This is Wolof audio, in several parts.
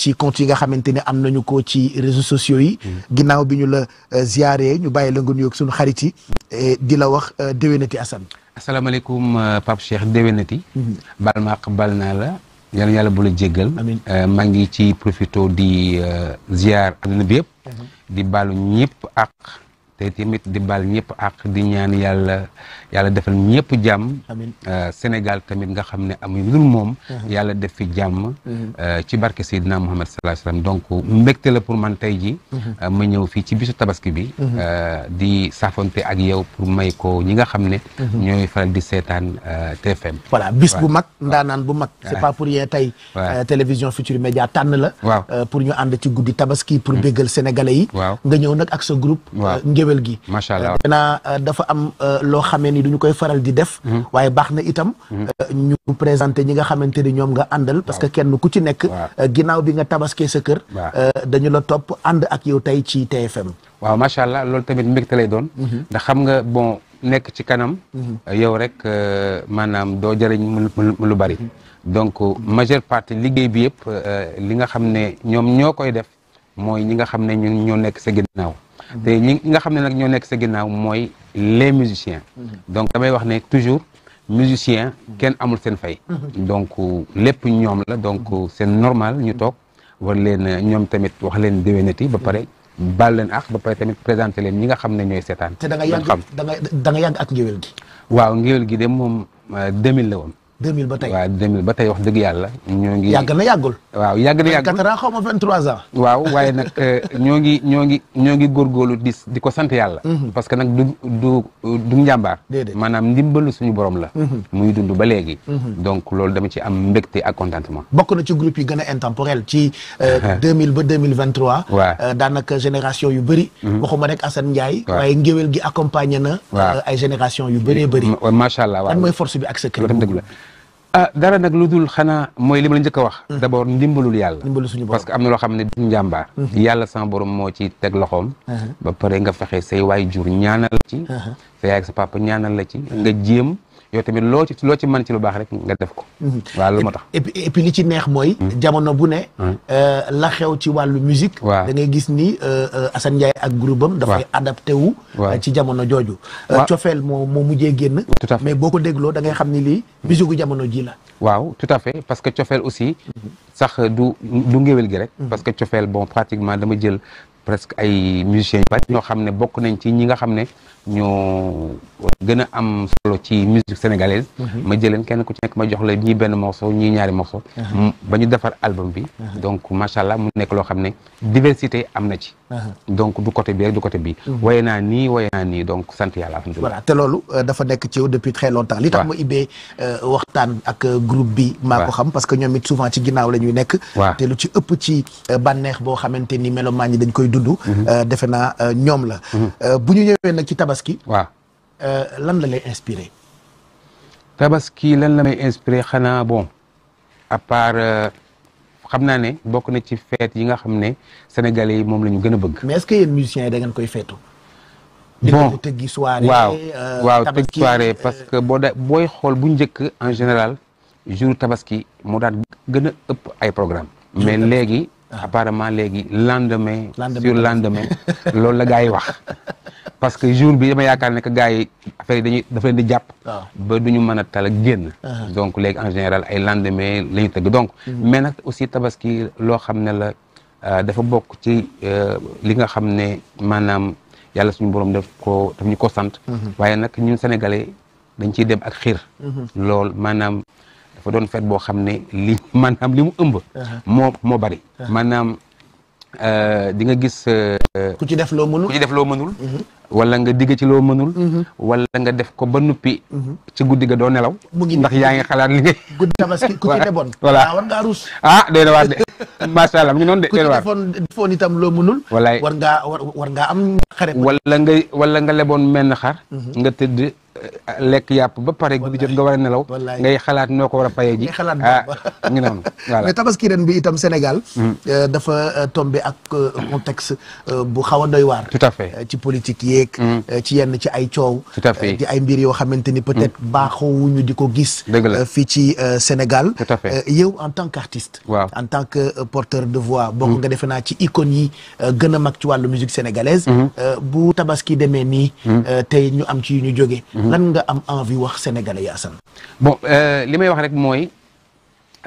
ci compte yi nga xamante ne am nañu ko ci réseaux sociaux yi. ginnaaw bi ñu la euh, ziaree ñu bàyyi la nga yook suñu xarit yi. Euh, di la wax euh, déwénati Assane. asalaamaaleykum Pape Cheikh déwénati. Mm-hmm. bal ma naa la. yàlla yàlla bu la jéggal. maa ngi ci profito di ziar àdduna bi yëpp. Mm-hmm. di baalu ñëpp ak. te tamit di bal ñëpp ak di ñaan yàlla defal ñëpp jàmm. Euh, Sénégal tamit nga xam ne am lul moom. Uh-huh. yàlla def fi jàmm. Uh-huh. Euh, ci barke Seydina Muhammad sallallahu alayhi wa sallam donc mbégte la pour man tey ji uh-huh. euh, ma ñëw fii ci bisu tabaski bi. di saafonte ak yow pour may ko ñi nga xam ne. ñooy faral di seetaan TFM. voilà bis bu mag ndaanaan bu mag. c'est pas pour rien tey. television Futurs Médias tànn la. pour ñu ànd ci guddi tabaski pour mm. béggal sénégalais yi. nga ñëw nag ak groupe. géwél gi macha allah euh, naa euh, dafa am euh, loo xamee ni duñu koy faral di def mm-hmm. waaye baax na itam mm-hmm. ñu présenté ñi nga xamante ni ñoom nga àndal parce que kenn ku ci nekk ginnaaw bi nga tabaskee sa kër dañu la topp ànd ak yow tey ci TFM waaw macha allah loolu tamit mbégte lay doon mm-hmm. ndax xam nga bon nekk ci kanam yow rek maanaam doo jëriñ mu lu bari donc majeure partie liggéey bi yëpp li nga xam ne ñoom ñoo koy def mooy ñi nga xam ne ñun ñoo nekk sa ginnaaw te ñi nga xam ne nag ñoo nekk sa ginnaaw mooy les musiciens. Mm-hmm. donc damay wax ne toujours musicien kenn amul seen fay. Mm-hmm. donc lépp ñoom la donc mm-hmm. seen normal ñu toog war leen ñoom tamit wax leen déwénati ba pare. baal leen ak ba pare tamit présenté leen ñi nga xam ne ñooy seetaan. te da nga yàgg da nga da ak ngéwél gi. waaw ngéwél gi de moom 2000 euh, la woon. 2000 ba tey waaw 2000 ba tey wax dëgg yàlla. ñoo ngi yàgg na yàggul. waaw yàgg na yàggul 24 ans xaw ma 23 ans. waaw nag euh, ñoo ngi ñoo ngi ñoo ngi góorgóorlu di di ko sant yàlla. Mhm. parce que nag du du du njàmbaar. déedéet maanaam ndimbalu suñu borom la. Mhm. muy dund ba léegi. Mhm. donc loolu dama ci am mbégte ak contentement. bokk na ci groupe yi gën a intemporel ci. 2000 euh, ba 2023. Euh, daanaka génération yu bëri. waxuma rek Assane Ndiaye. waaw waaye ngéwél gi accompagne na. ay génération yu bëree bëri. macha allah waaw lan mooy force bi ak sa kër. ah dara nag lu dul xanaa mooy li ma njëkk a wax. Mm-hmm. d' abord ndimbalul yàlla. ndimbalu suñu parce que am na loo xam ne du mm-hmm. yàlla sama borom moo ci teg loxoom. Mm-hmm. ba pare nga fexe say waay jur ñaanal la ci. sa yaay ak sa papa ñaanal la ci nga jéem. yow tamit loo ci loo ci mën ci lu baax rek nga def ko. Mhm. waaw loolu moo tax et puis li ci neex mooy. Mhm. jamono bu ne. Euh, la xew ci wàllu musique. waaw da ngay gis ni euh, euh, Assane Ndiaye ak groupe am. dafay adapté wu. ci jamono jooju. waaw cofeel moo moo mujjee génn. tout à fait mais boo ko dégloo dangay xam ni lii musique mm. jamono ji la. waaw tout à fait parce que cofeel aussi. Mm-hmm. sax du du ngéwél gi rek. Mm-hmm. parce que cofeel bon pratiquement dama jël presque ay musiciens yu bari ñoo xam ne bokk nañ ci ñi nga xam ne ñoo gën a am solo ci musique sénégalaise mhm. ma jëleen kenn ku ci nekk ma jox la ñii benn morceau ñii ñaari morceau mhm. ba ñu defar album bi mhm. donc macha allah mu nekk loo xam ne diversité am na ci donc du côté bi rek du côté bi waye naa nii waye naa nii donc sant yàlla alhamdulilah te loolu euh, dafa nekk ci yow depuis très longtemps li tax ma ibbee euh, waxtaan ak euh, groupe bi maa ko xam parce que ñoom it souvent ci ginnaaw la ñuy nekk te lu ci dund. Mhm. Euh, defe naa euh, ñoom la. Mhm. Euh, bu ñu ñëwee nag ci tabaski. waaw lan la lay inspiré. tabaski lan la may inspiré xanaa bon à part. xam naa ne bokk na ci feet yi nga xam ne sénégalais yi moom la ñu gën a bëgg. mais est-ce que yéen musiciens yi da ngeen koy feetu. bon tëggi soirée. waaw waaw tëggi soirée parce que boo da booy xool bu njëkk en général jour tabaski moo daan gën a ëpp ay programme mais léegi Ah. apparemment léegi lendemain. sur lendemain loolu la gars yi wax. parce que jour bi dama yaakaar ne que gars yi affaire dañuy dafa leen di jàpp. Ah. ba du ñu mën a tal génn. Ah. donc léegi en général ay lendemain la ñu tëgg donc. Mm-hmm. mais nag aussi tabaski loo xam ne la euh, dafa bokk ci euh, li nga xam ne maanaam yàlla suñu borom def ko daf ñu ko sant. Mm-hmm. waaye nag ñun sénégalais dañ ciy dem ak xiir. Mm-hmm. lool maanaam. dafa doon fête boo xam ne li maanaam li mu ëmb. Uh-huh. moo moo bari. Uh-huh. maanaam euh, di nga gis. Euh, ku ci def loo mënul ku ci def loo mënul. Uh-huh. wala nga digg ci loo mënul. wala nga def ko ba nuppi. ci guddi ga doo nelaw. ndax yaa ngi xalaat li ngay. guddi tabaski ku ci deboon. voilà war ngaa ruus. ah day na waar de war ngaa war ngaa am xarit. wala nga wala nga leboon menn xar. nga tëdd. lekk yàpp ba pare guddi jot nga war a nelaw ngay xalaat noo ko war a payee ji ah ngi noonu voilà mais tabaski ren bi itam Sénégal mm-hmm. euh, dafa euh, tombé ak euh, contexte bu xaw a doy waar tout à fait ci politique yeeg mm-hmm. ci yenn ci ay coow tout à fait yoo xamante ni peut-être mm-hmm. baaxoowuñu di ko gis dëgg fii ci Sénégal tout à fait yow en tant qu'artiste waaw en tant que porteur de voix bokk nga defe naa ci icônes yi gën a mag ci wàllu musique sénégalaise bu tabaski demee nii tey ñu am ci ñu jóge lan am envie wax sénégalais yi Assane. bon euh, li may wax rek mooy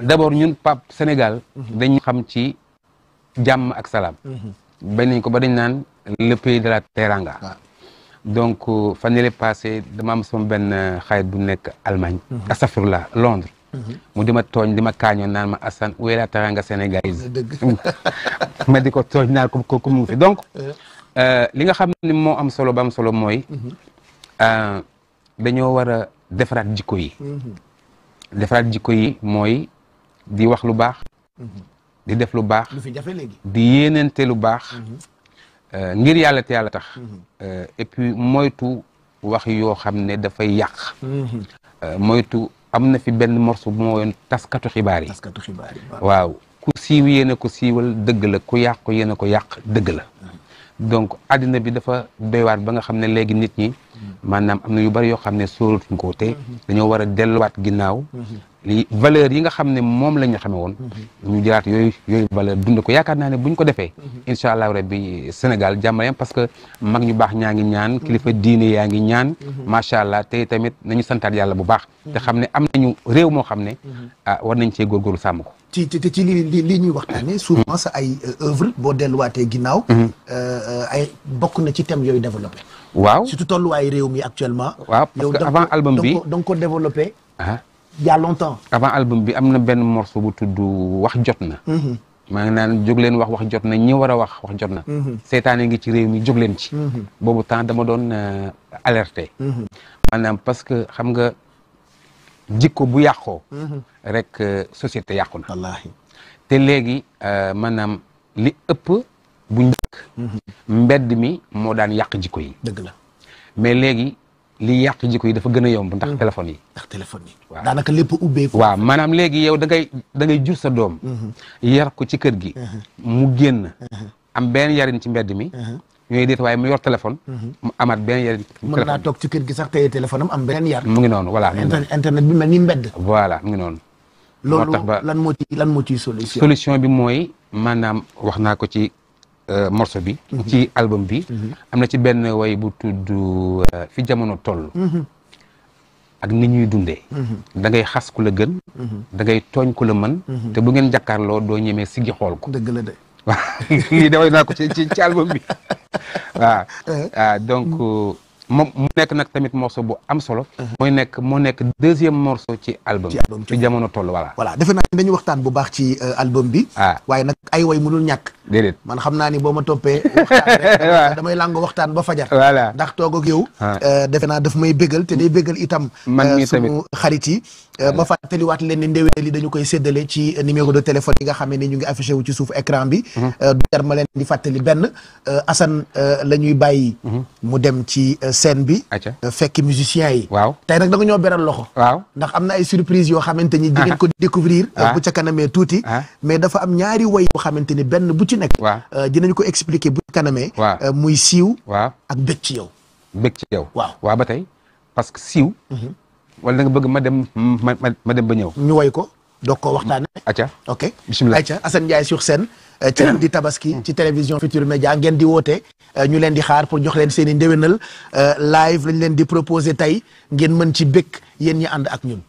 d'abord ñun Pape Sénégal. Mhm. dañ xam ci jàmm ak salaam. Mhm. bañ nañ ko ba dañ naan le pays de la teranga. donc euh, fan yële passé dama am sama benn euh, xarit bu nekk Allemagne. Mhm. astafurlah Londres. mu di tooñ di ma kaañoon naan ma Assane où est la teranga sénégalaise. ma di ko tooñ naan ko ko mu fi donc. li nga xam ni moo am solo ba am solo mooy. dañoo war a defaraat jikko yi defaraat jikko yi mooy di wax lu baax di def lu baax di yéenante lu baax euh, ngir yàlla te yàlla tax mm-hmm. euh, et puis moytu wax yoo xam ne dafay yàq mm-hmm. euh, moytu am na fi benn morceau bu taskatu xibaar yi waaw ku siiw yéen a ko siiwal dëgg la ku yàq ko yéen a ko yàq dëgg la mm-hmm. donc àddina bi dafa doy ba nga xam ne léegi nit ñi maanaam am na yu bari yoo xam ne sóoratuñ ko te dañoo war a delluwaat ginnaaw li valeur yi nga xam ne moom la ñu xamee woon ñu jëlaat yooyu yooyu valeur dund ko yaakaar naa ne bu ñu ko defee incha allah rabbi Sénégal jàmmalayam parce que mag ñu baax ñaa ngi ñaan kilifa diine yaa ngi ñaan macha allah te tamit nañu santaat yàlla bu baax te xam ne am nañu réew moo xam ne a ah, war nañ cee góorgóorlu sàmm ko ci ci ci li li li ñuy waxtaanee souvent sa ay euh, œuvre boo delluwaatee ginnaaw mhm. euh, euh, na ci thème yooyu développé waaw surtout tolluwaay réew mi actuellement. waaw parce que avant album bi yow ko développé. ah il y bi am na benn morceau bu tudd wax jot na. Mm-hmm. maa ngi naan jóg leen wax wax jot na ñi war a wax wax jot na. Mm-hmm. seetaane ngi ci réew mi jóg leen ci. Mm-hmm. boobu temps dama doon euh, alerte maanaam parce que xam nga jikko bu yàqoo. rek euh, société yàqu te léegi euh, maanaam li ëpp. bu njëkk mbedd mi moo daan yàq jikko yi. dëgg la mais léegi li yàq jikko yi dafa gën a yomb ndax mm. téléphone yi. ndax yi. waaw daanaka lépp ubbeeku. waaw maanaam léegi yow da ngay da ngay jur sa doom. Mm-hmm. yar ko ci kër gi. Mm-hmm. mu génn. Mm-hmm. am benn yarin ci mbedd mi. ñooy déet waaye mu yor téléphone. mu amaat benn yarin. mën naa toog ci kër gi sax teye téléphone am am benn yar. mu ngi noonu voilà. internet bi mel ni mbedd. voilà mu ngi noonu. moo tax loolu lan moo lan moo ciy solution. solution bi mooy maanaam wax naa ko ci. Euh, morceau bi. ci mhm. album bi. Mhm. am na ci benn way bu tudd euh, fi jamono toll. Mhm. ak ni ñuy dunde da xas ku la gën. da ngay tooñ ku la mën. te bu ngeen jàkkaarloo doo ñemee siggi xool ko. dëgg la de. waaw lii daway naa ko ci ci album bi waaw. Uh-huh. Ah, donc. Mm-hmm. moom mu nekk nag tamit morceau bu am solo. Uh-huh. mooy nekk moo nekk deuxième morceau ci album. ci album ci jamono toll voilà. voilà defe naa dañu waxtaan bu baax ci euh, album bi. waaw ah. waaye nag ay way mënul ñàkk. déedéet man xam naa ni boo ma toppee. waxtaan damay làngo waxtaan ba fajar. voilà ndax toog ak yow. Ah. Euh, defe naa daf may bégal te day bëggal itam. man euh, mii xarit yi. Euh, ma fàttaliwaat leen ne ndéwéel yi dañu koy séddale ci numéro de téléphone yi nga xam ne ñu ngi affiché wu ci suuf écran bi. Mhm. Euh, du jar ma leen di fàttali benn euh, Assane la ñuy bàyyi. Mhm. mu dem ci scène bi. fekk musiciens yi. waaw tey nag da ñoo beral loxo. waaw ndax am na ay surprise yoo xamante ni. Ah. di ngeen ko découvrir ah. bu ca kanamee tuuti. Ah. mais dafa am ñaari woy yoo xamante ni benn bu ci nekk. waaw dinañ ko expliquer bu ca kanamee. muy siiw. waaw ak bëgg ci yow. bëgg ci yow. waaw waaw ba tey parce que siiw. Mhm. wala da nga bëgg ma dem ma ma dem ba ñëw. ñu woy ko doog koo waxtaane acca ok bisimilah acca Assane Ndiaye sur seen euh, ci di tabaski ci télévision Futur Média ngeen di woote euh, ñu leen di xaar pour jox leen seeni i ndéwénal euh, live lañ leen di proposé tey ngeen mën ci békk yéen ñi ànd ak ñun.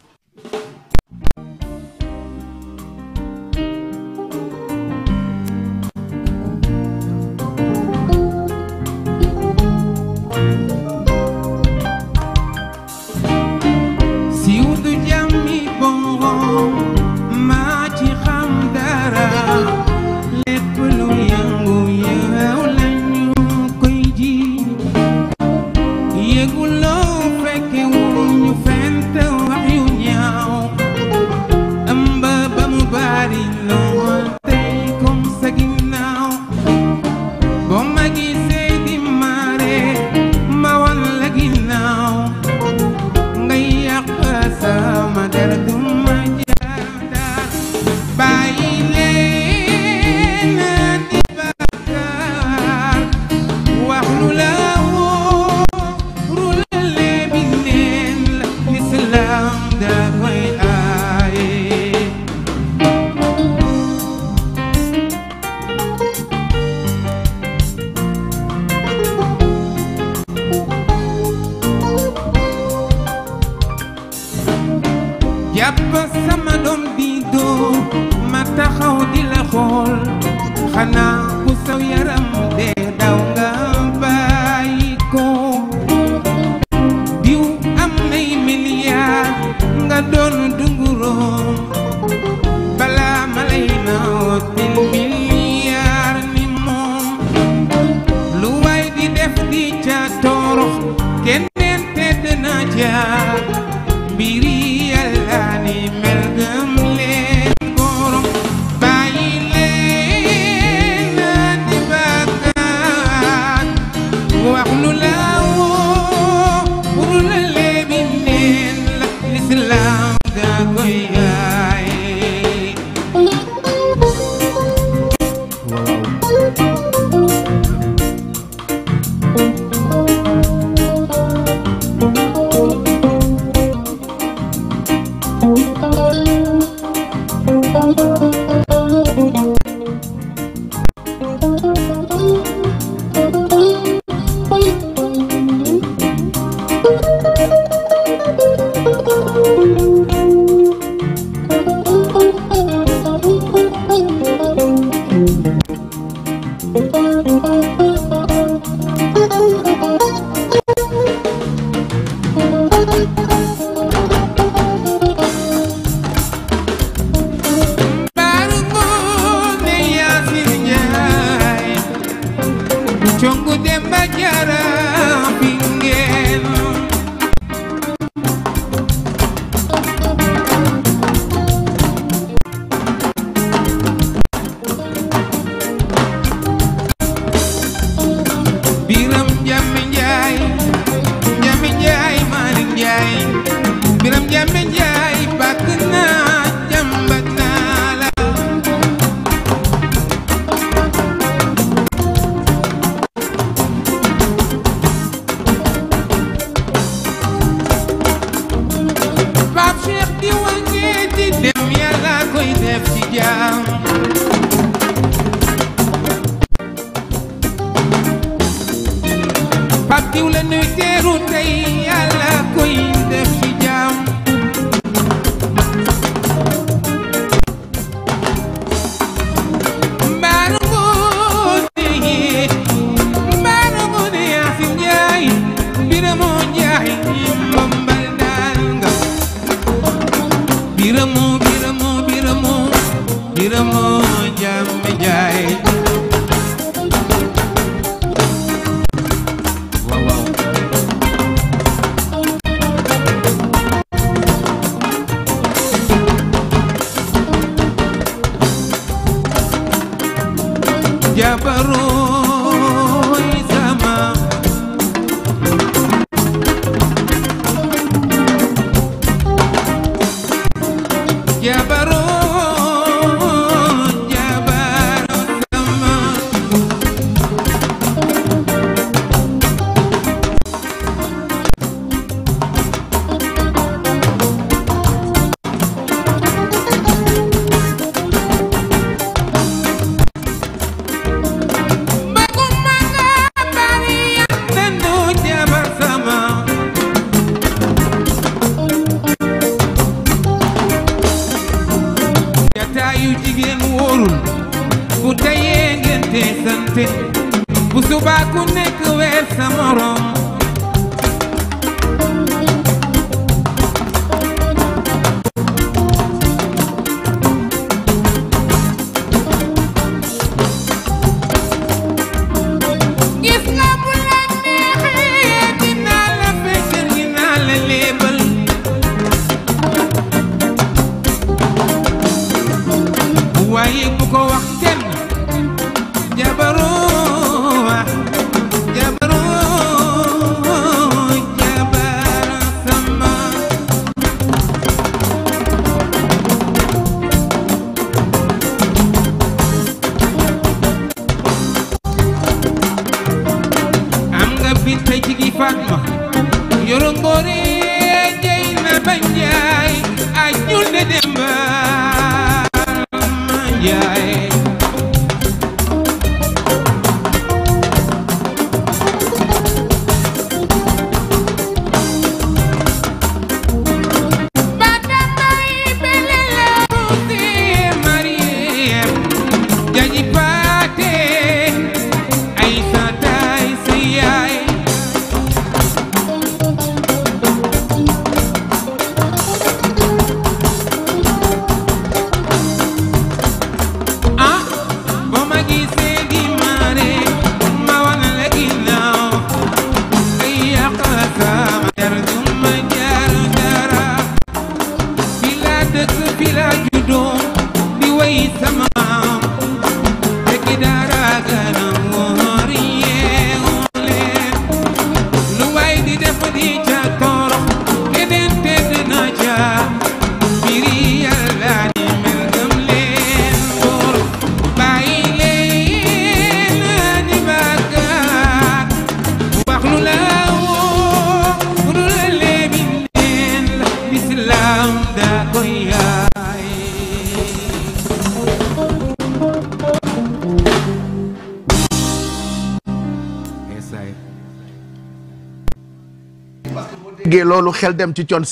loolu xel dem ci Thione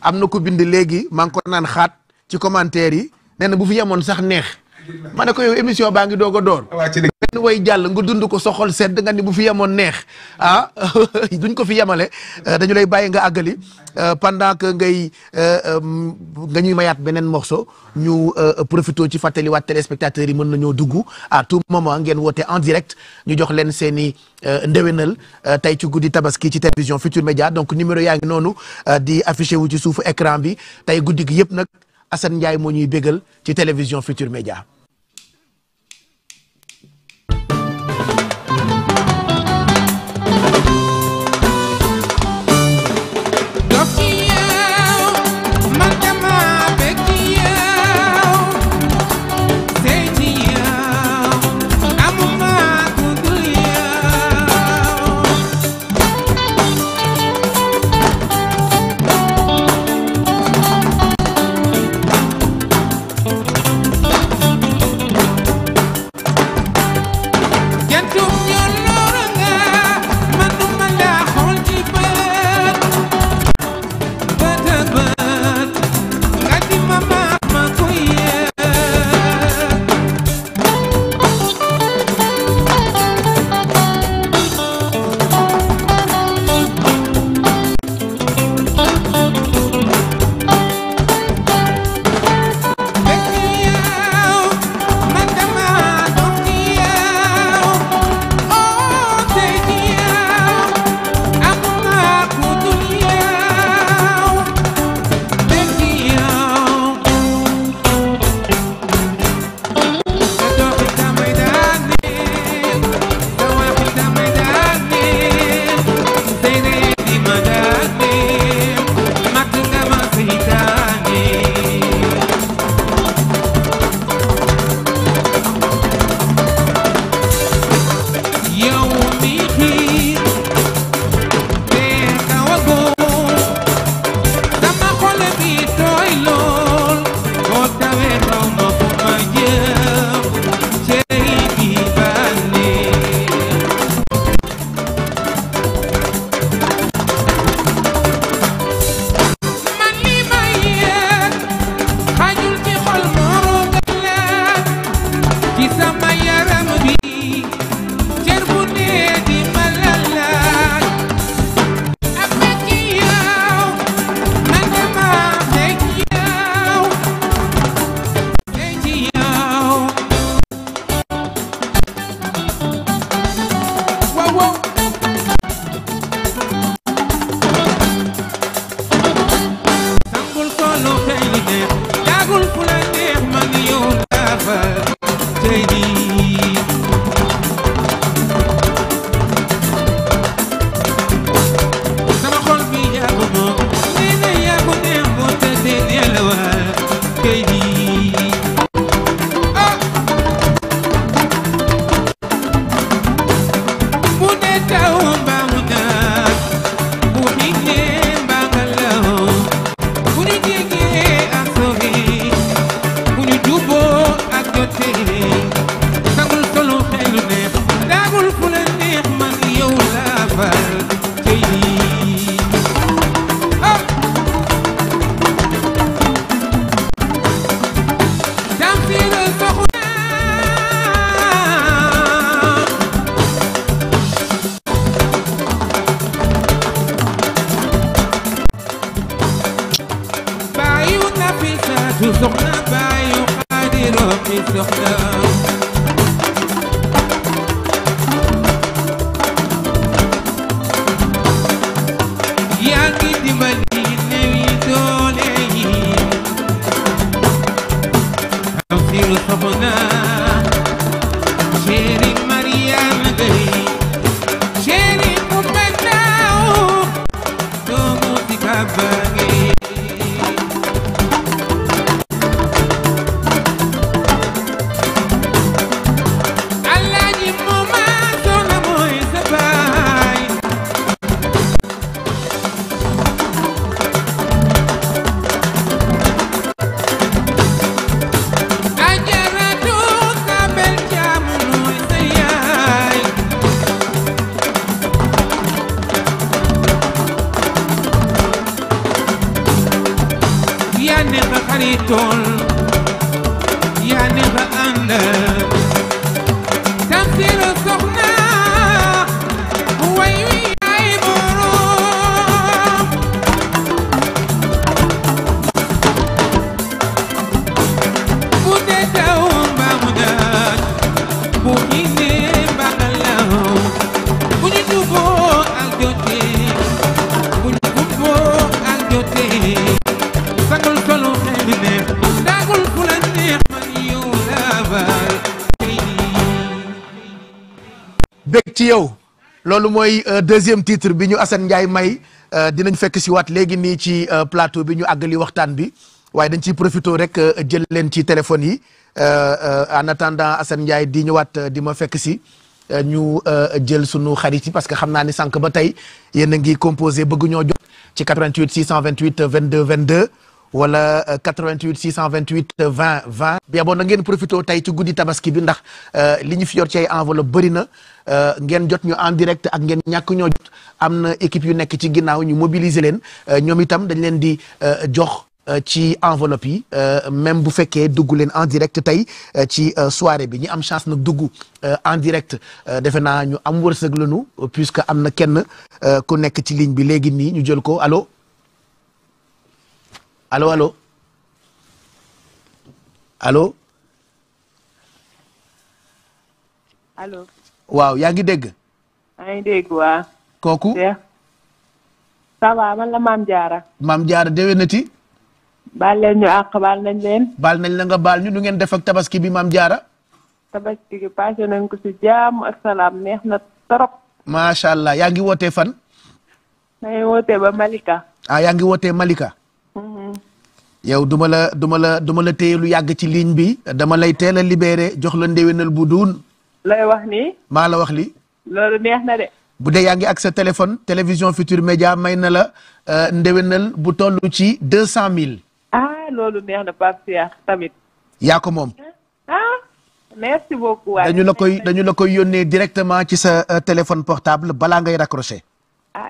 am na ku bind léegi man ngi ko naan xaat ci commentaire yi nee na bu fi yemoon sax neex ma ne ko yow émission baa ngi doog a door benn way jàll nga dund ko soxol sedd nga ni bu fi yemoon neex ah duñ ko fi yemale euh, dañu lay bàyyi nga àggali euh, pendant que ngay euh, nga ñuy mayaat beneen morceau ñu euh, profité ci fàttaliwaat téléspectateurs yi mën nañoo dugg à tout moment ngeen woote en direct ñu jox leen seeni i euh, ndéwénal euh, tey ci guddi tabaski ci télévision Futur Média donc numéro yaa ngi noonu di affiché wu ci suufu écran bi tey guddi gi yëpp nag Assane Ndiaye moo ñuy bégal ci télévision Futur Média. ci sama yaram mooy euh, deuxième titre bi ñu Assane Ndiaye may euh, dinañ fekk si waat léegi nii ci euh, plateau bi ñu àggali waxtaan bi waaye dañ ciy profité rek jël leen ci téléphone yi en attendant Assane Ndiaye di ñëwaat di ma fekk si ñu jël sunu xarit yi parce que xam naa ni sànq ba tey yéen a ngi composé bëgg ñoo jot ci 88 628 22 22 wala 88 628 20 20. bi aboon na ngeen profité tey ci guddi tabaski bi ndax li ñu fi yor ci ay enveloppe bëri na. Euh, ngeen jot ñu en direct ak ngeen ñàkk ñoo jot am na équipe yu nekk ci ginnaaw ñu mobiliser leen euh, ñoom itam dañ leen di euh, jox ci enveloppe yi même bu fekkee dugg leen en direct tey ci soirée bi ñu am chance nag dugg en direct defe naa ñu am wërsëg lanu puisque am na kenn ku nekk ci ligne bi léegi nii ñu jël ko alo alo alo allo. waaw yaa ngi dégg. wa kooku. ça va man la maam jaara maam Diarra baal leen ñu àq baal nañ leen. baal nañ la baal ñu nu ngeen def ak tabaski bi maam jaara tabaski bi passé nañ ko ci jaamu ak salaam neex na trop. macha allah yaa ngi woote fan. maa ngi wootee ba Malika. ah ngi wootee Malika. Mm-hmm. yow duma la duma la duma la téye lu yàgg ci ligne bi dama lay teel a libéré jox la ndéwénal bu duun. looy wax nii. maa la wax li loolu neex na de. bu dee yaa sa téléphone télévision Futur Média may na la euh, ndewenal bu toll ci deux cent mille. ah loolu neex na Pape tamit. yaa ko ah merci beaucoup. waaye koy yónnee directement ci sa euh, téléphone portable balaa ngay raccroché. ah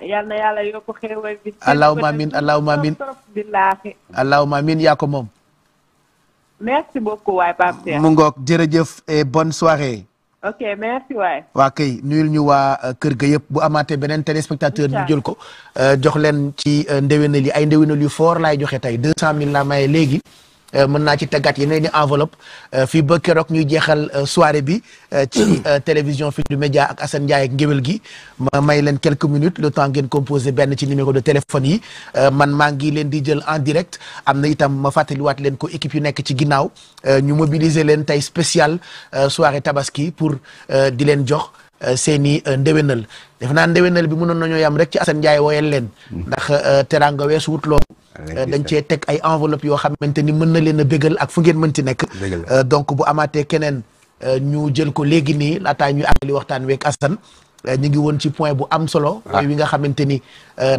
mu ngoog jërëjëf et bonne soirée. ok merci waay. waa kay nuyul ñu waa euh, kër ga yëpp bu amaatee beneen téléspectateur ñu jël ko euh, jox leen ci euh, ndéwénal yi ay ndéwénal yu foor laay joxe tey deux cent mille laa maye léegi. Euh, mën naa ci taggat yeneen i enveloppe euh, fii ba keroog ñuy jeexal euh, soirée bi ci télévision Futurs Médias ak Assane Ndiaye ak ngéwél gi ma may leen quelques minutes le temps ngeen composé benn ci numéro de téléphone yi man maa ngi leen di jël en direct am na itam ma fàttaliwaat leen ko équipe yu nekk ci ginnaaw ñu mobiliser leen tey spécial soirée tabaski pour di leen jox seen i ndéwénal def naa ndéwénal bi mënoon nañoo yam rek ci Assane Ndiaye woyal leen mm. ndax teraanga weesu wut Euh, dañ cee teg ay enveloppe yoo xamante ni mën na leen a bégal ak fu ngeen mënti nekk euh, donc bu amaatee keneen euh, ñu jël ko léegi nii laataa ñuy li waxtaan week Assane ñu ngi woon ci point bu am solo woy ah. wi nga xamante ni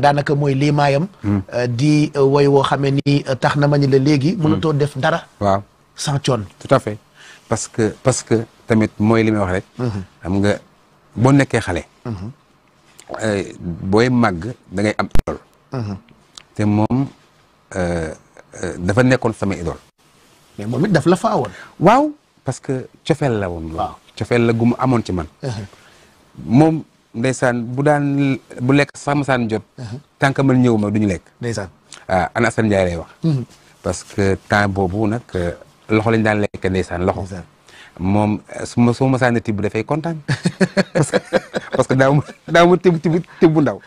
daanaka mooy liimaayam hmm. di woy woo xamee ni tax na ma ñu la léegi hmm. mënatoo def dara waaw sans coon tout à fait parce que parce que tamit mooy li may wax rek hmm. xam nga boo nekkee xale booy màgg dangay am idole te moom Euh, euh, dafa nekkoon sama idole. mais moom it daf la faawoon. waaw parce que cofeel la woon. waaw cofeel la gu mu amoon ci man. Uh-huh. moom ndeysaan bu daan bu lekk sax saan jot. tant que man ñëw ma du ñu lekk. ndeysaan ah ana Assane Ndiaye lay wax. Mm-hmm. parce que temps boobu nag euh, loxo lañ daan lekk ndeysaan loxo. moom su ma su ma masaan a tibb dafay kontaan parce que parce que daaw ma daaw ma bu ndaw.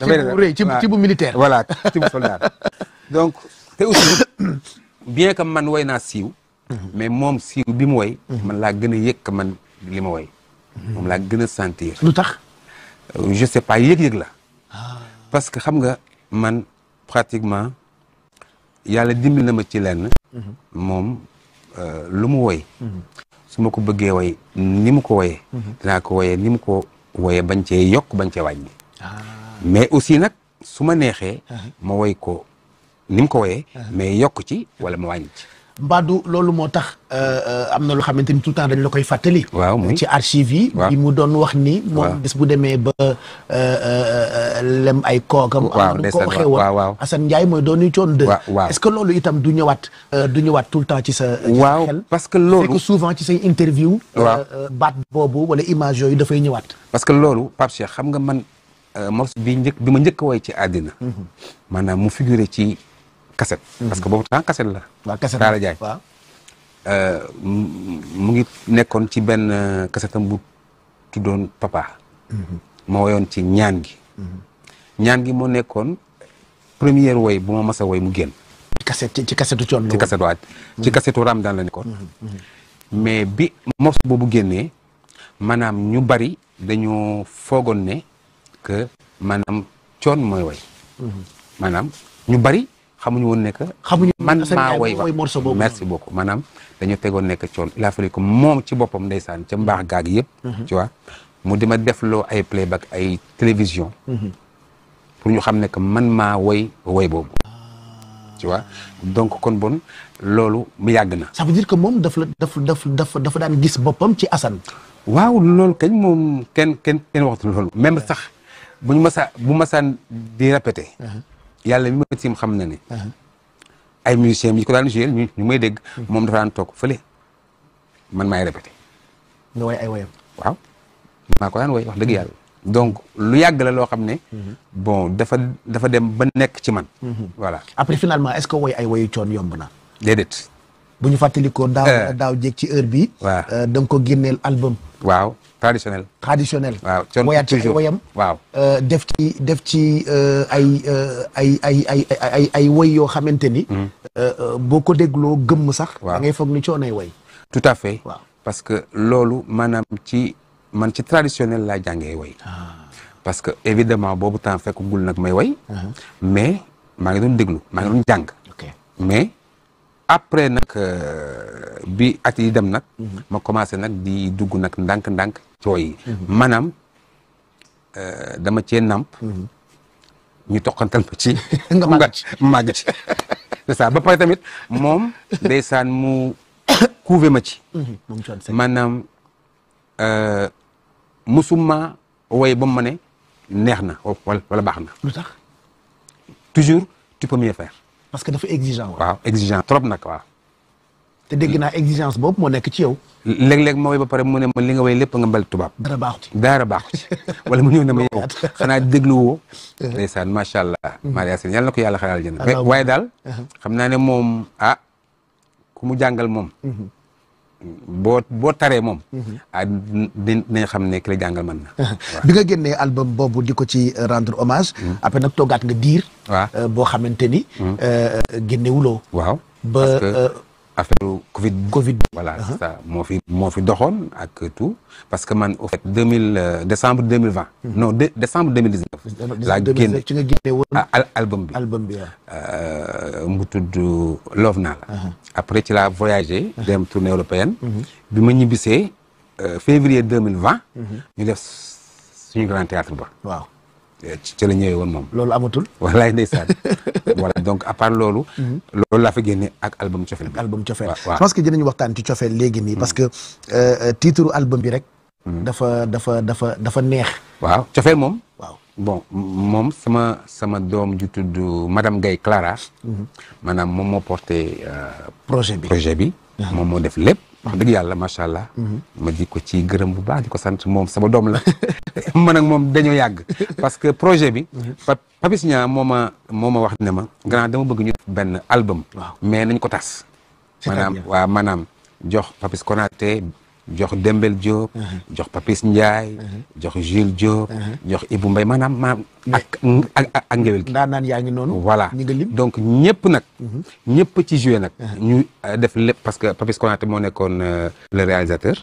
dafay militaire. voilà tibb soldat. donc te bien que man woy naa siiw. mais moom siiw bi mu woy. man laa gën a yëg que man li ma woy. moom laa gën a sentir. lu tax. Euh, je sais pas yëg-yëg la. Ah. parce que xam nga man pratiquement yàlla dimbali na ma ci lenn. Mhm. moom euh, lu mu woy. Mhm. su ma ko bëggee woy ni mu ko woyee. Mhm. dinaa ko woyee ni mu ko woyee bañ cee yokk bañ cee wàññi. Ah. mais aussi nag su ma neexee. Ah. ma woy ko. ni mu ko woyee mais yokk ci wala ma wàññi ci Mbadou loolu moo tax euh, am na loo xamante ni tout le temps dañ la koy fàttali. waaw ci archive yi. bi mu doon wax ni. moom bis bu demee ba euh, euh, lem ay kookam. waaw des na waaw waaw Assane Ndiaye mooy doon coon de. est-ce que loolu itam du ñëwaat. du ñëwaat tout le temps ci sa. waaw parce que loolu xel souvent ci say interview. waaw baat boobu wala image yooyu dafay ñëwaat. parce que loolu Pape Cheikh xam nga man morceau bi njëkk bi ma njëkk a ci àddina. Mhm. maanaam mu figuré ci. kaset. Mm-hmm. parce que boobu temps kaset la. waaw kaset la Daara euh, mu ngi nekkoon ci benn kasetam euh, bu tuddoon papa. Mm-hmm. ma woyoon ci ñaan gi. Mm-hmm. ñaan gi moo nekkoon première woy bu ma mas woy mu génn. kaset ci kasetu coon la ci kasetu waaj ci kasetu Ramadan la nekkoon. mais bi morceau boobu génnee maanaam ñu bari dañoo foogoon ne que maanaam coon mooy woy maanaam ñu bari. xamuñu woon nekk xamuñu man maa woy wa merci beaucoup maanaam dañu tegoon nekk coon il a fallu que moom ci boppam ndeysaan ca mbaax gaag yëpp mhm. tu vois mu dima loo ay playback ay télévision mhm. pour ñu xam ne que man maa woy woy boobu ah. tu vois donc kon bon loolu mu yàgg na ça veut dire que moom daf la daf daf daf dafa daan gis boppam ci Assane waaw loolu kañ moom kenn kenn kenn waxtu loolu même sax bu masa bu masaan di répété uh-huh. yàlla mi ma tiim xam na ni ay musiciens yi ko daan joué ñu ñu may dégg. Hmm. moom dafa daan toog fële man maay répété. nga way ay woyam. waaw maa ko daan way wax dëgg hmm. yàlla. donc lu yàgg loo xam ne. Hmm. bon dafa dafa dem ba nekk ci man. voilà après finalement est que woy ay woyu coon yomb na. déedéet. bu ñu fàttalikoo daaw euh. daaw jéeg ci heure bi waaw euh, da ko génneel album. waaw. traditionnel traditionnel waaw wayaat ci ay wayam waaw euh, def ci def ci euh, euh, ay ay ay ay ay ay way yoo xamante ni mhm. boo ko dégloo gëmm sax da ngay foog ni coonoy way tout à fait waaw parce que loolu maanaam ci man ci traditionnel laa jàngee way ah. parce que évidemment boobu temps fekkagul nag may way mhm. mais maa ngi doon jàng mais après nag euh, bi at yi dem nag mhm. ma commencé nag di dugg nag ndànk-ndànk cooy yi mhm. euh, dama cee namp mhm. ñu toqantal ma ci nga màgg ci c'est ça ba pare tamit moom ndeysaan mu couvé ma ci maanaam euh, musuma woy ba mu ma ne neex na wala baax na toujours tu peux mieux parce que dafa exigeant. waaw exigeant trop nag waaw. te dégg naa exigence boobu moo nekk ci yow. léeg-léeg ma woy ba pare mu ne ma li nga woy lépp nga mbal tubaab. dara baaxut ci dara baaxut ci wala mu ñëw ne ma yow xanaa déglu woo. Uh-huh. ndeysaan macha allah. Mm-hmm. Maria Sène yàlla na ko yàlla xalaal jënd. waaye daal. Uh-huh. xam naa ne moom ah ku jàngal moom. Mm-hmm. boo boo taree moom. Mhm. ah dinañ xam ne ki la jàngal mën na. bi nga album boobu di ko ci euh, rendre hommage. Mhm. après nag toogaat nga diir. waaw euh, boo xamante ni. Mhm. Euh, génnewuloo. waaw ba. affaire Covid. Covid voilà uh-huh. moo fi moo fi doxoon ak tout parce que man au fait deux mille euh, décembre deux mille vingt. Mm-hmm. non de décembre deux mille dix neuf. laa génne ci nga génne woon. album bi album bi euh, mu tudd Love naa la. Uh-huh. après ci la voyagé. Uh-huh. dem tournée européenne. Mm-hmm. bi ma ñibbisee euh, février deux mille vingt. Mm-hmm. ñu def suñu grand théâtre ba. ci la ñëwee woon moom. loolu amatul. wallaay ndeysaan voilà donc à part loolu. Mhm. loolu laa fa génne ak album cofeel bi. album cofeel je pense que dinañu waxtaan ci cofeel léegi nii. parce que euh, euh, titre album bi rek. Mhm. dafa dafa dafa dafa neex. waaw cofeel moom. waaw bon moom sama sama doom ju tudd madame Gaye Clara. Mhm. maanaam moom moo porté. Euh, projet bi projet bi. moom moo def lépp. wax dëgg yàlla macha allah. Mm-hmm. ma di ko ci gërëm bu baax di ko sant moom sama doom la. man ak moom dañoo yàgg. parce que projet bi. Mm-hmm. Papis Niang moom ma moo ma wax ne ma. grand dama bëgg ñu def benn album. mais nañ ko tas. maanaam waaw jox Papis Konaté jox Dembel Diop. Uh-huh. jox Papis Ndiaye. Uh-huh. jox Jules Diop. Uh-huh. jox Ibou mbay maanaam maam ak ak ak ngewel naan yaa ngi noonu. voilà donc ñëpp nag. ñëpp ci joué nag. ñu euh, def lépp parce que Papis Konaté moo nekkoon euh, le réalisateur.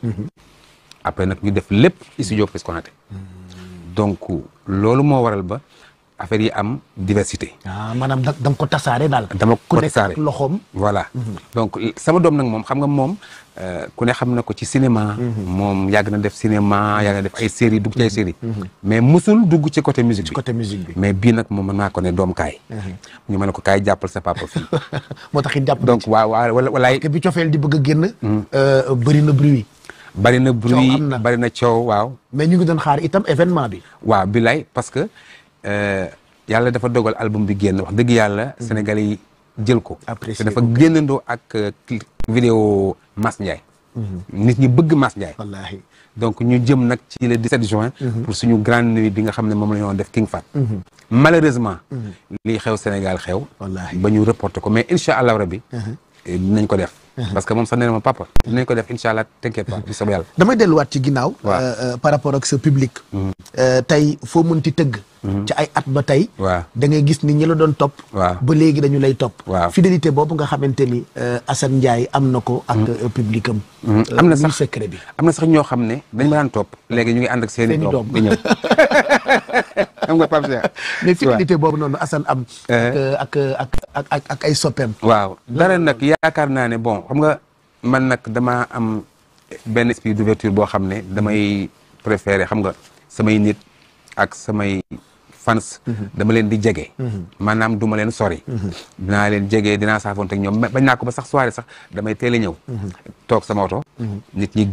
après nag ñu def lépp ci studio Papis Konaté. donc loolu moo waral ba affaire yi am diversité. ah maanaam da ko tasaare daal. dama ko tasaare loxoom. voilà donc sama doom nag moom xam nga moom. Euh, ku ne xam na ko ci cinéma. Mhm. moom yàgg na def cinéma yàgg na def ay série dugg ci ay série mhm. mhm. mais musul dugg ci côté musique bi côté musique bi mais bii nag moom mën naa ko ne doom kaay. ñu mën ko kaay jàppal sa papa fii. moo tax it jàpp donc waaw waaw wala walaay. bi cofeel di bëgg a génn. Euh, bëri na bruit. bari na bruit bari na coow waaw. mais ñu ngi doon xaar itam événement bi. waaw bi parce que euh, yàlla dafa dogal album bi génn wax dëgg yàlla. Sénégalais yi jël ko. apprécié dafa génnandoo ak vidéo Mass Ndiaye mhm. nit ñi bëgg Mass Ndiaye wallaahi donc ñu jëm nag ci le 17 juin mhm. pour suñu grande nuit bi nga xam ne moom la ñoo def King Fat mhm. malheureusement lii xew Sénégal xew ba ñu reporté ko mais incha allah rabbi dinañ ko def parce que moom sax nee ma papa. dinañ ko def incha allah t'inquiète pas bi sama yàlla. damay delluwaat ci ginnaaw. Euh, euh, par rapport ak sa public. Mm-hmm. Euh, tey foo mënti tëgg. Mm-hmm. ci ay at ba tey. waaw da gis ni ñi la doon topp. waaw ba léegi dañu lay topp. waaw fidélité boobu nga xamante ni Assane Ndiaye am na ko. ak mm-hmm. public am. am na sax secret bi. am na sax ñoo xam ne dañ ma daan léegi ñu ngi ànd ak seen i doom di ñëw. xam nga Pape Cheikh. mais fidélité boobu noonu Assane am. Eh. ak ak ak ak ay soppeem. waaw dara nag yaakaar naa ne bon. xam nga man nag dama am benn esprit d'ouverture boo xam ne damay préféré xam nga samay nit ak samay fans dama leen di jege maanaam du ma leen sori dinaa leen jege dinaa saafoonte ak ñoom bañ naa a ñëw toog sama oto nit ñi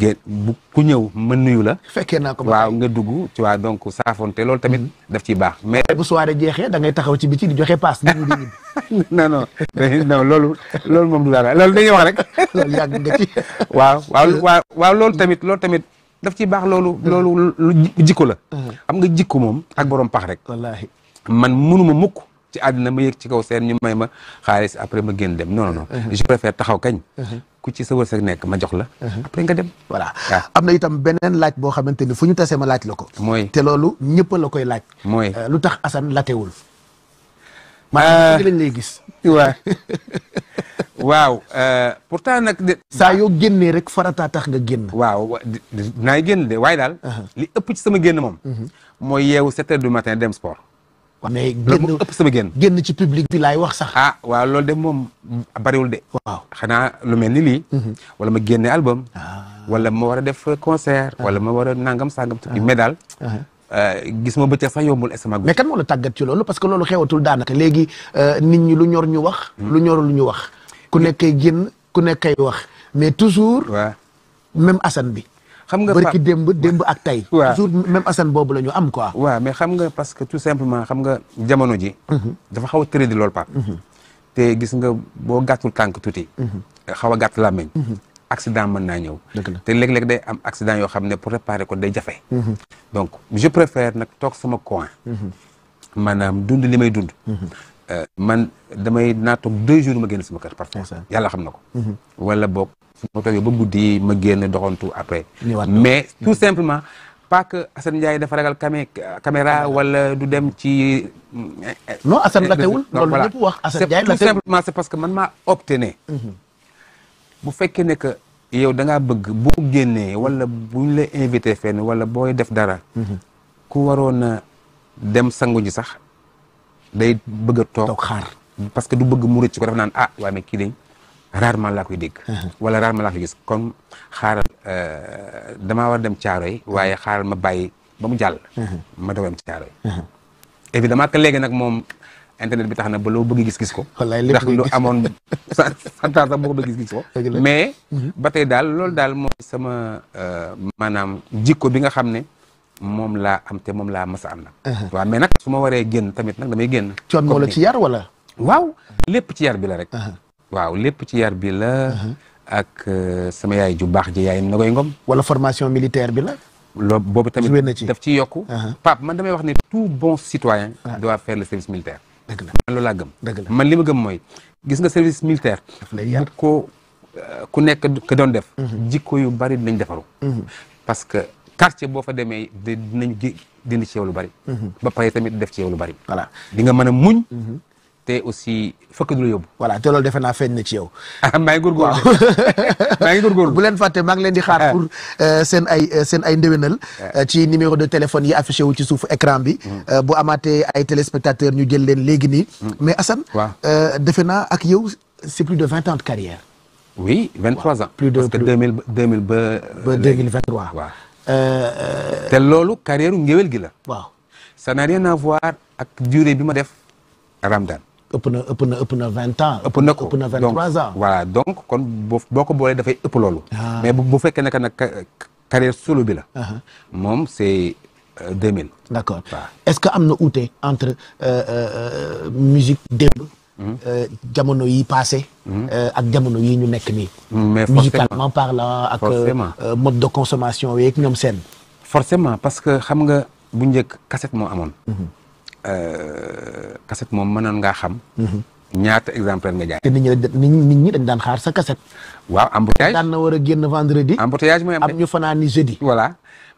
la fekkee naa ko waaw nga dugg ci waa donc saafoonte loolu tamit mhm. daf ciy baax mais bu soirée jeexee da ngay taxaw ci biti di joxe paas nit ñi di loolu loolu moom du dara loolu dañuy wax rek loolu yàgg nga ci waaw loolu tamit loolu tamit daf ci baax loolu loolu jikko la mm-hmm. am nga jikko moom ak boroom pax rek wallaahi man munuma mukk ci àddina ma yëg ci kaw seen ñu may ma xaalis après ma génn dem non non mm-hmm. je préfère taxaw kañ mm-hmm. ku ci sa wërsëg nekk ma jox la après nga dem voilà am na itam beneen laaj boo xamante ni fu ñu tasee ma laaj la ko mooy te loolu ñëpp la koy laaj mooy euh, lu tax Assane latewul euh. maanaam lañ lay gis waaw euh, pourtant nag. saa yoo génnee rek farataa tax nga génn. waaw naay génn de waaye daal. Uh-huh. li ëpp ci sama génn moom. Mhm. mooy yeewu sept heures du matin dem sport. mais génn ëpp génn. génn ci public bi laay wax sax. ah waaw loolu de moom bariwul de. waaw xanaa lu mel ni lii. Mhm. wala ma génne album. Ah. wala ma war a def concert. Ah. wala ma war a nangam sangam tukki ah. mais daal. Euh, gis ma bëccëg sax yombul estomac mais kan moo la tàggat ci loolu parce que loolu xewatul daanaka léegi euh, nit ñi lu ñor ñu wax. Hmm. lu ñorul ñu wax. ku nekkay génn ku nekkay wax mais toujours. même Assane bi. xam nga barki démb démb ak tey. toujours même Assane boobu la ñu am quoi. waaw mais xam nga parce que tout simplement xam nga jamono ji. Mhm. dafa xaw a tëradi lool Pape. Mhm. te gis nga boo gàttul tànk tuuti. Mhm. xaw a gàtt làmmiñ. accident mën naa ñëw. te léeg-léeg day am accident yoo xam ne pour réparer ko day jafe. donc je préfère nag toog sama coin. maanaam dund limay dund. Euh, man damay naa toog deux jours ma génn sama kër parfois yàlla xam na ko mhm. wala boog su ma toogee ba guddi ma génn doxantu après mais mhm. tout simplement pas que Assane Ndiaye dafa ragal camé caméra wala du dem ci non Assane la teewul tout simplement c'est parce que man maa opté mhm. bu fekkee ne que yow da bëgg boo génnee wala buñ la invité fenn wala booy def dara ku waroon a dem sangu sax day bëgg a toog xaar parce que du bëgg mu rëcc ko dafa naan ah waaye mais kii de rarement laa koy dégg wala rarement laa koy gis kon xaaral euh, damaa war dem caaro yi waaye xaaral ma bàyyi ba mu jàll ma doog dem caaro yi évidemment que léegi nag moom internet bi tax na ba loo bëgg gis-gis ko ndax lu amoon santar sax boo ba gis-gis ko mais mhm. ba tey daal loolu daal mooy sama euh, maanaam jikko bi nga xam ne moom laa am te moom laa masa am na waaw mais nag su ma waree génn tamit nag damay génn coon moo la ci yar wala waaw lépp ci yar bi la rek waaw lépp ci yar bi la ak euh, sama yaay ju baax ji yaay na koy ngom wala formation militaire bi la loo boobu tamit daf ci yokk Pape man damay wax ne tout bon citoyen ah. doit faire le service militaire dëgg la man loolu laa gëm dëgg la man li ma gëm mooy gis nga service militaire daf lay yar ko euh, ku nekk ka doon def mhm. jikko yu bari nañ defaru mhm. parce que quartier boo fa demee dinañ dindi ci yow lu bari. Mhm. ba pare tamit def ci yow lu bari. voilà di nga mën a muñ. Mhm. te aussi fëkk du la yóbbu. voilà te naa feeñ na ci yow. maa ngi ngi góorgóorlu. bu leen fàtte maa ngi leen di xaar ah. pour euh, seen ay euh, seen ah. euh, ci numéro de téléphone yi affiché wu ci suufu écran bi. Mm. bu amaatee ay téléspectateurs ñu jël leen léegi nii. Mm. mais Assane. waaw defe naa ak yow c'est plus de vingt ant de carrière. oui vingt trois ans. parce que deux mille ba. deux mille vingt trois Euh, euh, te loolu carrière ngéwél gi la. waaw n'a rien à voir ak dure bi ma def Ramadan. ëpp na ëpp na ëpp na vingt ans. ëpp na ko ëpp na vingt trois ans. voilà donc kon boo ko boolee dafay ëpp loolu. Ah. mais bu fekkee na que nag carrière solo bi la. Ah. moom c'est 2000. Euh, d'accord est-ce que am na uute entre musique démb. Euh, jamono yi passé euh, ak jamono yi ñu nekk nii mm, musicalement parlant ak euh, mode de consommation yeeg ñoom seen forcément parce que xam nga bu njëkk kaset moo amoon mhm. cassette moom mënoon ngaa xam mhm. ñaata exemplaire nga jaay. ni nit ñi nit ñi dañ daan xaar sa cassette. waaw embouteillage daan na war a génn vendredi. embouteillage am am ñu fanaan ni jeudi. voilà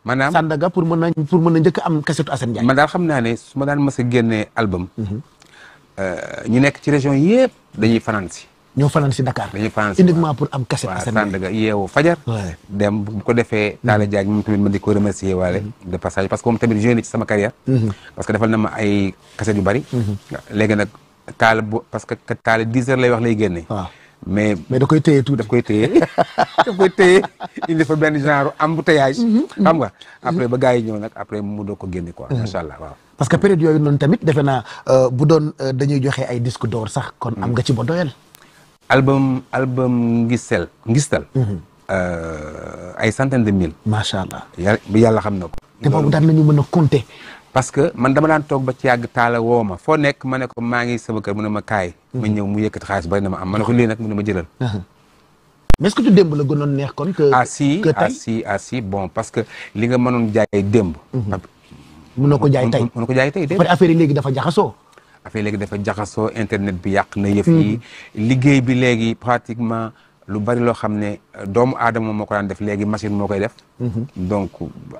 maanaam Sandaga pour a pour mën a njëkk am cassette Assane Ndiaye. daal xam naa ne su ma daan mës a génnee album. Mhm. Euh, ñu nekk ci région yëpp dañuy fanaan si. ñoo fanaan si Dakar dañuy fanaan si uniquement pour am kase. waaw Sandaga yeewu fajar. dem bu ko defee. Mm-hmm. Talla Diagne moom tamit ma di ko remercier waale. Mm-hmm. de passage parce que moom tamit joué na ci sama carrière. Mm-hmm. parce que defal na ma ay kase yu bari. léegi nag Talla bu parce que Talla dix heures lay wax lay génne. waaw mais mais da koy téye tuuti daf koy téye daf koy téye indi fa benn genre embouteillage. xam nga après ba gars yi ñëw nag après mu doog ko génne quoi. macha allah waaw. parce que période yooyu noonu tamit defe naa euh, bu doon euh, dañuy joxe ay disque d'or sax kon am nga ci ba doyal album album ngistel ngistal mhm. euh, ay centaine de mille macha allah yàlla xam na ko te boobu daan nañu mën a compter parce que man dama daan toog ba ci yàgg taala woo ma foo nekk ma ne ko maa ngi sama kër mu ne ma kaay mhm. ma ñëw mu yëkkati xaalis bari na ma am ma ne ko lii nag mu ne ma jëlal mhm. mais est démb la gënoon neex kon que ah, ah si ah si bon parce que li nga mënoon jaay démb mun na ko jaay tey mun na ko jaay tey déedéet affaire yi léegi dafa jaxasoo affaire yi dafa jaxasoo internet bi yàq na yëf yi hmm. liggéey bi léegi pratiquement lu bari loo xam ne euh, doomu aadama moo ko daan def léegi machine moo koy def. Mhm. donc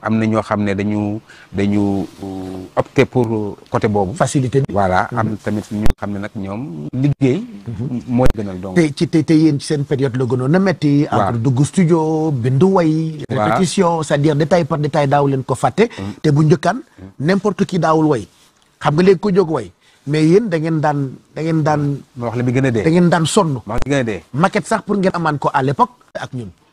am na ñoo xam ne dañu dañu euh, opté pour côté boobu. facilité voilà mhm. am tamit ñoo xam ne nag ñoom liggéey. Mhm. mooy gënal donc. te ci te yéen ci seen période la gënoon a metti. waaw entre dugg studio bindu way. répétition c'est-à-dire détail par détail daaw leen ko fàtte. Mm. te bu njëkkaan mm. n'importe qui daawul way xam nga léegi ko jog way. mais yen da ngeen daan da ngeen daan. ma wax la bi gën a dee da sonn. ma dee. maquette sax pour ngeen amaan ko à l'époque ak ñun.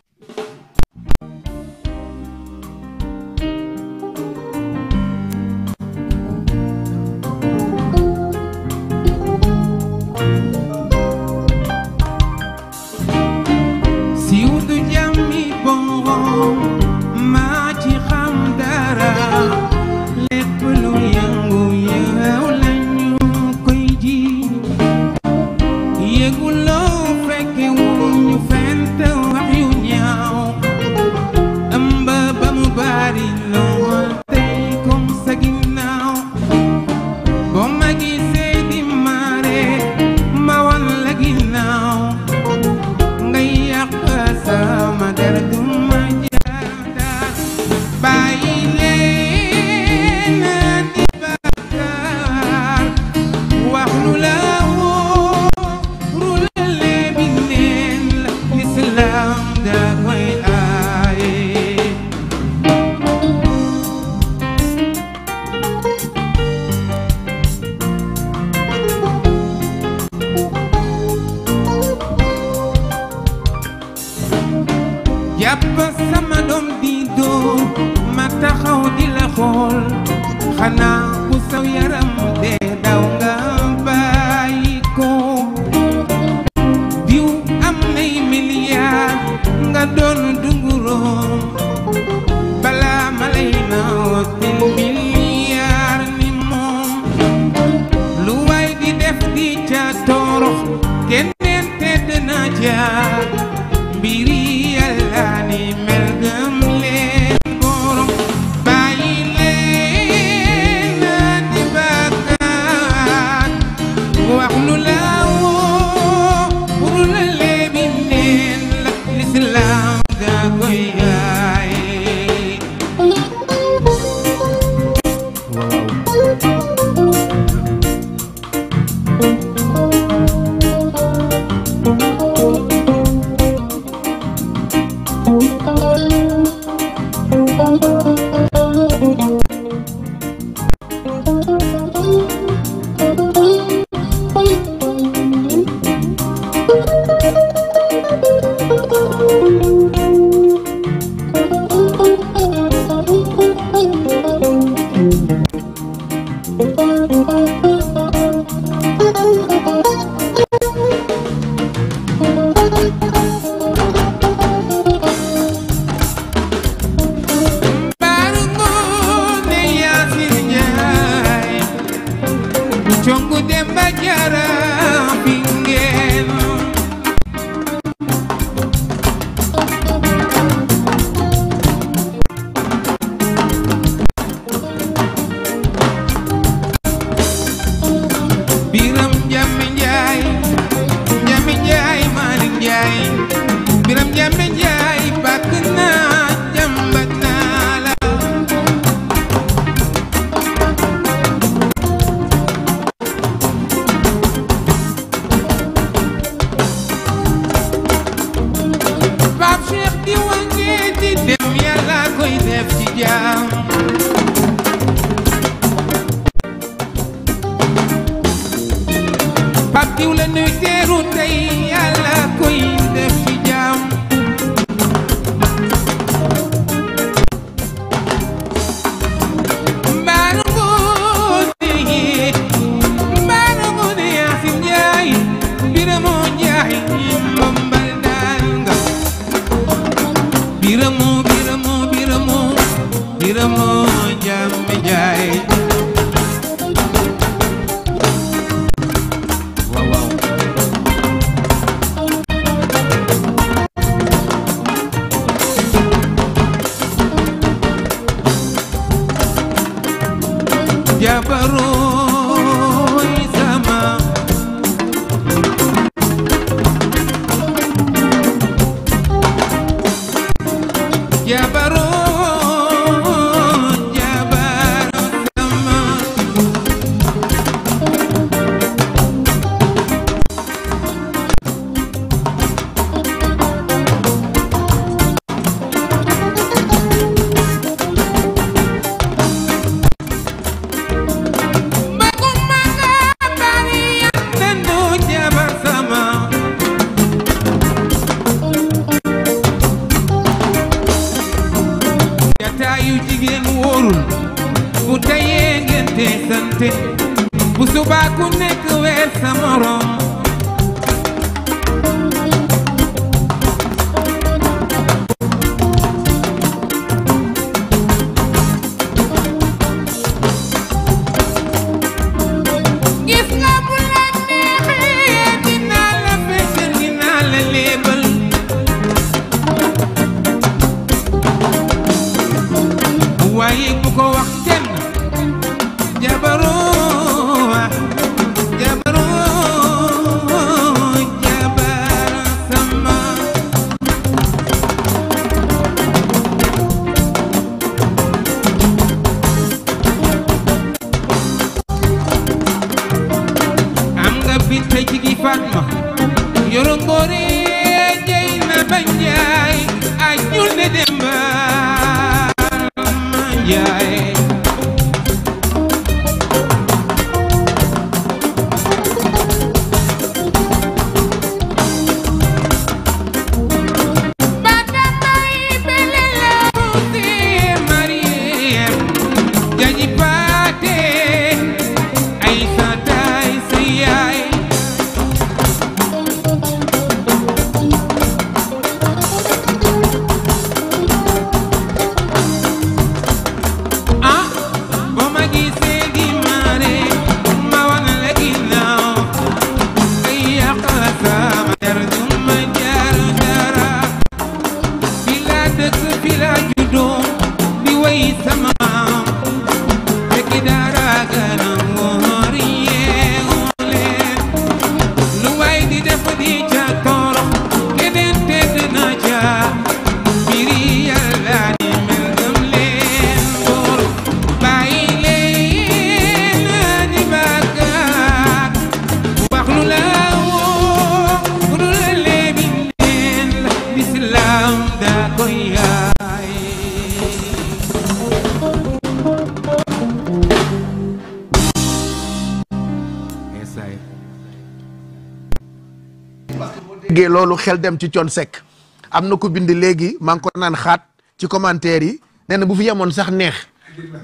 loolu xel dem ci Thione Seck am na ko bind léegi maa ngi ko naan xaat ci commentaire yi nee na bu fi yemoon sax neex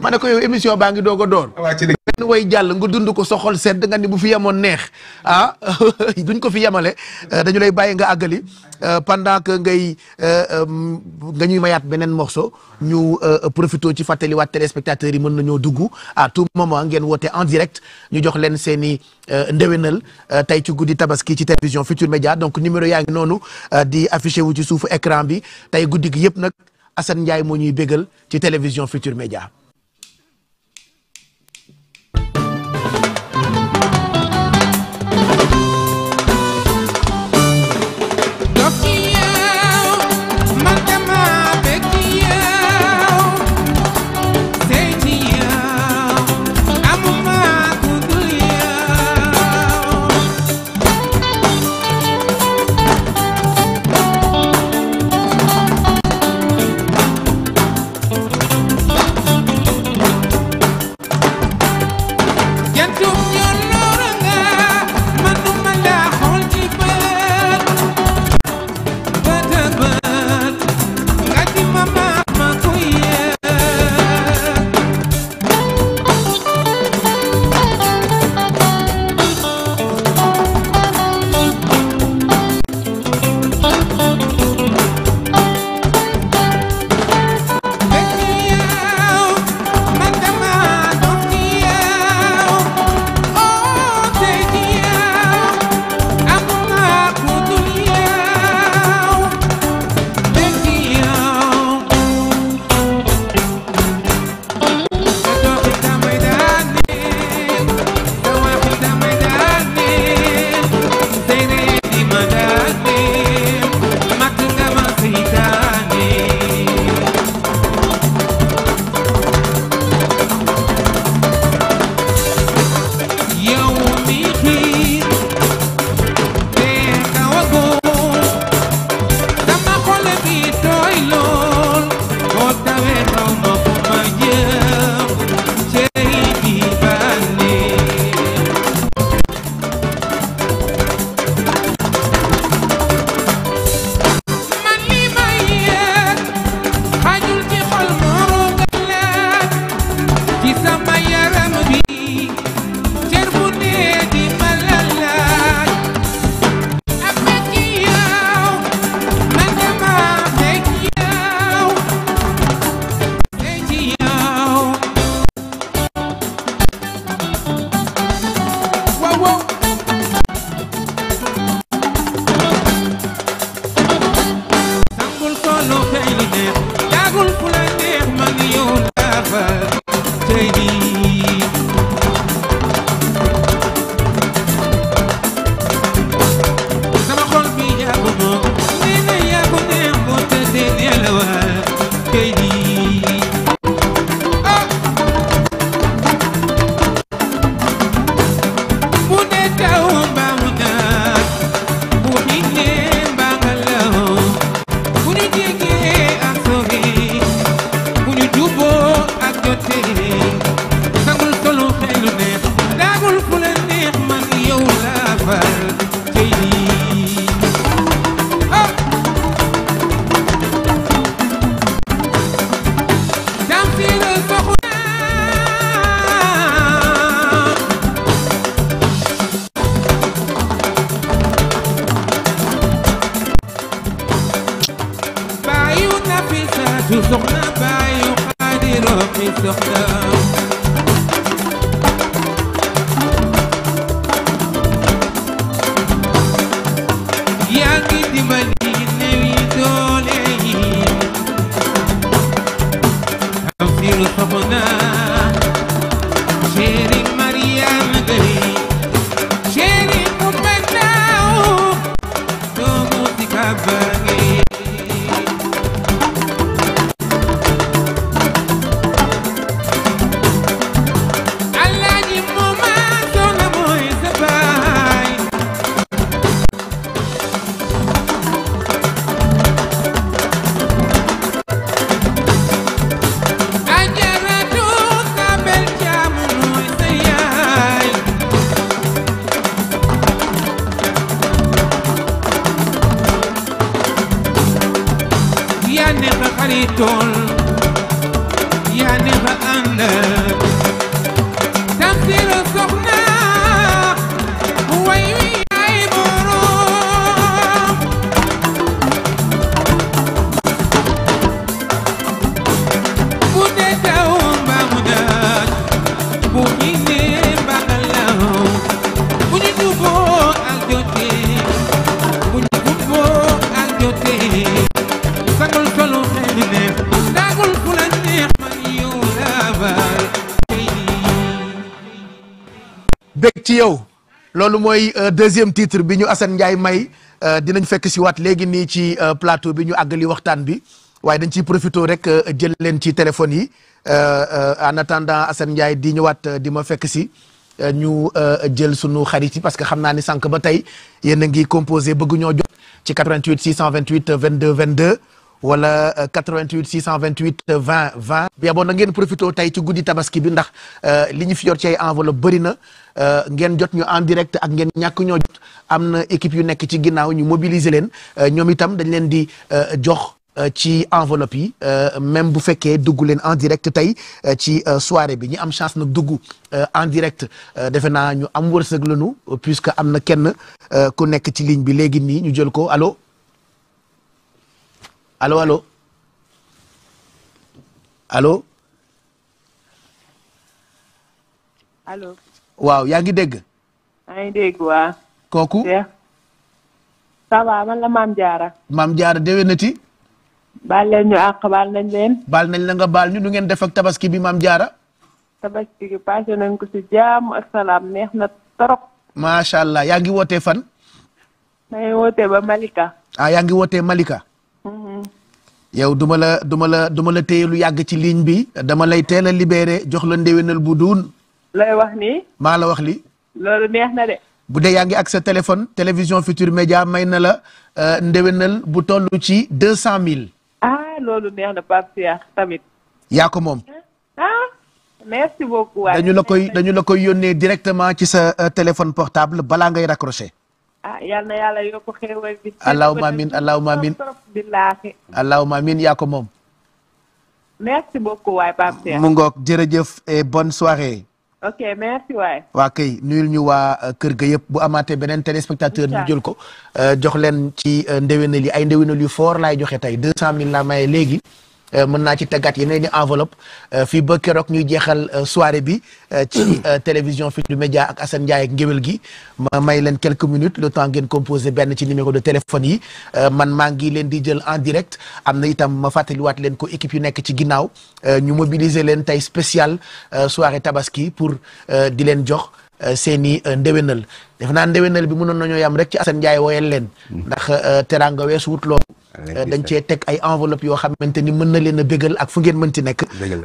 ma ne ko yow émission baa ngi doog a door benn way jàll nga dund ko soxol sedd nga ni bu fi yemoon neex ah duñ ko fi yemale eh, dañu lay bàyyi nga àggali eh, pendant que ngay eh, nga ñuy mayaat beneen morceau ñu euh, profité ci fàttaliwaat téléspectateurs yi mën nañoo dugg à tout moment ngeen woote en direct ñu jox leen seeni i euh, ndewenal euh, tey ci guddi tabaski ci télévision Futur Média donc numéro yaa ngi noonu di affiché wu ci suufu écran bi tey guddi gi yëpp nag Assane Ndiaye moo ñuy bégal ci télévision Futur Média loolu mooy euh, deuxième titre bi ñu asset Ndiaye may euh, dinañ fekk si waat léegi nii ci euh, plateau bi ñu àggali waxtaan bi waaye dañ ciy profité rek jël leen ci téléphone yi en attendant Assane Ndiaye di ñëwaat di ma fekk si ñu jël sunu xarit yi parce que xam naa ni sànq ba tey yéen a ngi composé bëgg ñoo jot ci 88 628 vingt 22. wala 88 628 20 20. yaa boon a ngeen profité tey ci guddi tabaski bi ndax euh, li ñu fi yor ci ay enveloppe bëri na euh, ngeen jot ñu en direct ak ngeen ñàkk ñoo jot am na équipe yu nekk ci ginnaaw ñu mobiliser leen euh, ñoom itam dañ leen di jox. ci enveloppe yi même bu fekkee dugg leen en direct tey ci soirée bi ñu am chance nag dugg en direct defe naa ñu am wërsëg lanu puisque am na kenn ku nekk ci ligne bi léegi nii ñu jol ko alo allo allo alo waaw yaa ngi dégg. yaa ngi dégg waa. kooku. ça va la maam jaara maam Diarra déwénati. baal leen ñu àq baal nañ leen. baal nañ la nga baal ñu nu ngeen def ak tabaski bi maam Diarra. tabaski gi passé nañ ko ci jaamu ak salaam neex na torop. macha allah yaa ngi wootee fan. maa ngi ba Malika. Ah, yaa ngi wootee Malika. yow duma la duma la du ma la téye lu yàgg ci ligne bi dama lay teel a libéré jox la ndéwénal bu duun. lay wax nii. maa la wax li loolu neex na de. bu dee yaa ngi ak sa téléphone télévision Futur Média may na la euh, ndéwénal bu toll ci deux cent mille. ah loolu neex na Pape Cheikh tamit. yaa ko moom. ah merci beaucoup. dañu la koy dañu la koy yónnee directement ci sa euh, téléphone portable balaa ngay raccroché. ah yal na yàlla yokk xéewal bi. allahumma amiin allahumma amiin moom. merci mu ngoog jërëjëf et bonne soirée. ok nuyul ñu waa euh, kër ga yëpp bu amaatee beneen téléspectateur. ñu jël ko euh, jox leen ci euh, ndéwénal yi ay ndéwénal yu fort laay joxe tey 200000 laa maye léegi. Euh, mën naa ci tëggat yeneen i enveloppe euh, fii ba keroog ñuy jeexal euh, soirée bi ci télévision Futurs média ak Assane Ndiaye ak ngéwél gi ma may leen quelques minutes le temps ngeen composé benn ci numéro de téléphone yi man maa ngi leen di jël en direct am na itam ma fàttaliwaat leen ko équipe yu nekk ci ginnaaw ñu mobiliser leen tey spécial soirée tabaski pour di leen jox seen i ndéwénal def naa ndéwénal bi mënoon nañoo yam rek ci Assane Ndiaye woyal leen mm. ndax teraanga weesu wut loolu Euh, dañ cee teg ay enveloppe yoo xamante ni mën na leen a bégal ak fu ngeen mënti nekk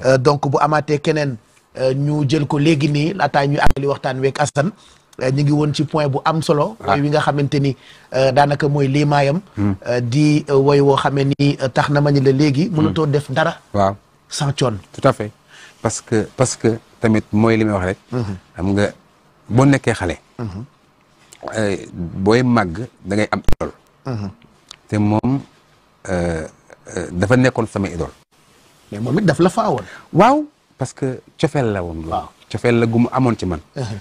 euh, donc bu amaatee keneen euh, ñu jël ko léegi nii laataa ñuy li waxtaan week Assane ñu ngi woon ci point bu am solo ah. mooy wi nga xamante ni daanaka mooy liimaayam hmm. di woy woo xamee ni tax na ma ñu la léegi hmm. mënatoo def dara waaw sans coon tout à fait parce que parce que tamit mooy li may wax rek hmm. xam nga boo nekkee xale booy màgg dangay am lool te moom Euh, euh, dafa nekkoon sama idole. mais moom it daf la faawoon. waaw parce que cofeel la woon. waaw cofeel la gu mu amoon ci man. Uh-huh.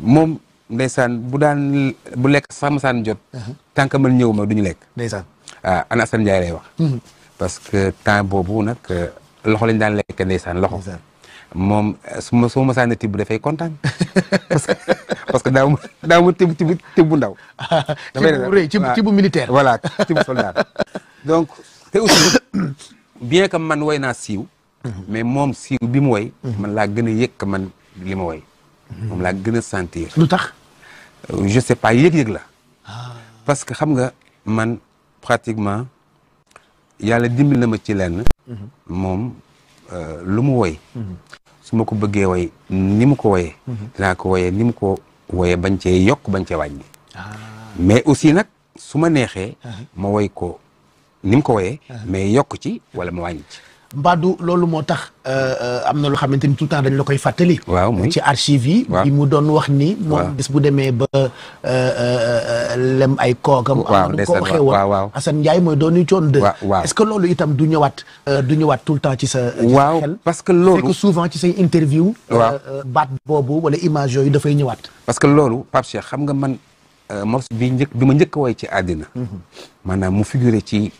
moom ndeysaan bu daan bu lekk sax saan jot. Uh-huh. tant que man ñëw ma du ñu lekk. ndeysaan a ah, ana Assane Ndiaye lay mm-hmm. parce que temps boobu nag euh, loxo lañ daan lekk ndeysaan loxo. moom su ma su ma masaan tibb dafay kontaan parce que parce mu daaw ma daaw ma tibb bu ndaw. dafay bu militaire. voilà tibb soldat. donc te bien que man woy naa siiw mais moom siiw bi mu woy man laa gën a yëg que man li ma woy moom laa gën a sentir lu tax euh, je sais pas yëg-yëg la ah. parce que xam nga man pratiquement yàlla dimbil na ma ci lenn mhm. moom euh, lu mu woy mhm. su ma ko bëggee woy ni mu ko woyee mhm. dinaa ko woyee ni mu ko woyee bañ cee yokk bañ cee wàññi ah. mais aussi nag su ma neexee ah. ma woy ko ni mu ko woyee ah. mais yokk ci wala mu wàññi ci Mbadou loolu moo tax euh, am na loo xamante ni tout le temps dañ la koy fàttali. waaw muy ci archive yi. bi mu doon wax nii moom bis bu demee ba euh, euh, lem ay koogam. waaw des ko waxee a Assane Ndiaye mooy doon ñu coon de. est-ce que loolu itam du ñëwaat du ñëwaat tout le temps ci sa. waaw parce que loolu fekk souvent ci say interview. baat boobu wala image yooyu dafay ñëwaat. parce que loolu Pape Cheikh xam nga man mos bi njëkk bi ma njëkk a woy ci àddina. Mhm. maanaam mu figuré ci.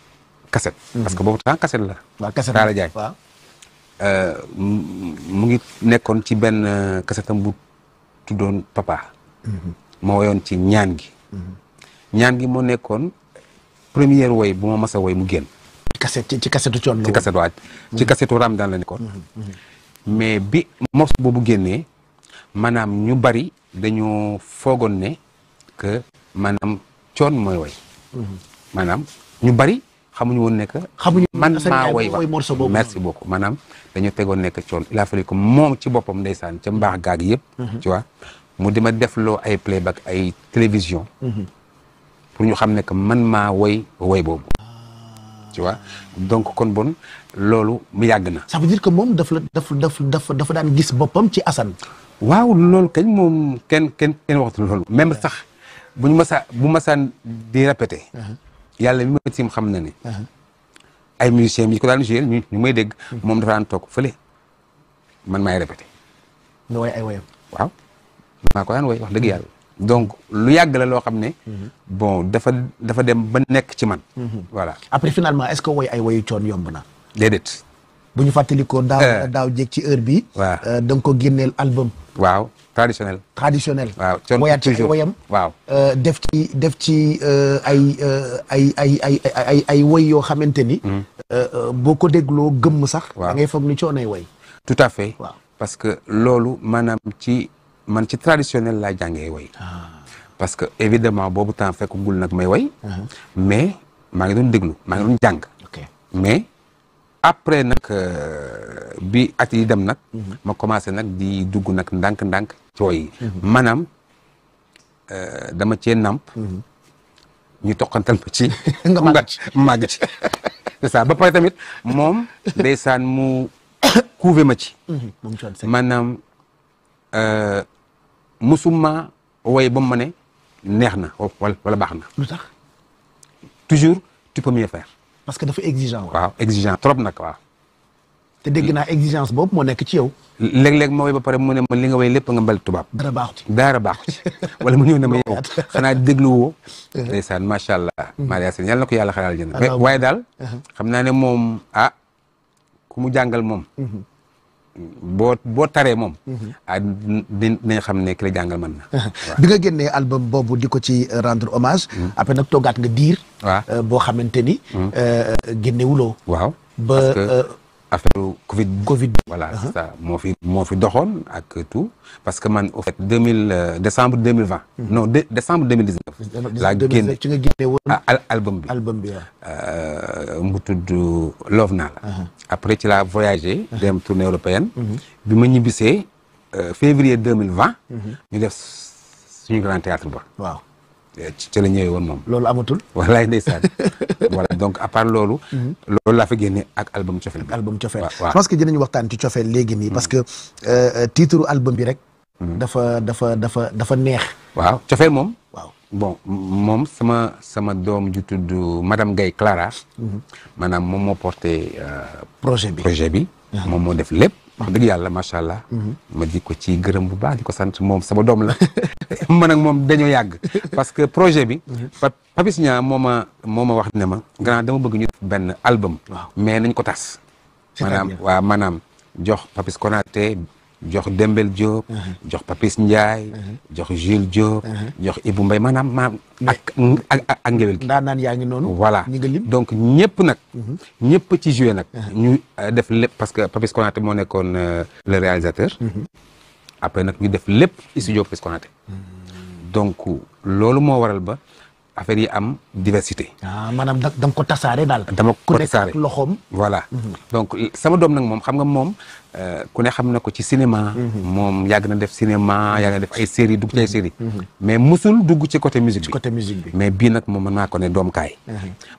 kaset. Mm-hmm. parce que boobu temps kaset la. waaw kaset la Talla Ndiaye. Euh, mu ngi nekkoon ci benn kasetam euh, bu tuddoon papa. ma mm-hmm. woyoon ci ñaan gi. Mm-hmm. ñaan gi moo nekkoon première woy bu ma mas woy mu génn. ci kaset ci kasetu coon la ci kaset waaj ci kasetu Ramadan la nekkoon. mais bi morceau boobu génnee maanaam ñu bari dañoo foogoon ne que maanaam coon mooy woy maanaam ñu bari xamuñu woon nekk xamuñu man maa woy wa merci beaucoup maanaam dañu tegoon nekk coon il a fallu que moom ci boppam ndeysaan ca mbaax gaag yëpp mhm. tu vois mu dima def loo ay playback ay télévision mhm. pour ñu xam ne que man maa woy woy boobu ah. donc kon bon loolu mu yàgg na ça veut dire que moom daf la daf daf daf dafa daan gis boppam ci Assane waaw loolu kañ moom kenn kenn kenn waxtu loolu même sax buñu masa bu masaan di répété mhm. yàlla mi ma tiim xam na ne. ay musiciens yi ko daan joué ñu ñu may dégg. Hmm. moom dafa daan toog fële man maay répété. nga way ay woyam. waaw maa ko daan woy wax dëgg hmm. yàlla. donc lu yàgg la loo xam ne. Hmm. bon dafa dafa dem ba nekk ci man. voilà après finalement est-ce que woy ay woyu coon yomb na. déedéet. bu ñu fàttalikoo daaw eh. daaw jéeg ci heure bi waaw eh, da nga ko génneel album waaw traditionnel traditionnel waaw woyaat ci woyam waaw eh, def ci def ci ay ay ay ay ay ay woy yoo xamante ni hmm. boo ko dégloo gëmm sax da ngay foog ni coonoy way tout à fait waaw parce que loolu maanaam ci man ci traditionnel laa jàngee woy ah. parce que évidemment boobu temps fekkagul nag may woy uh-huh. mais maa ngi doon déglu maa ngi doon jàng mais après nag euh, bi at yi dem nag. Mhm. ma commencé nag di dugg nag ndànk-ndànk cooy yi. Mhm. maanaam euh, dama cee namp. Mhm. ñu toqantal ma ci. nga màgg ci c'est ça ba pare tamit moom ndeysaan mu couvé ma ci. maanaam euh, musuma way ba mu ma ne neex na wala baax na. lu tax toujours tu peux parce que dafa exigeant. waaw exigeant trop nag waaw. te dégg naa exigence boobu moo nekk ci yow. léeg-léeg ma woy ba pare mu ne ma li nga woy lépp nga mbal tubaab. dara baaxu ci dara wala mu ñëw ne ma yow xanaa déglu woo. Uh-huh. ndeysaan macha allah. Hmm. Maria Sène yàlla na ko yàlla xalaal jënd. waaye daal. Uh-huh. xam naa ne moom ah ku mu jàngal moom. Hmm. boo boo taree moom. Mhm. ah dinañ xam ne ki la jàngal mën na. bi nga album boobu di ko ci euh, rendre hommage. Mhm. après nag toogaat nga diir. waaw euh, boo xamante ni. Mhm. Euh, génnewuloo. waaw ba affaire Covid. Covid voilà c'est uh-huh. moo fi moo fi doxoon ak tout parce que man au fait deux mille euh, décembre deux mille vingt. Mm-hmm. non de décembre deux mille dix neuf. laa génne ci nga génne woon. Ah, album bi album bi euh, mu Love naa la. Uh-huh. après ci laa voyagé. Uh-huh. dem tournée européenne. Mm-hmm. bi ma ñibbisee euh, février deux mille vingt. Mm-hmm. ñu def suñu grand théâtre ba. waaw ci la ñëwee woon moom. loolu amatul. wallaay ndeysaan voilà donc à part loolu. Mhm. loolu laa fa génne ak album cofeel bi. album cofeel je pense que dinañu waxtaan ci cofeel léegi nii parce que euh, euh, titre album bi rek. Mhm. dafa dafa dafa dafa neex. waaw cofeel moom. waaw bon moom sama sama doom ju tudd madame Gaye Clara. Mhm. maanaam moom moo porté. Euh, projet bi projet bi. moom moo def lépp. wax dëgg yàlla macha allah. Mhm. ma di ko ci gërëm bu baax di ko sant moom sama doom la. man ak moom dañoo yàgg. parce que projet bi. Mhm. Pap Papis Niang moo ma moo ma wax ne ma. grand dama bëgg ñu benn album. mais nañ ko tas. maanaam jox Papis Konaté jox Dembel Diop. Uh-huh. jox Papis Ndiaye. Uh-huh. jox Jules Diop. Uh-huh. jox ibu mbay maanaam maam ak ak ak ngewel gi. ndaanaan yaa ngi noonu. voilà donc ñëpp nag. ñëpp ci joué nag. ñu euh, def lépp parce que Papis Konaté moo nekkoon euh, le réalisateur. après nag ñu def lépp studio Papis Konaté. donc loolu moo waral ba. affaire yi am diversité. ah maanaam da nga ko tasaare daal. dama ko tasaare ku nekk loxoom. voilà mhm. donc sama doom nag moom xam nga moom euh, ku ne xam na ko ci cinéma. Mhm. moom yàgg na def cinéma yàgg na def ay séries dugg ci ay séries. Mhm. mais musul dugg ci côté musique bi. côté musique bi mais bii nag moom mën naa ko ne doom kaay.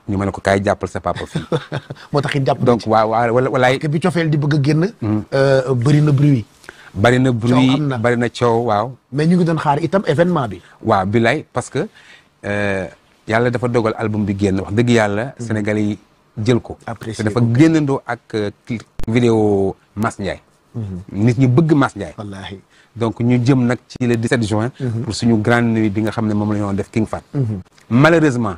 ñu mën ko kaay jàppal sa papa fii. moo tax it jàpp donc waaw waaw walaay. que bi cofeel di bëgg a génn. Euh, bëri na bruit. bari na bruit bari na coow waaw. mais ñu ngi doon xaar itam événement bi. waaw bi lay parce que. Euh, yàlla dafa dogal album bi génn wax dëgg yàlla mm-hmm. sénégalais yi jël ko te dafa génnandoo ak euh, vidéo Mass Ndiaye mm-hmm. nit ñi bëgg Mass Ndiaye wallaahi donc ñu jëm nag ci le 17 juin mm-hmm. pour suñu grande nuit bi nga xam ne moom la ñoo def King Fat malheureusement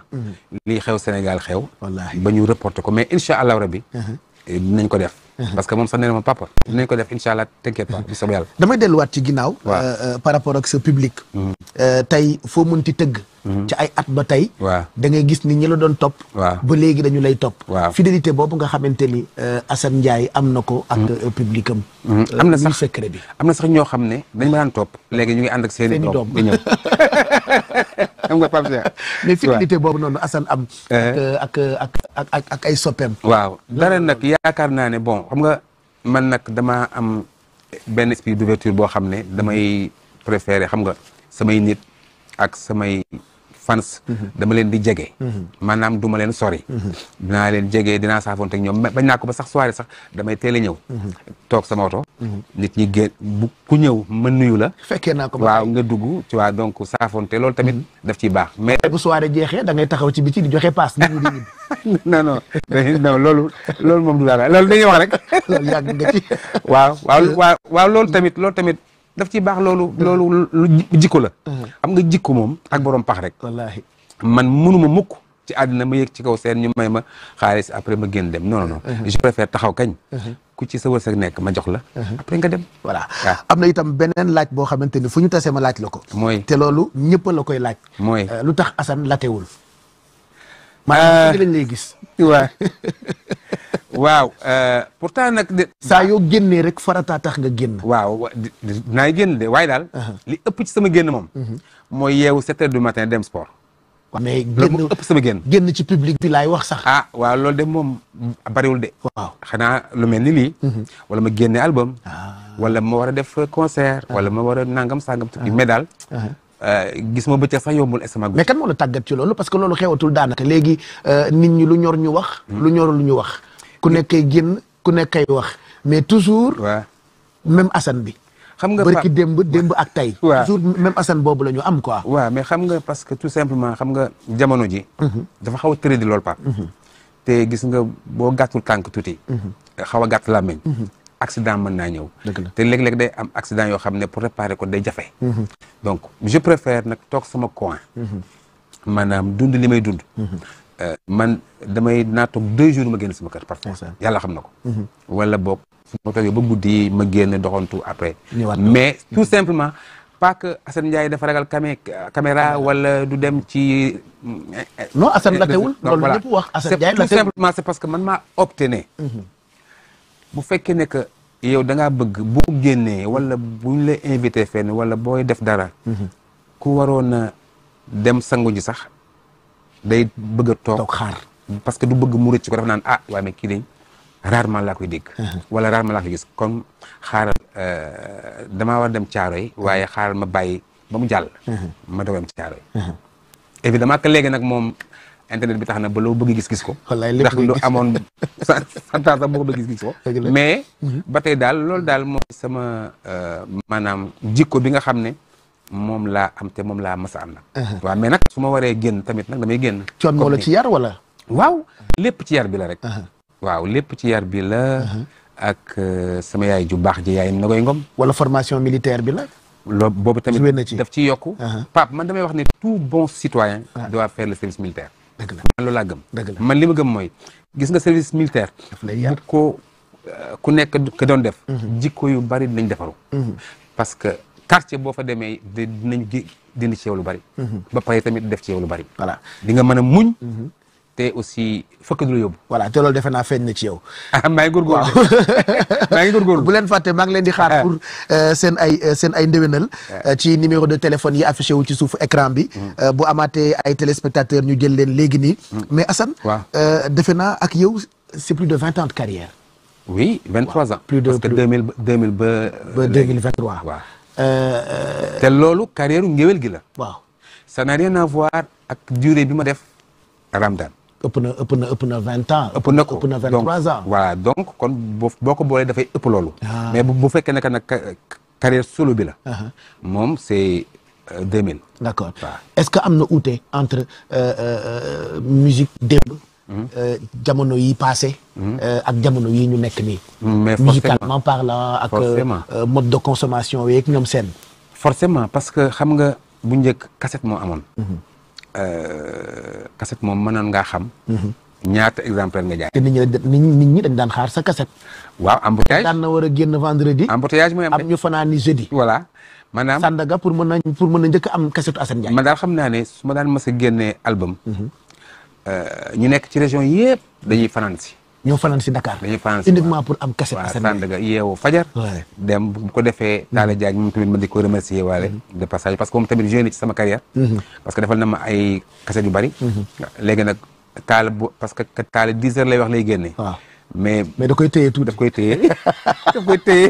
lii xew Sénégal xew wallaahi ba ñu reporté ko mais incha allah rabbi uh-huh. eh, dinañ ko def uh-huh. parce que moom sax nee na ma papa uh-huh. dinañ ko def incha allah t'inquiète pas bu soobee yàlla damay delluwaat ci ginnaaw euh, par rapport ak sa public tëgg Mhm. ci ay at ba tey. waaw da ngay gis ni ñi la doon topp. ba léegi dañu lay topp. fidélité boobu nga xamante ni euh, Assane Ndiaye am na ko. ak mhm. euh, public am. Mhm. Euh, na sax secret bi. am na sax ñoo xam ne dañ ma daan topp léegi ñu ngi ànd ak seen i doom di ñëw nga Pape Cheikh. mais fidélité boobu noonu Assane am. Eh. ak ak ak ak ay soppeem. waaw dara nag yaakaar naa ne bon xam nga man nag damaa am benn esprit d'ouverture boo xam ne damay préféré xam nga samay nit ak samay. fans dama leen di jege maanaam du ma leen sori dinaa leen jege dinaa saafoonte ak ñoom bañ naa ko ba sax soirée sax damay teel a ñëw toog sama oto nit ñi génn bu ku ñëw ma nuyu la fekkee naa ko waaw nga dugg ci waa donc saafoonte loolu tamit mhm. daf ciy baax mais bu soirée jeexee da ngay taxaw ci biti di joxe paas nit ñi di ñibbi non non non loolu loolu moom du dara loolu dañuy wax rek loolu yàgg nga ci waaw loolu tamit loolu tamit daf ci baax loolu loolu jikko la mhm. am nga jikko moom ak boroom pax rek wallaahi man mënuma mukk ci àddina ma yëg ci kaw seen ñu may ma xaalis après ma génn dem non non mhm. je préfère taxaw kañ mhm. ku ci sa wërsëg nekk ma jox la après nga dem voilà am na itam beneen laaj boo xamante ni fu ñu tasee ma laaj la ko mooy te loolu ñëpp la koy laaj mooy euh, lu tax Assane latewul euh, maanaam lañ lay gis waaw waaw euh, pourtant nag. saa yoo génnee rek farataa tax nga génn. waaw dinaay génn de waaye daal. Uh-huh. li ëpp ci sama génn moom. Mm-hmm. mooy yeewu sept heures du matin dem sport. mais génn ëpp sama génn. génn ci public bi laay wax sax. ah waaw loolu de moom bariwul de. waaw xanaa lu mel ni lii. Mm-hmm. wala ma génne album. Ah. wala ma war a def concert. Ah. wala ma war nangam sangam. Ah. mais daal. Euh, gis ma bëccëg sax yombul estomac. mais kan moo la tàggat ci loolu parce que loolu xewatul daanaka léegi euh, nit ñi lu ñor ñu wax. lu ñorul ñu wax. ku nekkee génn ku nekkay wax mais toujours. waaw même Assane bi. xam nga barki démb démb ak tey. waaw toujours même Assane boobu la ñu am quoi. waaw mais xam nga parce que tout simplement xam nga jamono ji. Mhm. dafa xaw a tëradi loolu Pape. Mhm. te gis nga boo gàttul tànk tuuti. Mhm. xaw a gàtt làmmiñ. accident mën naa ñëw. te léeg-léeg day am accident yoo xam ne pour réparer ko day jafe. Mhm. donc je préfère nag toog sama coin. Mhm. maanaam dund li may dund. Mhm. Euh, man damay naa toog deux jours ma génn sama kër parfois. yàlla xam na ko. wala boog su ma toogee ba guddi ma génn doxantu après. mais tout simplement. pas que Assane Ndiaye dafa ragal camé caméra wala du dem ci. non Assane euh, latewul. loolu ñëpp wax Assane Ndiaye latewul tout simplement c'est parce que man maa obtenu. bu fekkee ne que yow da bëgg boo génnee wala buñ la invité fenn wala booy def dara. Mhm. ku waroon a dem sangu ji sax day bëgg a toog xaar. parce que du bëgg mu rëcc ko dafa naan ah waaye mais kii dañ rarement laa koy dégg. Mhm. wala rarement laa koy gis kon xaar euh, damaa war dem caaro yi mhm. waaye xaar ma bàyyi ba mu jàll. ma doog dem caaro yi. évidemment que nag moom. internet bi tax na ba loo bëgg gis-gis ko. ndax lu amoon santaar sax boo ko bëgg gis-gis ko. mais mhm. ba tey daal loolu daal mooy sama euh, maanaam jikko bi nga xam ne moom laa am te moom laa masa am na. Uh-huh. waaw mais nag su ma waree génn tamit nag damay génn. coon moo la ci yar wala. waaw lépp ci yar bi la rek. Uh-huh. waaw lépp ci yar bi la. Uh-huh. ak euh, sama yaay ju baax ji yaay na koy ngom. wala formation militaire bi la. loolu boobu tamit daf ci yokk Pape man damay wax ne tout bon citoyen doit faire le service militaire. dëgg la man loolu laa gëm. dëgg la man li ma gëm mooy gis nga service militaire. ko euh, ku nekk ka doon def. Mhm. jikko yu bari dinañ defaru mhm. parce que quartier boo fa demee dinañ dindi ci yow lu bari. Mhm. ba pare tamit def ci lu bari. voilà di a muñ. te aussi fëkk du la yóbbu. voilà te loolu defe naa feeñ na ci yow. Ah, maa ngi góorgóorlu maa ngi góorgóorlu. bu leen fàtte maa ngi leen di xaar ah. pour euh, seen ay euh, seen ay ndéwénal. Ah. Euh, ci numéro de téléphone yi affiché wu ci suufu écran bi. Mm. bu amaatee ay téléspectateurs ñu jël leen léegi nii. Mm. mais Assane. waaw defe na ak yow c'est plus de vingt ans de carrière. oui vingt trois ans. plus de mille deux mille ba. ba deux loolu carrière ngéwél gi la. waaw ça n'a ak durée bi ma def Ramadane. ëpp na ëpp na ëpp na vingt ans. ëpp na ko ëpp vingt trois ans. voilà donc kon boo ko boolee dafay ëpp loolu. Ah. mais bu fekkee ne que nag carrière solo bi la. Ah. moom c' est euh, deux mille. d' est ce que am na uute entre euh, euh, musique démb. Hmm. jamono yi passé. Hmm. ak jamono yi ñu nekk nii. Hmm, mais musicalement parlant ak. mode de consommation yeeg ñoom seen. forcement parce que xam nga bu njëkk cassette moo amoon. Euh, cassette moom mënoon ngaa xam. Mhm. ñaata exemplaire nga jaay. te nit ñi nit ñi dañ daan xaar sa cassette. waaw embouteillage daan na war a génn vendredi. embouteillage mooy am am ñu fanaani jeudi. voilà maanaam Sandaga pour mën a pour mën a njëkk am cassette Assane Ndiaye. man daal xam naane su ma daan mës a génnee album. Mhm. Euh, ñu nekk ci région yëpp dañuy fanaan si. ñoo fanaan si Dakar. dañuy fanaan si uniquement pour am cassette. waaw Sandaga fajar. ko defee. Mm-hmm. Talla Diagne moom tamit ma waale. Mm-hmm. de passage parce que moom tamit jeune ci sama carrière. Mm-hmm. parce que defal na ma ay cassette yu bari. Ah, léegi nag Talla bu parce que Talla dix heures lay wax lay génne. waaw mais mais da koy téye tuuti daf koy téye daf koy téye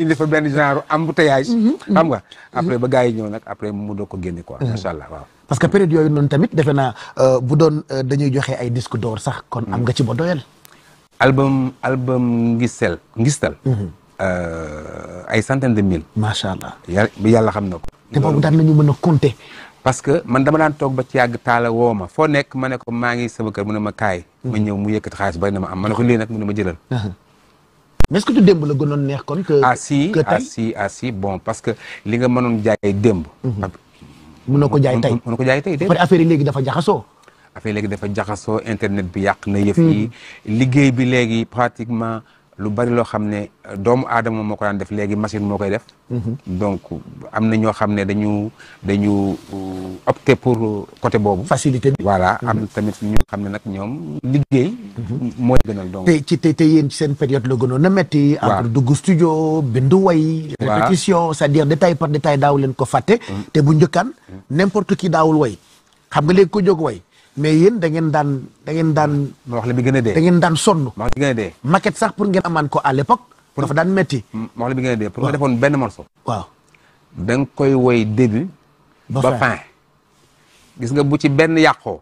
indi fa benn genre embouteillage. xam nga après ba gars yi ñëw nag après mu doog ko génne ko macha allah waaw. parce que période yooyu noonu tamit defe naa euh, bu doon euh, dañuy joxe ay disque d'or sax kon am nga ci ba doyal. album album Ngistel Ngistel. Mhm. Euh, ay centaine de mille. macha allah yàlla yàlla xam na ko. te boobu daan nañu mën a compter. parce que man dama daan toog ba ci yàgg taala woo ma foo nekk ma ne ko maa ngi sama kër mu ne ma kaay. Mhm. ma ñëw mu yëkkati xaalis bari na ma am ma ne ko lii nag mu ne ma jëlal. Uh-huh. mais est-ce la gënoon neex kon. que ah si ah, si ah si bon parce que li nga mënoon jaay démb. Mhm. mën na ko jaay tey mën na ko jaay tey démb. affaire yi léegi dafa jaxasoo. affaire léegi dafa jaxasoo internet bi yàq na yëf hmm. liggéey bi léegi pratiquement lu bari loo xam ne doomu aadama moo ko daan def léegi machine moo koy def hmm. donc am na ñoo xam ne dañu dañu euh, opté pour côté boobu facilité bi voilà am hmm. tamit ñoo xam ne nag ñoom liggéey mooy gënal donc te ci te te yéen ci seen période la gënoon na metti entre dugg studio bindu way répétition c'est-à-dire détail par détail daaw leen ko fàtte te bu njëkkaan n'importe qui daawul way xam nga léegi ko jog way mais yéen da ngeen daan da daan. ma wax la bi gën a dee da ngeen daan sonn. ma wax la bi gën a dee. maquette sax pour ngeen amaan ko à l'époque. pour dafa daan metti. ma wax la bi gën a dee pour nga defoon benn morceau. waaw da nga koy woy début. ba nga bu ci benn yàqoo.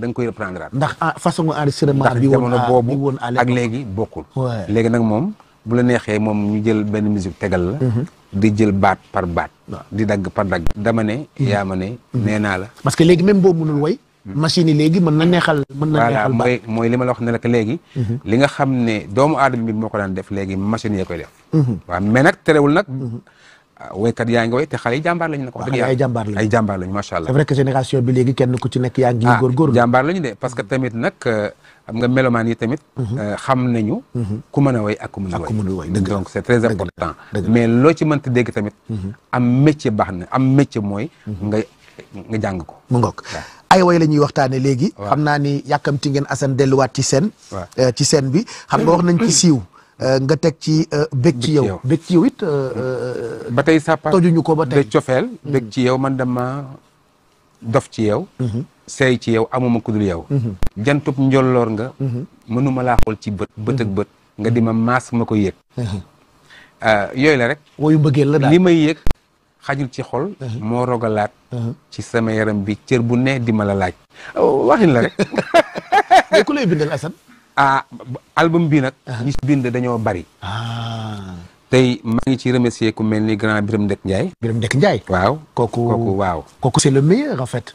da nga koy reprendre at. ndax ah, façon enregistrement bi woon à bi woon à l'époque ak léegi bokkul. léegi nag moom bu la neexee moom ñu jël benn musique tegal la. Mhm. di jël baat par baat. di dagg par dagg. dama ne. Mhm. yaa ma ne. Mhm. nee naa la. parce que léegi même boo mënul woy machine yi léegi mën na neexal mën na neexal ba mooy mooy li ma la wax ne la léegi mhm. li nga xam ne doomu aadama bi moo ko daan def léegi machine yee koy def mhm. waaw mais nag terewul nag mhm. ah, woykat yaa ngi te xale yi jàmbaar lañu nag wax dëgg ay jàmbaar lañu ay jàmbaar lañu macha allah c'est vrai bi léegi kenn ku ci nekk yaa ngi ah, góorgóorlu jàmbaar lañu que tamit nag xam euh, nga melomaan yi tamit euh, xam nañu ku mën a woy ak ku mënul woy donc c'est très important mais loo ci mënti dégg tamit am métier baax na am métier mooy nga nga jàng ko mu ay way la ñuy waxtaane léegi xam naa ni yàkkamti ngeen Assane delluwaat ci seen euh, ci seen bi xam nga wax nañ ci siiw euh, nga teg ci euh, bég ci yow bég ci yow it ba tey sàppa tojuñu ko ba tey cofeel mm-hmm. bég ci yow man dama dof ci yow mm-hmm. seey ci yow amuma kudul yow mm-hmm. jantub njolloor nga mënuma laa xool ci bët bët ak bët nga di ma maas ma ko yëg yooyu la rek woyu bëggeel la daal li may yëg xajul ci xol. Uh-huh. moo rogalaat. Uh-huh. ci sama yaram bi cër bu ne di ma la laaj. Oh, waxin la rek. mais ku lay bindal Assane. Ah, album bi nag. Uh-huh. ñi ci bind dañoo bari. Ah. tey maa ngi ci remercier ku mel ni grand Birame Ndek Ndiaye. Birame ndekk Ndiaye. waaw kooku waaw. kooku c'est le meilleur en fait.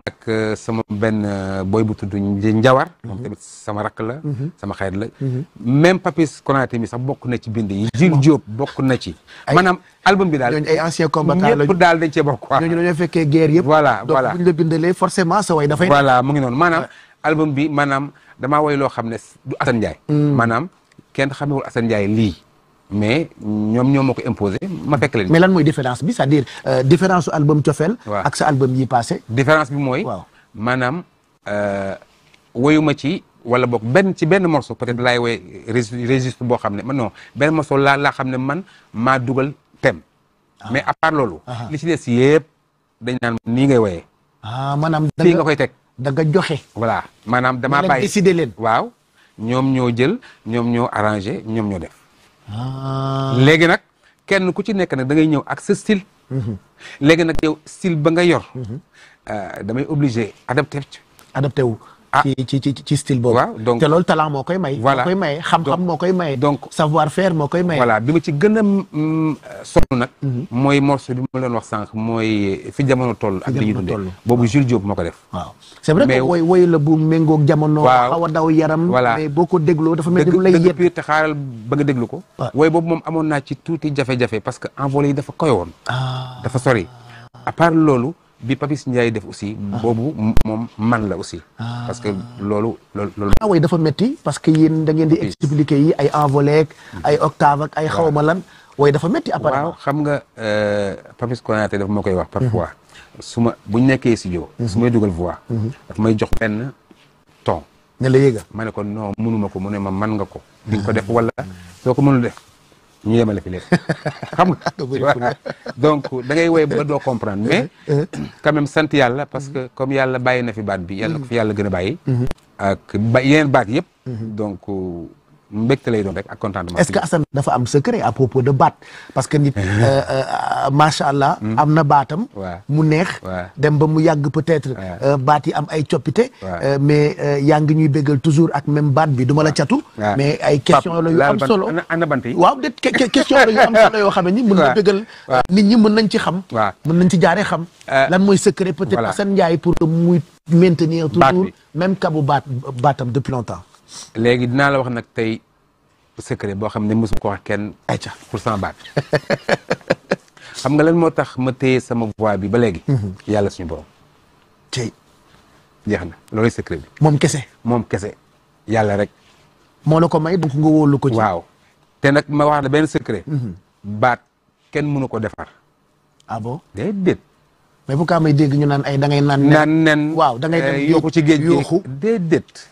ak euh, sama benn euh, booy bu tudd Njawar. Mhm. moom tamit sama rakk la. Mhm. sama xarit la. Mhm. même Papis Konaté mi sax bokk na ci bind yi. Jil Diop bokk na ci. maanaam album bi daal ay anciens combattants ñëpp daal dañ cee bokk quoi. ñooñu dañoo fekkee guerre yëpp. voilà voilà donc bu ñu la bindalee forcément sa way ngi noonu maanaam album bi maanaam damaa woy loo xam ne du Assane Ndiaye. Mm. maanaam kenn xamewul Assane Ndiaye lii. mais ñoom ñoo ma ko imposé ma fekk leen. melan mooy différence bi c'est-à-dire euh, différence su album Cofeel. ak sa album yi passé. différence bi mooy. waaw maanaam euh, woyuma ci wala boog benn ci benn morceau peut-être laay woy registre boo xam ne man non benn morceau laa laa xam ne man maa dugal thème. Ah. mais à part loolu. Ah. li ci des yëpp dañ naan nii ngay woyee. ah maanaam da nga fii nga koy teg. da joxe. voilà maanaam damaa bàyyi décider leen. waaw ñoom ñoo jël ñoom ñoo arrangé ñoom ñoo def. léegi nag kenn ku ci nekk nag da ngay ñëw ak sa style. Mhm. léegi nag yow style ba nga yor. Mhm. Euh, damay obligé adapté. adapté wu Ah. ci ci ci style boobu. waaw donc loolu talent moo koy may. voilà moo koy may xam-xam moo koy may. donc savoir faire moo koy may. voilà bi ma ci gën a mm, sonn nag. Mhm. mooy morceau bi ma sànq mooy fi jamono toll. ak li ñu dundee boobu Jules Diop moo ko def. waaw c'est vrai que woy woy la bu méngoog jamono. waaw xaw a daw yaram. voilà mais boo ko dégloo dafa mel ni lu lay yéen te xaaral ba nga déglu ko. waaw woy boobu moom amoon naa ci tuuti jafe-jafe parce que envolé yi dafa koyoon. Ah. dafa sori à part loolu. bi Papis Ndiaye def aussi. Ah. boobu moom man la aussi. Ah. parce que loolu loolu loolu. ah way dafa métti parce que yéen da ngeen di expliquer yi ay envolé mm-hmm. ay octave ak ay xawma lan. way dafa métti apparemment waaw xam nga euh, Papis Konaté daf ma koy wax parfois. Mm-hmm. su ma bu ñu nekkee studio. Mm-hmm. su may dugal fois may jox benn ton. ne la yéega ma ne ko mënuma ko mu ne ma man nga ko. di ko ah. def wala soo ko mënul def. ñu yemale fi lépp xam nga donc da ngay woy ba doo comprendre mais quand sant yàlla parce que comme yàlla bàyyi na fi baat bi yàlla ko fi yàlla gën a bàyyi mm-hmm. ak yeneen baat yëpp mm-hmm. mbégte lay doon rek ak contentement. est-ce que Assane dafa am a à propos de baat parce que nit. Euh, euh, macha allah. Hmm. am na baatam. mu neex. dem ba mu yàgg peut-être. Euh, baat yi am ay coppite. mais yaa ngi ñuy bégal toujours ak même baat bi duma la catu. mais ay question la yu am solo bant yi waaw déet question la am solo yoo xam ne ni mën na bégal. nit ñi mën nañ ci xam. mën nañ ci jaaree xam. lan mooy secret peut-être Assane Ndiaye pour que muy maintenir toujours même kabu baat baatam depuis longtemps. léegi dinaa la wax nag tey secret boo xam ne mosuma ko wax kenn ayca pour sama baat xam nga leen moo tax ma téye sama voix bi ba léegi. Mhm. yàlla suñu borom. tey. jeex na loolu secret bi. moom kese. moom kese yàlla rek. moo la ko may donc nga wóolu ko waaw te nag ma wax la benn secret. Mhm. baat kenn mënu ko defar. ah bon déedéet. mais bu kaa ñu naan ay da ngay naan. naan nen waaw da ngay dem eh, yokku ci géej gi déedéet.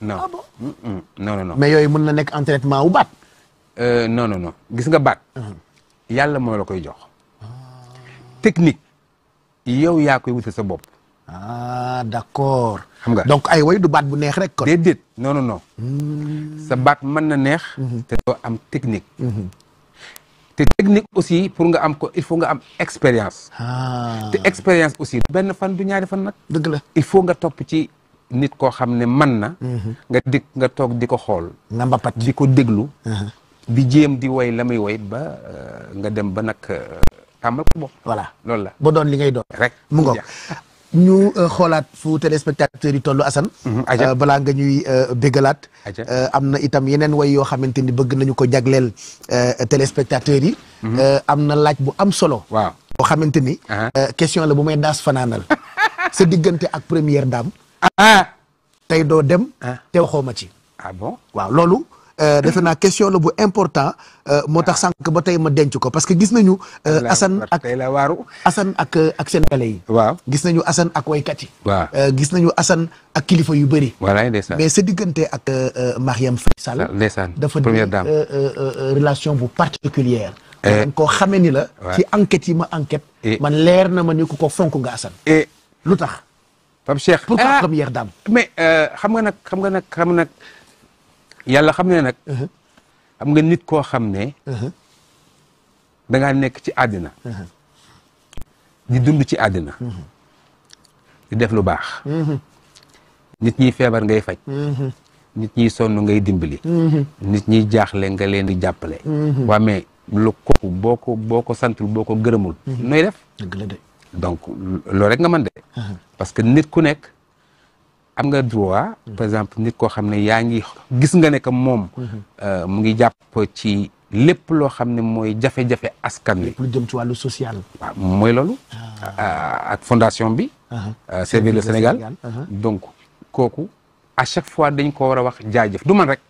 non ah mais yooyu mën na nekk entraînement wu baat. Euh, non non gis nga baat. Uh-huh. yàlla moo la koy jox. Ah. technique yow yaa koy wutal sa bopp. ah d'accord. xam nga donc ay way du baat bu neex rek kon. déedéet non non non. Hmm. sa baat mën na neex. Uh-huh. te doo am technique. Uh-huh. te technique aussi pour nga am ko il faut nga am expérience. Ah. te expérience aussi benn fan du ñaari fan nag. dëgg il faut nga topp ci. nit koo xam ne man na mhm. nga dik nga toog di ko xool nga mbapat di ko déglu bi mhm. jéem di woy la muy woy ba euh, nga dem ba nag amal euh, ko bopp voilà loolu la ba doon li ngay doon rek mu ngoog ñu euh, xoolaat fu téléspectateurs yi tollu Assane mhm, balaa nga ñuy bégalaat am na itam yeneen woy yoo xamante ni bëgg nañu ko jagleel téléspectateurs yi am na laaj bu am solo waaw boo xamante ni question la bu may daas fanaanal sa diggante ak première dame ah tey doo dem. Ah. te waxoo ma ci. Ah bon waaw loolu. Euh, defe naa question la bu important euh, moo tax ah. sànq ba tey ma denc ko parce que gis nañu. Euh, Assane ak la waaru Assane ak ak waaw gis nañu Assane ak waykat yi. waaw gis nañu Assane ak kilifa yu bëri. voilà ndeysaan mais sa diggante ak Marième Faye Sall. ndeysaan première dame dafa relation bu particulière dañ koo xame ni la. ci enquête yi ma enquête. man leer na ma ni ku ko fonk nga Assane. lu tax. Pape Cheikh pourquoi ah, première dame. mais euh, xam nga nag xam nga nag xam nag yàlla xam ne nag. Uh-huh. xam nga nit koo xam ne. Uh-huh. danga nekk ci àddina. Uh-huh. di dund ci àddina. di def lu baax. nit ñi feebar ngay faj. nit ñi sonn ngay dimbali. nit ñi jaaxle nga leen di jàppale. waa mais lu kooku boo ko boo ko santul boo ko gërëmul. nooy def. dëgg donc loolu rek nga mën de. parce que nit ku nekk am nga droit par exemple nit koo xam ne yaa ngi gis nga ne que moom euh, mu ngi jàpp ci lépp loo xam ne mooy jafe-jafe askan wi lu jëm ci wàllu social waaw mooy loolu ah. euh, ak fondation bi ah. euh, servir le Sénégal ah. donc kooku à chaque fois dañ ko war a wax jaajëf du man rek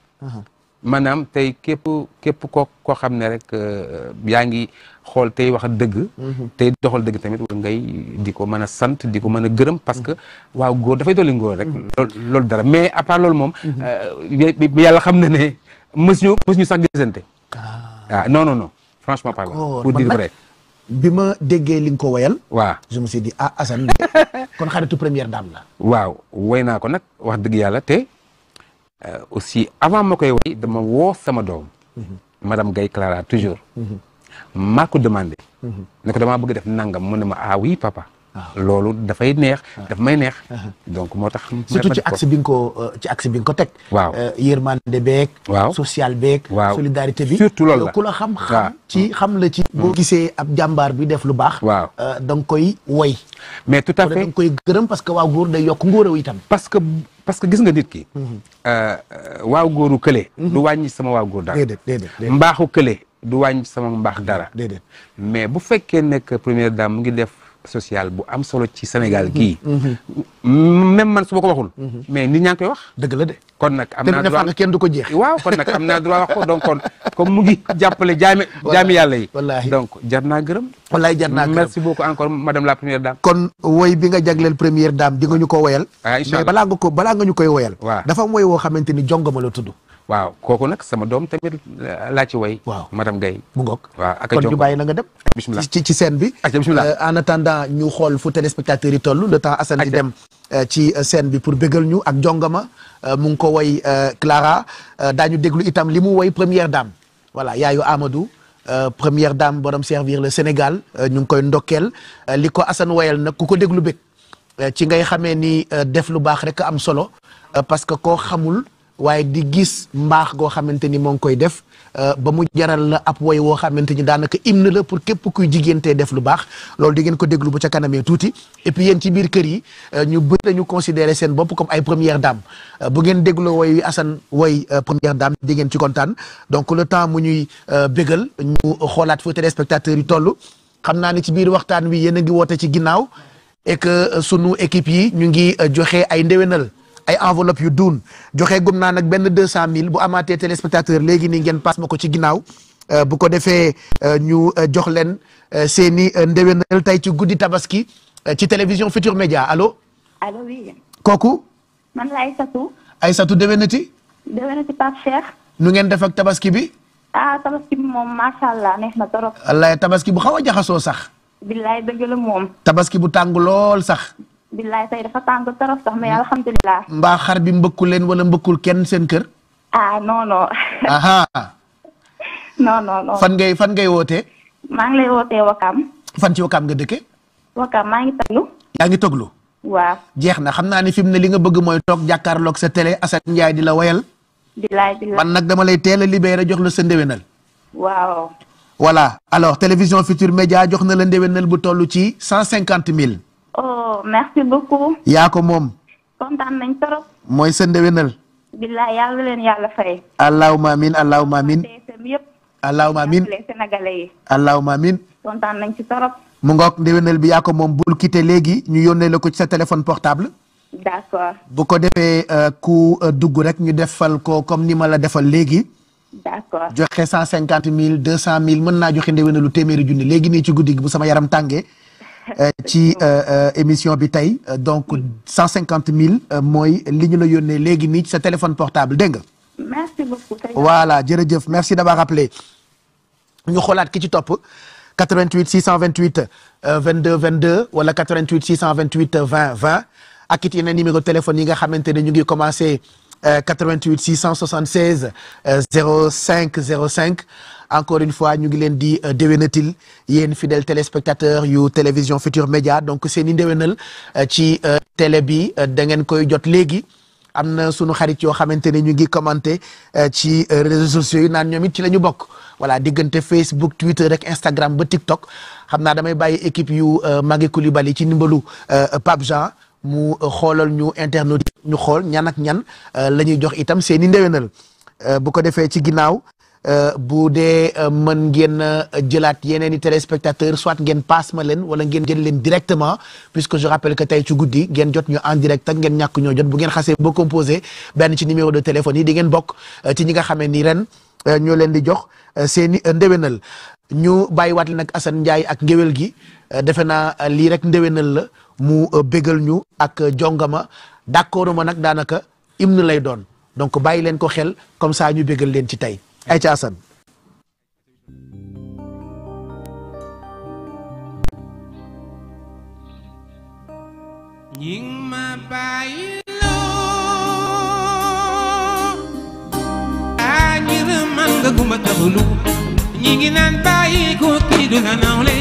maanaam tey képp képp koo koo xam ne rek euh, yaa ngi xool tey wax dëgg mhm. tey doxal dëgg tamit war ngay di ko mën a sant di ko mën a gërëm parce que mhm. waaw góor dafay dolli ngóor rek mhm. loolu dara mais a part loolu moom euh, yàlla xam na ne mës ñu ñu sax gisante waaw ah. ah, non non non franchement pas pour dire vrai bi ma déggee li nga ko woyal waaw je di suis dit ah Assane kon xaritu première dame la waaw woy ko nag wax dëgg yàlla te Euh, aussi avant ma koy way dama woo sama doom madam Gaye Clara toujours mm-hmm. maa ko demandé mm-hmm. ne ko damaa bëgg def nangam mu ne ma ah oui papa Ah. loolu dafay neex daf may neex ah. donc moo tax surtout euh, ci axe bi nga ko ci bi nga ko teg waaw euh, yërmande beeg waaw social beeg waaw solidarité bi surtout loolu euh, ku la xam xam ci xam la ci boo mm. gisee ab jàmbaar bi def lu baax waaw da koy woy mais tout à fait koy gërëm parce que waaw góor day yokk ngóoraw itam parce que parce que gis nga nit ki mm-hmm. waaw góoru kële mm-hmm. du wàññi sama waaw góor dara déedéet déedéet mbaaxu kële du wàññi sama mbaax dara déedéet mais bu fekkee nekk première dame mu ngi def sociale bu am solo ci Sénégal gii. même man su ma ko waxul. mais nit ñaa ngi koy wax. dëgg la de kon nag am naa droit te kenn du ko jeex. waaw kon nag am naa droit wax ko donc kon comme mu ngi jàppale jaami jaami yàlla yi. donc jar naa gërëm. wallaay jar naa gërëm merci beaucoup encore madame la première dame. kon woy bi nga jagleel première dame di nga ñu ko woyal. Ah, mais balaa nga ko balaa nga ñu koy woyal. dafa woy woo xamante ni jongama la waaw kooku nag sama doom tamit laa ci woy waaw madame Gaye bu ngoog waaw ak kon ñu bàyyi la nga dem bismillah ci ci scène bi euh, en attendant ñu xool fu téléspectateurs yi toll le temps Assane dem euh, ci euh, scène bi pour bégal ñu ak jongama mu ngi ko woy Clara daañu déglu itam li mu woy première dame voilà yaayu Amadou première dame borom servir le Sénégal ñu ngi koy ndokkeel li ko assan woyal nag ku ko déglu bég ci ngay xamee ni def lu baax rek am solo parce que ko xamul waaye di gis mbaax goo xamante ni moo ngi koy def euh, ba mu jaral la ab woy woo xamante ni daanaka hymne la pour képp kuy jigéentee def lu baax loolu di ngeen ko déglu bu ca kanamee tuuti et puis yéen ci biir kër yi euh, ñu bëri ñu considéré seen bopp comme ay première dame euh, bu ngeen dégloo woy wi Assane woy première dame di ngeen ci kontaan donc le temps mu ñuy bégal ñu xoolaat fu téléspectateurs yi toll xam naa ni ci biir waxtaan wi yéen a ngi woote ci ginnaaw et que sunu équipe yi ñu ngi joxe ay ndéwénal ay enveloppe yu duun joxe gum naa nag benn deux cent mille bu amaatee téléspectateur léegi nii ngeen passe ma ko ci ginnaaw euh, bu ko defee euh, ñu euh, jox leen seen i ndewenal tey ci guddi tabaski ci télévision Futur Média alo allo kooku. man la Aïssatou. Aïssatou déwénati. déwénati Pape nu ngeen def ak tabaski bi. ah tabaski bi moom macha allah neex na trop. wallaay tabaski bu xaw a jaxasoo sax. billaay dëgg la moom. tabaski bu tàng lool sax. billaay tey dafa tàng trop sax mais mm. alhamdulilah. mbaa xar bi mbëkkul wala mbëkkul kenn seen kër. ah non non. fan ngay fan ngay woote maa ngi lay wootee Wakaam. fan ci Wakaam nga dëkke Wakaam maa ngi toglu. yaa ngi toglu. waaw jeex na xam naa ne fi mu ne li nga bëgg mooy toog jàkkaarloog sa télé Assane Ndiaye di la woyal. di nag dama lay teel a libéré jox la sa ndéwénal. waaw. voilà alors télévision Futur Média jox na la ndéwénal bu toll ci cent cinquante mille. merci beaucoup. yaa moom. mooy sa ndewenal. billaay yàlla leen yàlla fay. allahumma amiin allahumma amiin. allahumma amiin sénégalais yi. allahumma amiin. mu ngoog ndewenal bi yaa ko moom bul quitté léegi ñu yónnee la ko ci sa téléphone portable. bu ko defee euh, ku euh, dugg rek ñu defal ko comme ni ma la defal léegi. d'accord joxe cent cinquante mille deux cent mille mën naa joxe ndewenalu téeméeri junni léegi nii ci guddi bu sama yaram tàngee. Euh, ci euh, euh, émission bi tey donc mm. cent cinquante mille mooy li ñu la yónnee léegi nii ci sa téléphone portable dégg nga. merci beaucoup. jërëjëf merci d'avoir rappelé ñu xoolaat ki ci topp 88 628 22 22 wala 88 628 20 20 ak it yeneen numéro téléphone yi nga xamante ne ñu ngi commencé 88 676 05 05. encore une fois ñu ngi leen di euh, déwénatil yéen fidèles téléspectateurs yu télévision Futur Média donc seeni i euh, ci euh, télé bi da ngeen koy jot léegi am na sunu xarit yoo xamante ne ñu ngi commenté ci réseaux sociaux yi naan ñoom it ci lañu bokk voilà diggante Facebook Twitter rek Instagram ba TikTok xam naa damay bàyyi équipe yu Magui Coulibaly ci ndimbalu Pape Jean mu xoolal ñu internet ñu xool ñan ak ñan la ñuy jox itam seen i ndéwénal bu ko defee ci ginnaaw. Euh, bu dee euh, mën ngeen euh, jëlaat yeneen i téléspectateurs soit ngeen paas ma leen wala ngeen jël leen directement puisque je rappelle que tey ci guddi ngeen jot ñu en direct ak ngeen ñàkk ñoo jot bu ngeen xasee ba composé benn ci numéro de téléphone yi di ngeen bokk ci ñi nga xamee ni ren ñoo leen di jox seen i ndéwénal ñu bàyyiwaat leen ak Assane Ndiaye ak ngéwél gi defe naa lii rek ndéwénal la mu bégal ñu ak jongama d'accord ma nag daanaka hymne lay doon donc bàyyi leen ko xel comme ça ñu bégal leen ci tey ay ca Assane ñing ma bàyyi a ngir man nga gumba tabulu ngi naan bàyyi kii du la nawle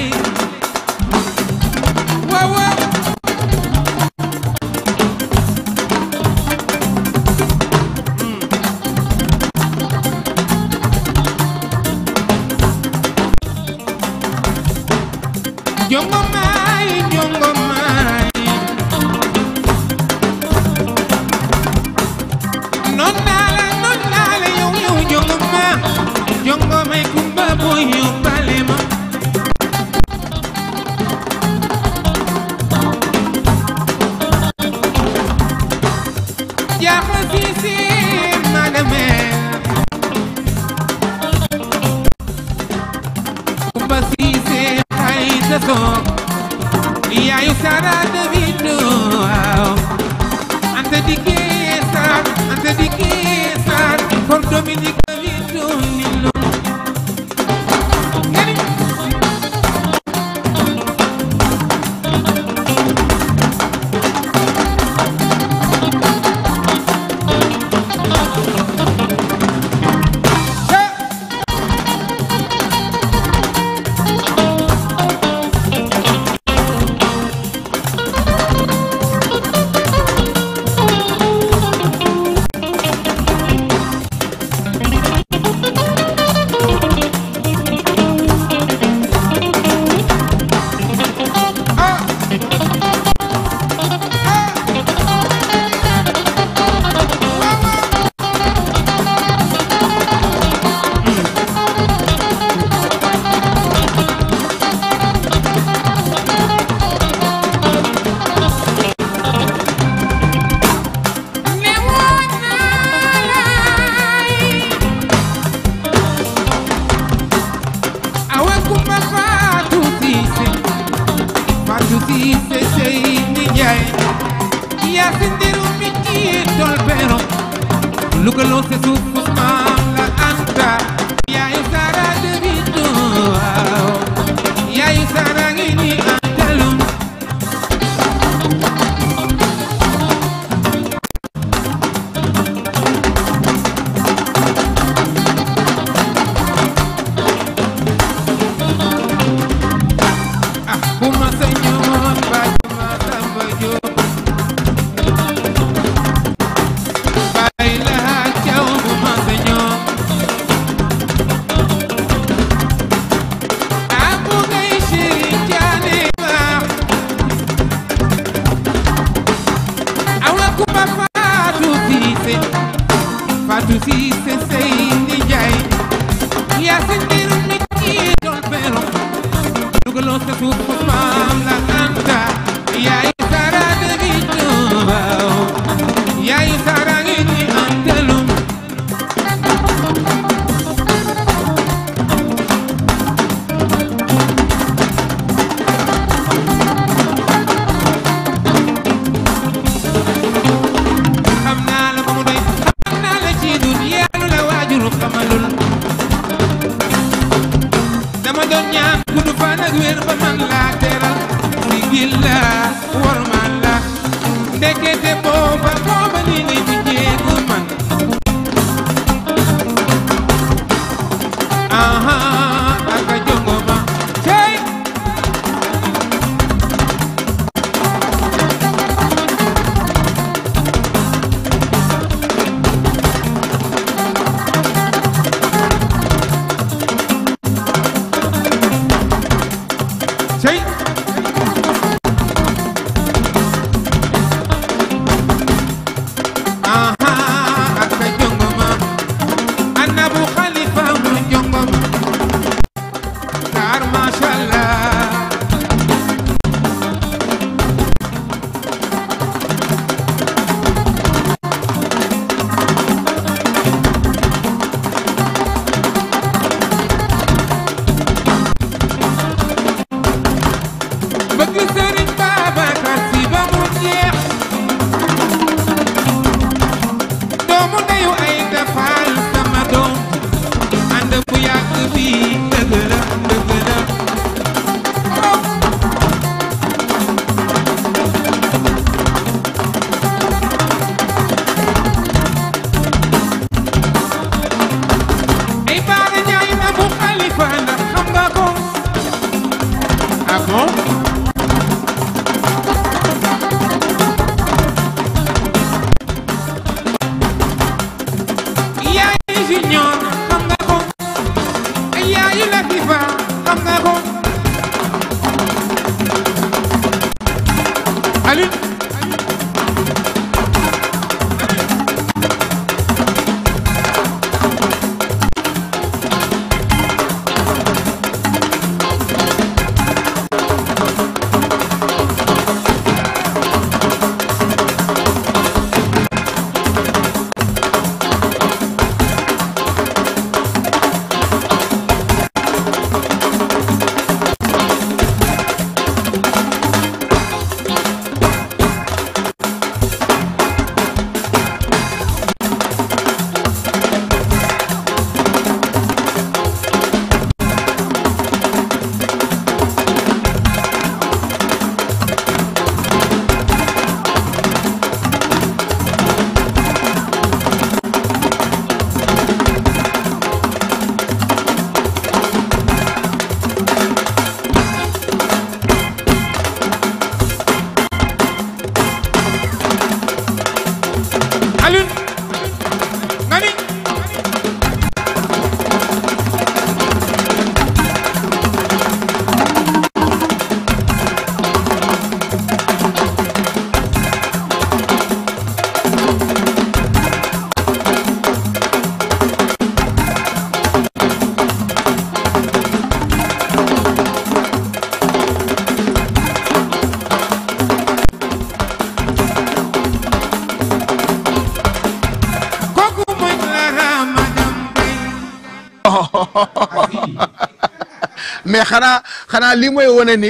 xanaa xanaa lii mooy wane ni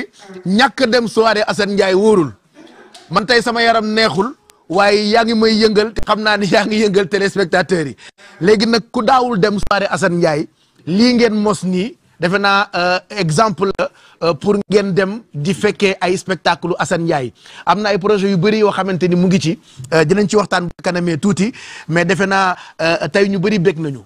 ñàkk dem soirée Assane Ndiaye wóorul man tey sama yaram neexul waaye yaa ngi may yëngal xam naa ni yaa ngi yëngal téléspectateurs yi léegi nag ku daawul dem soirée Assane Ndiaye lii ngeen mos nii defe naa euh, exemple euh, pour ngeen dem di fekkee ay spectacle Assane Ndiaye am na ay projet yu bëri yoo xamante ni mu ngi ci euh, dinañ ci waxtaan ba kanamee tuuti mais defe naa tey ñu bëri bég nañu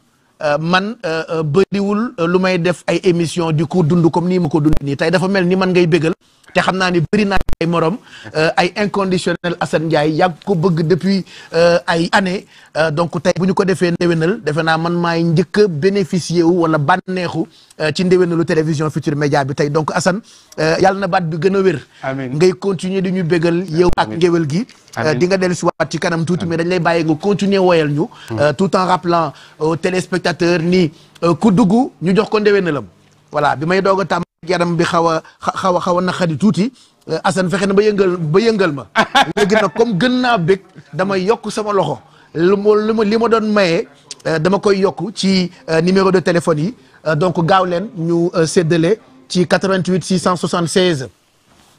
man bëriwul lu may def ay émission di ko dund comme nii ma ko dund nii tey dafa mel ni man ngay bégal te xam naa ni bëri naa ay morom euh, ay inconditionnel Assane Ndiaye yàgg ko bëgg depuis euh, ay années euh, donc tey bu ñu ko defee ndéwénal defe naa man maay njëkk a bénéficier wu wala bànneexu ci ndéwénalu télévision Futur Média bi tey donc assan yal na baat bi gën a wér. ngay continuer di ñu bégal yow ak ngéwél gi. di nga dellu si waat ci kanam tuuti mais dañ lay bàyyi nga continuer woyal ñu. Hmm. tout en rappelant aux téléspectateurs ni ku dugg ñu jox ko ndéwénalam voilà bi yaram bi xaw a xaw a xaw a naqari tuuti euh, Assane fexe na ba yëngal ba yëngal ma léegi nag comme gën naa bég dama yokk sama loxo lu ma li ma doon mayee euh, dama koy yokk ci euh, numéro de téléphone yi donc gaaw leen ñu seddale ci 88 676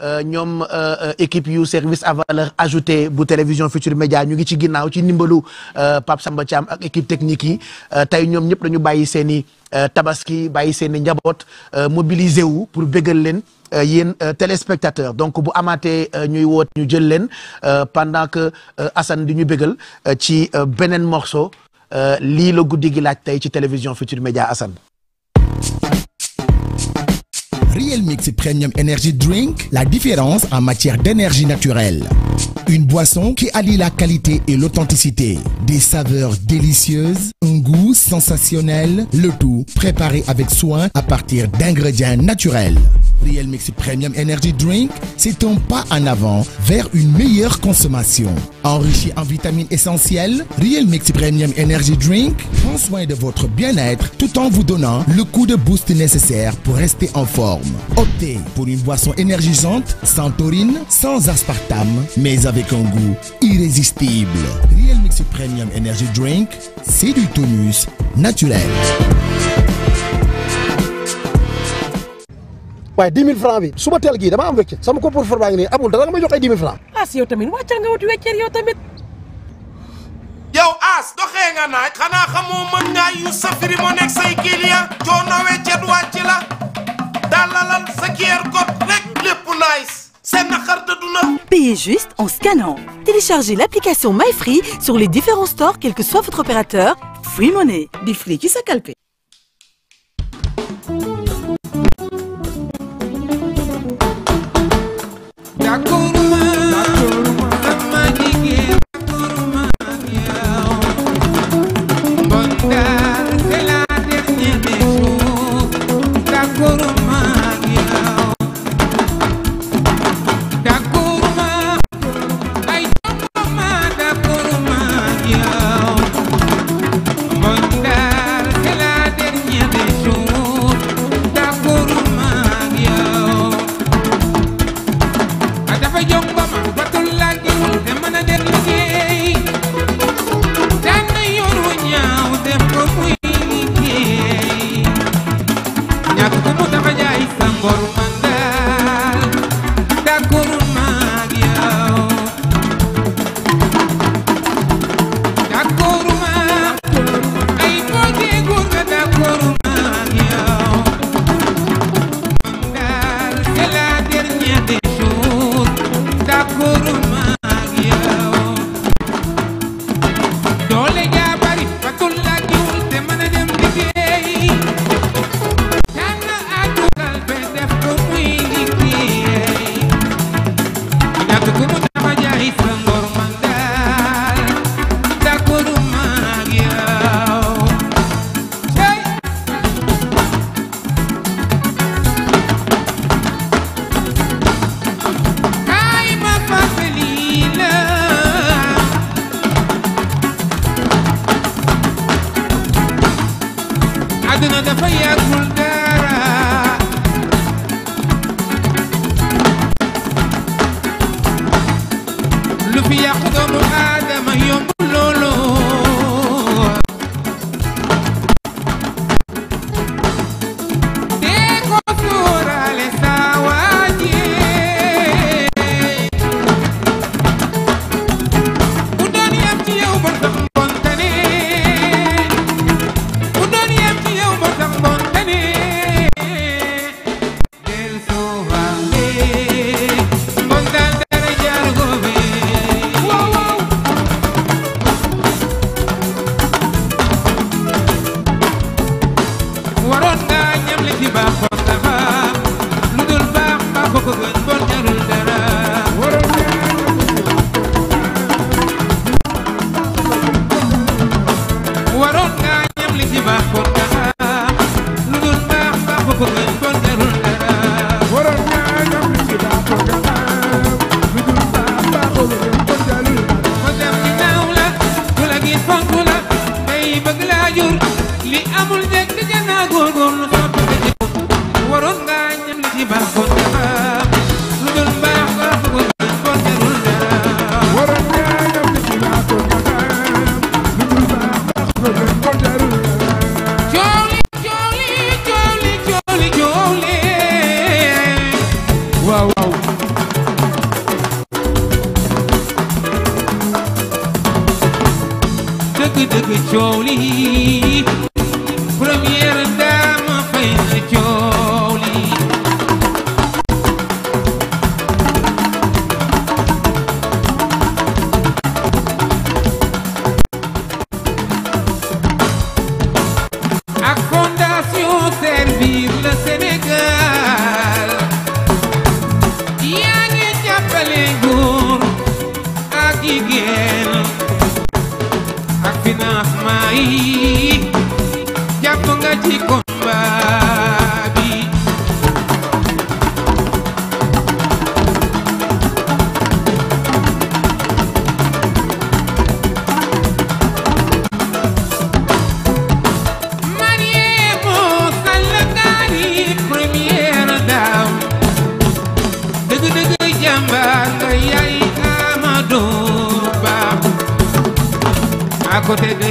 Euh, ñoom euh, euh, équipe yu service à valeur ajoutée bu télévision Futur Média ñu ngi ci ginnaaw ci ndimbalu Pape Samba Thiam ak équipe technique yi tey ñoom ñëpp dañu bàyyi seeni tabaski bàyyi seen i njaboot mobiliser wu pour bégal leen yéen téléspectateur donc bu amaatee ñuy woot ñu jël leen pendant que Assane di ñu bégal ci beneen morceau lii la guddi gi laaj tey ci télévision Futur Média Assane. Real Mix Premium Energy Drink, la différence en matière d'énergie naturelle. Une boisson qui allie la qualité et l'authenticité, des saveurs délicieuses, un goût sensationnel, le tout préparé avec soin à partir d'ingrédients naturels. Real Mix Premium Energy Drink, c'est un pas en avant vers une meilleure consommation. Enrichi en vitamines essentielles, Real Mix Premium Energy Drink prend soin de votre bien-être tout en vous donnant le coup de boost nécessaire pour rester en forme. forme. Optez pour une boisson énergisante, sans taurine, sans aspartame, mais avec un goût irrésistible. Real Mix Premium Energy Drink, c'est naturel. waaye 10 000 francs bi suba teel gii dama am sama ko pour baa ngi nii amul dara nga may jox ay francs. as ah, yow tamit wàccal nga wut wéccet yow tamit. yow as doxee nga naaj. xanaa xamoo mën ngaa yu safiri moo nekk say client coono wéccet wàcc la. tàllalal sa QR code rek lépp nice seen naqar dëdduna Payez juste en scannant. Téléchargez l'application MyFree sur les différents stores quel que soit votre opérateur. Free Money, des qui sa calpe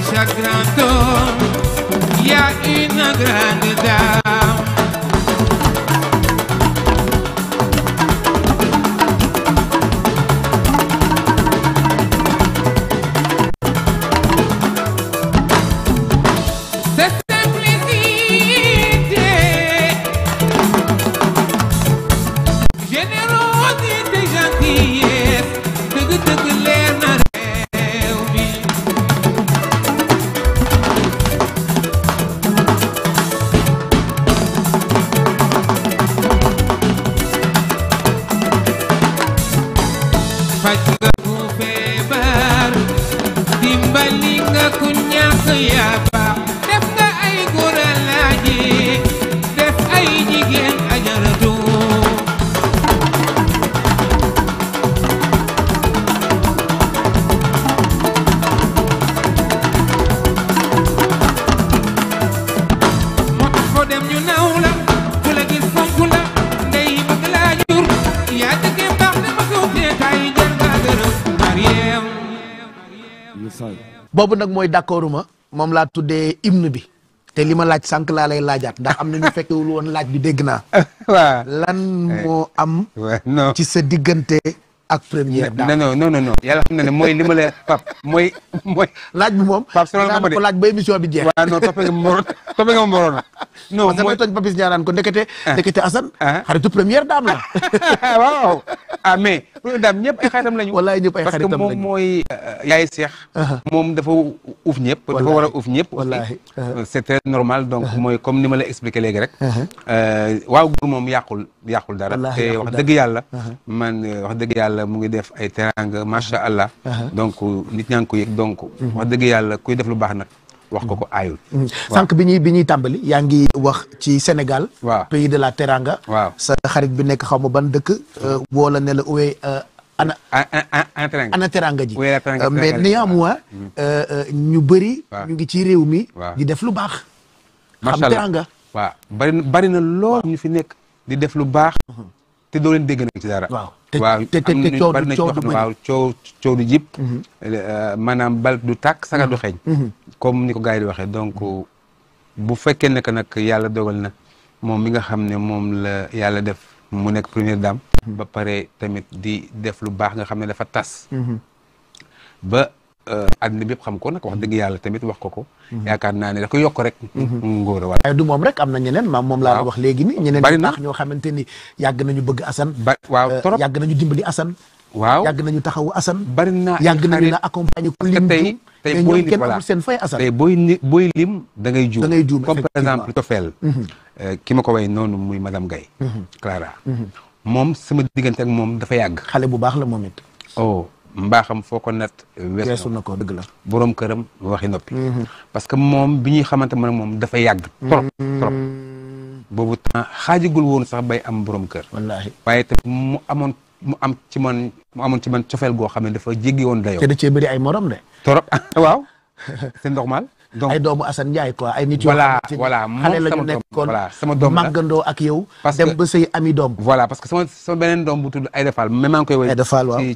Alexander Anton boobu nag mooy d'accorduma moom laa tuddee hymne bi te li ma laaj sànq laa lay laajaat ndax am na ñu fekkewul woon laaj bi dégg naa. waaw lan moo am. ci sa diggante ak première dame. non non non non yàlla xam na ne mooy li ma la pap mooy mooy. laaj bi moom. pap sonal nga ko laaj ba émission bi jeex. waaw non toppee nga ma moroon toppee nga ma moroon mooy toj papis ñaanaan ko ndekete. Ah. ndekete Assane. Ah. xaritu première dame la. ah mais daam ñëpp ay xaritam lañu. wallaay ñëpp ay xaritam lañu parce que mooy. Euh, yaay seex. Uh-huh. moom dafa uuf ñëpp. wallaay war a uuf ñëpp. wallaay uh-huh. c'est très normal donc uh-huh. mooy comme ni ma la expliqué léegi rek. Euh, waaw góor moom yàqul yàqul dara. te wax dëgg yàlla. man euh, wax dëgg yàlla mu ngi def ay teraanga macha allah. donc nit ñaa ngi donc. wax dëgg yàlla kuy def lu baax nag. wax ko ko aayul. Mhm. Mhm. sànq bi ñuy bi ñuy tàmbali yaa ngi wax ci Sénégal. waaw pays de la Teranga. waaw sa xarit bi nekk xaw ma ban dëkk. Euh, woo la ne la uwe euh, ana. ana Teranga ji. Euh, mais néanmoins mhm. ñu bëri. ñu ngi ci réew mi. di def lu baax. macha allah xam Teranga. waaw bari bari na lool ñu fi nekk. di def lu baax. te doo leen dégg nag ci dara. waaw waaw te te te coow du coow du waaw coow coow du jip mm-hmm. euh, maanaam bal du tàkk saga du mm-hmm. xeeñ mm-hmm. comme ni ko gars yi waxee donc bu fekkee ne que nag yàlla dogal na moom mi nga xam ne moom la yàlla def mu nekk première dame ba pare tamit di def lu baax nga xam ne dafa tas ba Euh, àddina bépp xam ko nag wax dëgg yàlla tamit wax ko ko mhm. yaakaar naa ne da yokk rek mhm. ngóor a wala waaye du moom rek am na ñeneen maam moom laa wax léegi ni ñeneen bari na ñoo xamante ni yàgg nañu bëgg Assane ba waaw euh, trop yàgg nañu dimbali Assane waaw yàgg nañu taxawu Assane bari na yàgg nañu na accompagner ku lim tey tey booy seen fay Assane tey booy ni booy lim da ngay juum da ngay juum comme par exemple Tofel mhm. euh, ki ma ko way noonu muy madame Gaye Clara moom sama diggante ak moom dafa yàgg xale bu baax la moom it oh. mbaaxam foo ko net weesu na ko dëgg la boroom këram waxi noppi mm-hmm. parce que moom bi ñuy xamante man moom dafa yàgg trop mm-hmm. trop boobu temps xaajagul woon sax bay am boroom kër wallaahi waaye te mu amoon mu am ci man mu amoon ci man cofeel goo xam ne dafa jéggi woon dayoo te da cee bëri ay morom de trop waaw ndox maal donc ay doomu Assane Ndiaye quoi ay nit yoo xamante ni voilà xale la ñu nekkoon sama doom màggandoo ak yow dem ba sëy ami doom voilà parce que sama sama beneen doom bu tudd Aïda Fall même maa ngi koy woy Aïda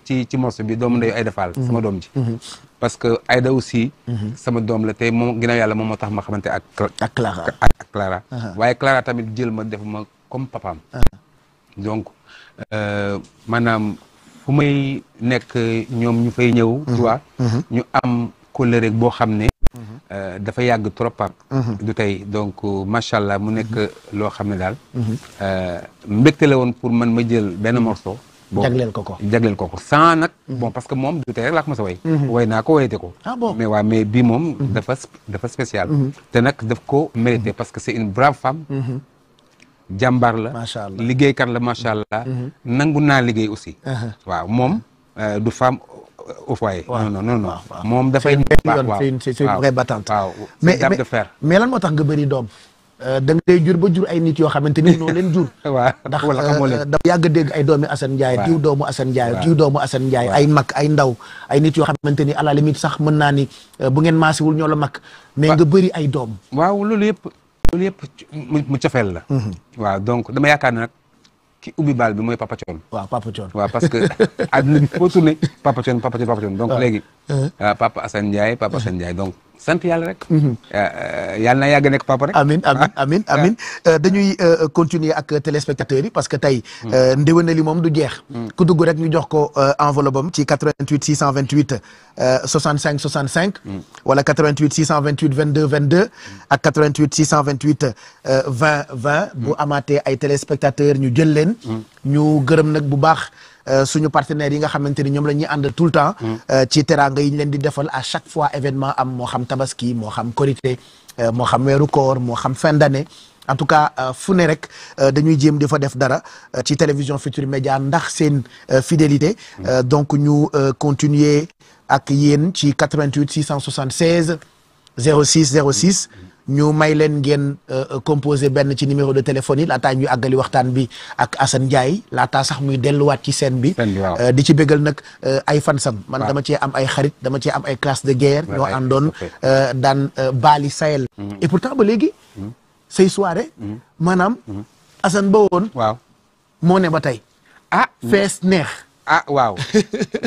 ci ci bi doomu ndeyu Aïda Fall mhm. sama doom ji mhm. parce que Aïda aussi mhm. sama doom la tey moom ginnaaw yàlla moom moo tax ma xamante ak ak Clara waaye Clara tamit jël ma def ma comme papaam donc euh, maanaam fu may nekk ñoom ñu fay ñëw tu vois ñu am kóllëre boo xam ne Euh, dafa yàgg trop Pape mhm. du tey donc euh, macha allah mu nekk mhm. loo xam ne daal mhm. euh, mbégte la woon pour man ma jël benn morceau jagleel ko ko jagleel ko ko sans nag bon parce que moom du tey rek laa ko ma sa way way naa ko wayete ko ah waaw mais bii moom dafa dafa spécial te nag daf ko mérité parce que c'est une brave femme jàmbaar la liggéeykat la macha allah nangu naa liggéey aussi uh-huh. waaw moom du femme au foyer. waaw non non non moom dafay. waaw waaw c'est une c'est une vraie battante. waaw mais mais lan nga bëri doom. Euh, da ngay jur ba jur ay nit yoo xamante ni noo leen jur. waaw ndax euh, euh, da yàgg dégg ay doomi Assane Ndiaye. waaw diw doomu Assane Ndiaye ay mag ay ndaw ay nit yoo xamante ni sax mën naa ni bu ngeen maasiwul ñoo la mag. mais nga bëri ay doom. waaw loolu yëpp. loolu yëpp mu cofeel la. Mhm. donc dama yaakaar ne nag. ki ubbi baal bi mooy Papa Thion. waaw Papa Thion waaw parce que àdduna bi foo tourné Papa Thion Papa Thion Papa Thion donc léegi. Euh. Ah, Papa Assane Ndiaye Papa Assane donc. sant yàlla rek. Mhm. Euh, euh, yàlla na yàgg nekk papa rek. amin amin amin ah. amin euh, dañuy continuer ak téléspectateurs yi parce que tey. Mm. ndéwénali moom du jeex. Mm. ku dugg rek ñu jox ko enveloppe am ci 88 628 65 65. wala 88 628 22 22. ak 88 628 20 20. bu amaate ay téléspectateurs ñu jël leen. Mm. ñu gërëm nag bu baax. Euh, suñu partenaires yi nga xamante ni ñoom la ñuy ànd tout le temps mm. euh, ci teraanga yi ñu leen di defal à chaque fois événement am moo xam tabaski moo xam korité euh, moo xam weeru koor moo xam fin d'année en tout cas fune rek dañuy jéem di fa def dara ci télévision Futurs Médias ndax seen fidélité mm. donc ñu continuer ak yéen ci 88 676 06 06 ñu may leen ngeen euh, euh, composé benn ci numéro de téléphone yi laataa ñuy àggali waxtaan bi ak Assane Ndiaye laataa sax muy delluwaat ci seen bi. Euh, di ci béggal nag ay fansam. man dama cee am ay xarit dama cee am ay classe de guerre. ñoo doon daan baali Sahel. Mm-hmm. et pourtant ba léegi. Mm-hmm. say soirée. Mm-hmm. maanaam Assane ba woon. moo ne ba tey. ah fees neex. ah waaw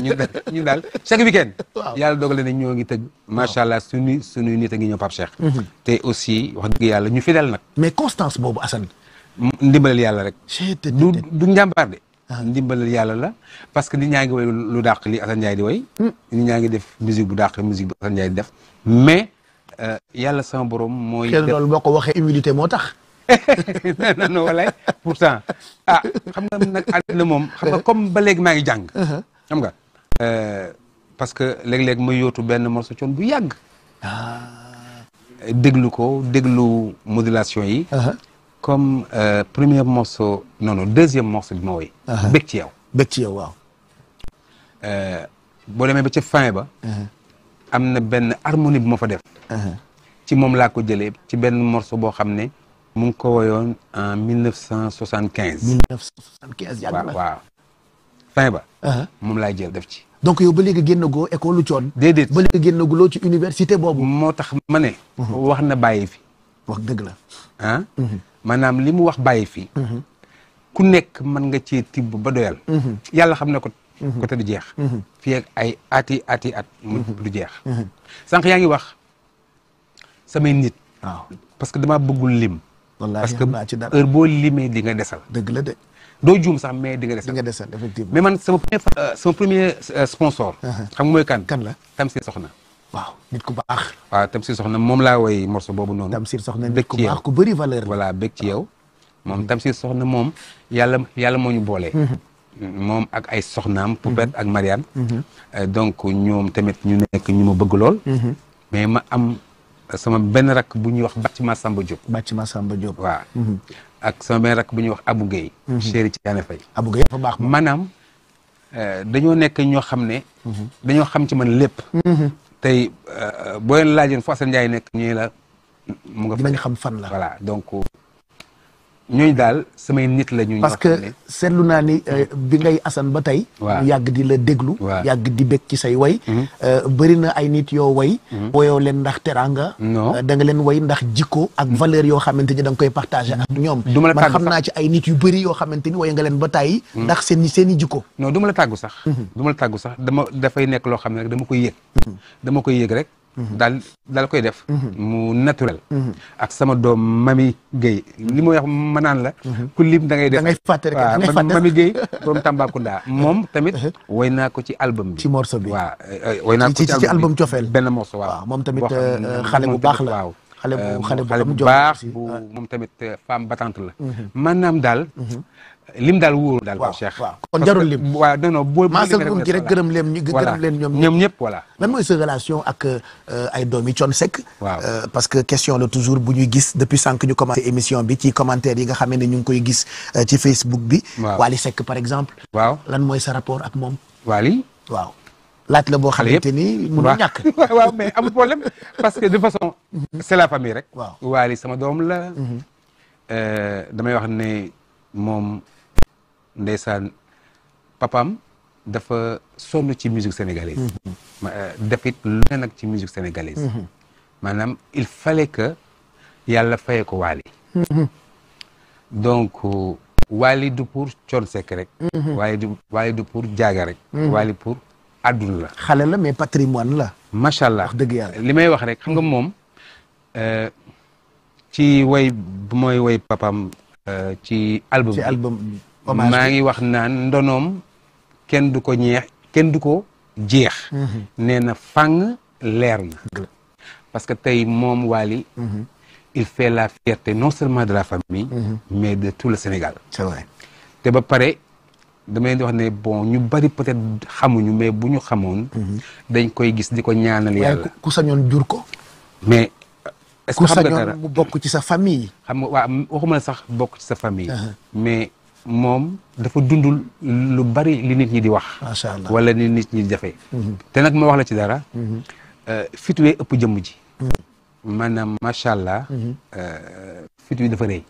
ñu daal ñu daal chaque week-end. waaw yàlla dogale na ñoo ngi tëgg. macha allah suñuy suñuy nit a ngi ñëw Pape Cheikh. Mhm. te aussi wax dëgg yàlla ñu fidèle nag. mais constance boobu Assane. ndimbalal yàlla rek. du du njàmbaar de. Ah. ndimbalal yàlla la parce que nit ñaa ngi woy lu dàq li Assane Ndiaye di woy. Hmm. nit ñaa ngi def musique bu dàq musique bu Assane Ndiaye di def mais euh, yàlla sama borom. mooy def loolu boo ko waxee humilité moo tax. non non walaay pourtant ah xam nga nag àddina moom xam nga comme ba léegi maa ngi jàng uh-huh. xam nga euh, parce que léeg-léeg ma yóotu benn morceau coon bu yàgg ah. déglu ko déglu modulation yi uh-huh. comme euh, premier morceau non non deuxième morceau bi ma woy uh-huh. bëgg ci yow bëgg ci yow waaw euh, boo demee ba ca fin ba am na benn harmonie bu ma fa def ci moom laa ko jëlee ci benn morceau boo xam ne mu ngi ko woyoon en 1975. 1975 yàgg na waaw fin ba. Uh-huh. moom laay jël def ci. donc yow ba léegi génnagoo école lu coon. déedéet ba léegi génnaguloo ci université boobu. moo tax ma ne. Uh-huh. wax na bàyyi fi. wax dëgg la. Ah? Uh-huh. maanaam li mu wax bàyyi fi. ku nekk mën nga cee tibb ba doyal. yàlla xam na ko. côté du jeex. fii ak ay ati ati at. mu du jeex. sànq yaa ngi wax samay nit. waaw parce que dama bëggul lim. parce que heure boo limee di nga desal. doo juum sax mais di nga desal. di nga desal effectivement mais man sama premier euh, sama premier euh, sponsor. Uh-huh. xam nga mooy kan. kan la Tamsir Soxna. waaw nit ku baax. waaw Tamsir Soxna moom laa woy morceau boobu noonu. Tamsir Soxna nit ku baax ku bëri valeur la. voilà bëgg ci yow uh-huh. moom Tamsir Soxna moom yàlla yàlla moo ñu boole. Uh-huh. moom ak ay soxnaam. Poupette ak Mariane. Euh, donc ñoom tamit ñu nekk ñu ma bëgg lool. mais ma am. sama benn rakk bu ñuy wax Bathima Samba Diop. Bathima Samba Diop waaw. Mhm. ak sama benn rakk bu ñuy wax Abou Guèye. Mhm. ci Tidiane Faye. Abou Guèye dafa baax maanaam euh, dañoo nekk ñoo xam ne. Mhm. dañoo xam ci man lépp. tey euh, boo leen laajoon fu Assane Ndiaye nekk ñu la. mu nga dinañ xam fan la voilà donc. ñooñu daal samay nit lañu ñu. parce que seetlu naa ni euh, bi ngay asan ba tey. yàgg di la déglu. yàgg di bég ci say way. Mm-hmm. Euh, bëri na ay nit yoo way. Mm-hmm. woyoo leen ndax teraanga. Euh, danga leen way ndax jikko ak mm-hmm. valeur yoo xamante ni da nga koy partagé ak ñoom. man xam naa ci ay nit yu bëri yoo xamante ni way nga leen ba tàyyi. ndax seen seen i jikko. non du la tàggu sax. du ma tàggu sax dama dafay nekk loo xam ne dama koy yëg. dama koy yëg rek. daal daal koy def. Mhm. mu naturel. Mhm. ak sama doom Mami Guèye li ma wax ma naan la. Mhm. ku lim da ngay def da ngay fàtte rek da ngay fàtte Tambacounda moom tamit. woy naa ko ci album bi. ci morceau bi waaw eh, eh, woy naa ko ci album bi ci album Jofel benn morceau waaw. waaw moom tamit euh, xale bu baax la waaw. xale bu euh, xale bu moom tamit euh, femme battante la. daal. lim daal wóorul daal ko Cheikh waaw kon jarul lim maasal nguur gi rek gërëm leen ñoom ñoom ñëpp voilà lan mooy sa relation ak euh, ay doom yi Thione euh, parce que question la toujours bu ñuy gis depuis sànq ñu commencé émission bi ci commentaire yi nga xamee ne ñu ngi koy gis euh, ci Facebook bi Wally Seck par exemple waaw lan mooy sa rapport ak moom Wally waaw laaj la boo xamante ni mënul ñàkk waaw mais amul problème parce que de façon mhm. c'est la mhm. ne moom ndeysaan papam dafa sonn ci musique sénégalaise. Mm-hmm. Euh, def lu ne nag ci musique sénégalaise. Mm-hmm. maanaam il fallait yàlla fayee ko Waly. Mm-hmm. donc euh, Waly du pour Thione sekk rek. Waly du Waly du pour Diaga rek. Waly pour àdduna la. xale la mais patrimoine la. macha allah dëgg yàlla li may wax rek xam nga moom euh, ci way bu mooy way papaam ci album. ci maa ngi wax naan ndonoom kenn du ko ñeex kenn du ko jeex mhm. nee na fàng leer na parce que tey moom Wally mhm. il fait la fierté non seulement de la famille mhm. mais de tout le Sénégal te ba pare dama leen wax ne bon ñu bari peut-être xamuñu mais bu ñu xamoon dañ koy gis di ko ñaanal yàlla ku sañoon jur ko mais est-ce que ku sañoon mu bokk ci sa famille xam nga waaw waxuma la sax bokk ci sa famille uh-huh. mais moom dafa dundul lu bari li nit ñi di wax. macha allah wala ni nit ñi di jafe. Mhm. te nag ma wax la ci dara. Mhm. Euh, fit wee ëpp jëmm ji. Mhm. maanaam macha allah. Euh, fit wi dafa rëy.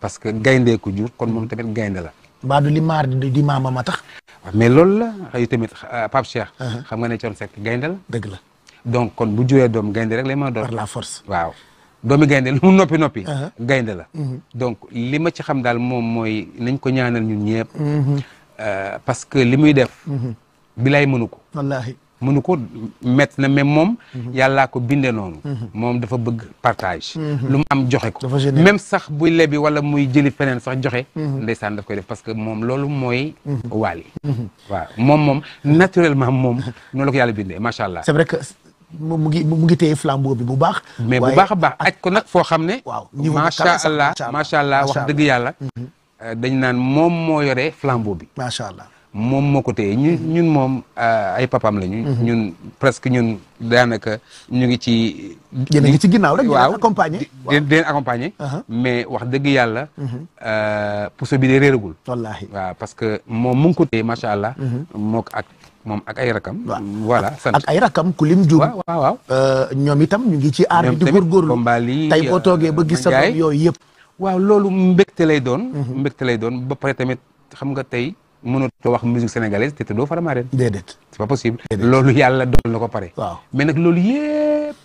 parce que gaynde ku jur kon moom tamit gaynde la. baa du li maar di di maama ma tax. mais loolu la xëy tamit euh, Pape Cheikh. Uh-huh. xam nga ne Thione Seck gaynde la. dëgg la donc kon bu juree doom gaynde rek lay ma a doon. la force waaw. doomi gaynde lu mu noppi noppi uh-huh. gaynde la mm-hmm. donc li ma ci xam daal moom mooy nañ ko ñaanal ñu ñëpp mm-hmm. euh, parce que li muy def mm-hmm. bi lay mënu ko wallaahi mënu ko mett na même moom yàllaa ko bindee noonu moom dafa bëgg partage lu mu am joxe ko même sax buy lebi wala muy jëli feneen sax joxe ndeysaan daf koy def parce que moom loolu mooy waali waaw moom moom naturellement moom noonu la ko yàlla bindee macha allah c'est vrai que mu ngi mu ngi bi bu baax. mais bu baax a baax ak kon nag foo xam ne. waaw niveau macha allah macha allah wax dëgg yàlla. Mhm. Euh, dañ naan moom moo yore flambeau bi. macha allah moom moo ko téye ñun ñun moom euh, ay papaam la ñu. Mhm. ñun presque ñun daanaka ñu ngi ci. yéen a ngi ci ginnaaw rek. waaw accompagner waaw uh-huh. mais wax dëgg yàlla. Mhm. Euh, puso bi dee réeragul. wallaahi waaw parce que moom mu ngi ko téye macha allah. moo ak. moom ak ay rakam. voilà sant ak ay rakam ku lim juum. waaw waaw euh, ñoom itam ñu ngi ci aar mi di góorgóorlu tey boo euh, toogee ba gis sa bopp yooyu yëpp. waaw loolu mbégte lay doon. Mhm. mbégte lay doon ba pare tamit xam nga tey to wax musique sénégalaise te te doo Faramareen. déedéet c'est pas possible. loolu yàlla doon na ko pare. waaw mais nag loolu yëpp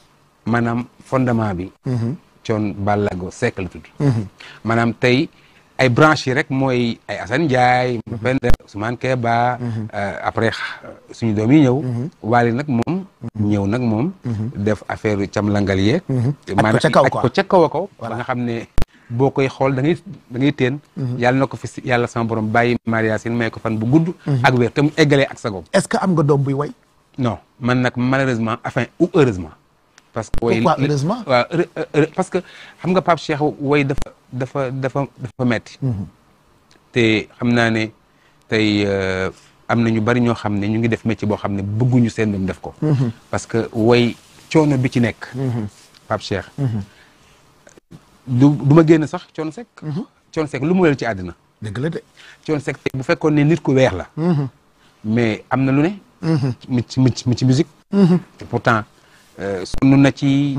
maanaam fondement bi. Mhm. coon Ballago Seck la tudd. Mhm. maanaam tey. ay branches yi rek mooy ay Assane Ndiaye. benn mhm. Ousmane Keba. Mhm. Euh, après suñu doom yi ñëw. Mhm. Waly nag moom. ñëw nag moom. def affaire camlangal yeeg. ak ko ca kaw ak ko ca nga xam ne boo koy xool da ngay da ngay teen. yàlla na ko fi yàlla sama borom bàyyi Maria Sine may ko fan bu gudd. ak wér te mu eggalee ak sagoom. est-ce que am nga doom buy way. non man nag malheureusement enfin ou heureusement. parce que xam nga Pape Cheikh way dafa. dafa dafa dafa metti mhm. te xam naa ne tey euh, am na ñu bari ñoo xam ne ñu ngi def métier boo xam ne bëgguñu seen doom def ko mhm. parce que way coono bi ci nekk mhm. Pape Cheikh du du génn sax coon sec coono sec lu mu ci àddina dëgg bu fekkoon ne nit ku weex la mais am na lu ne mu ci mu ci musique te pourtant euh, sonn na ci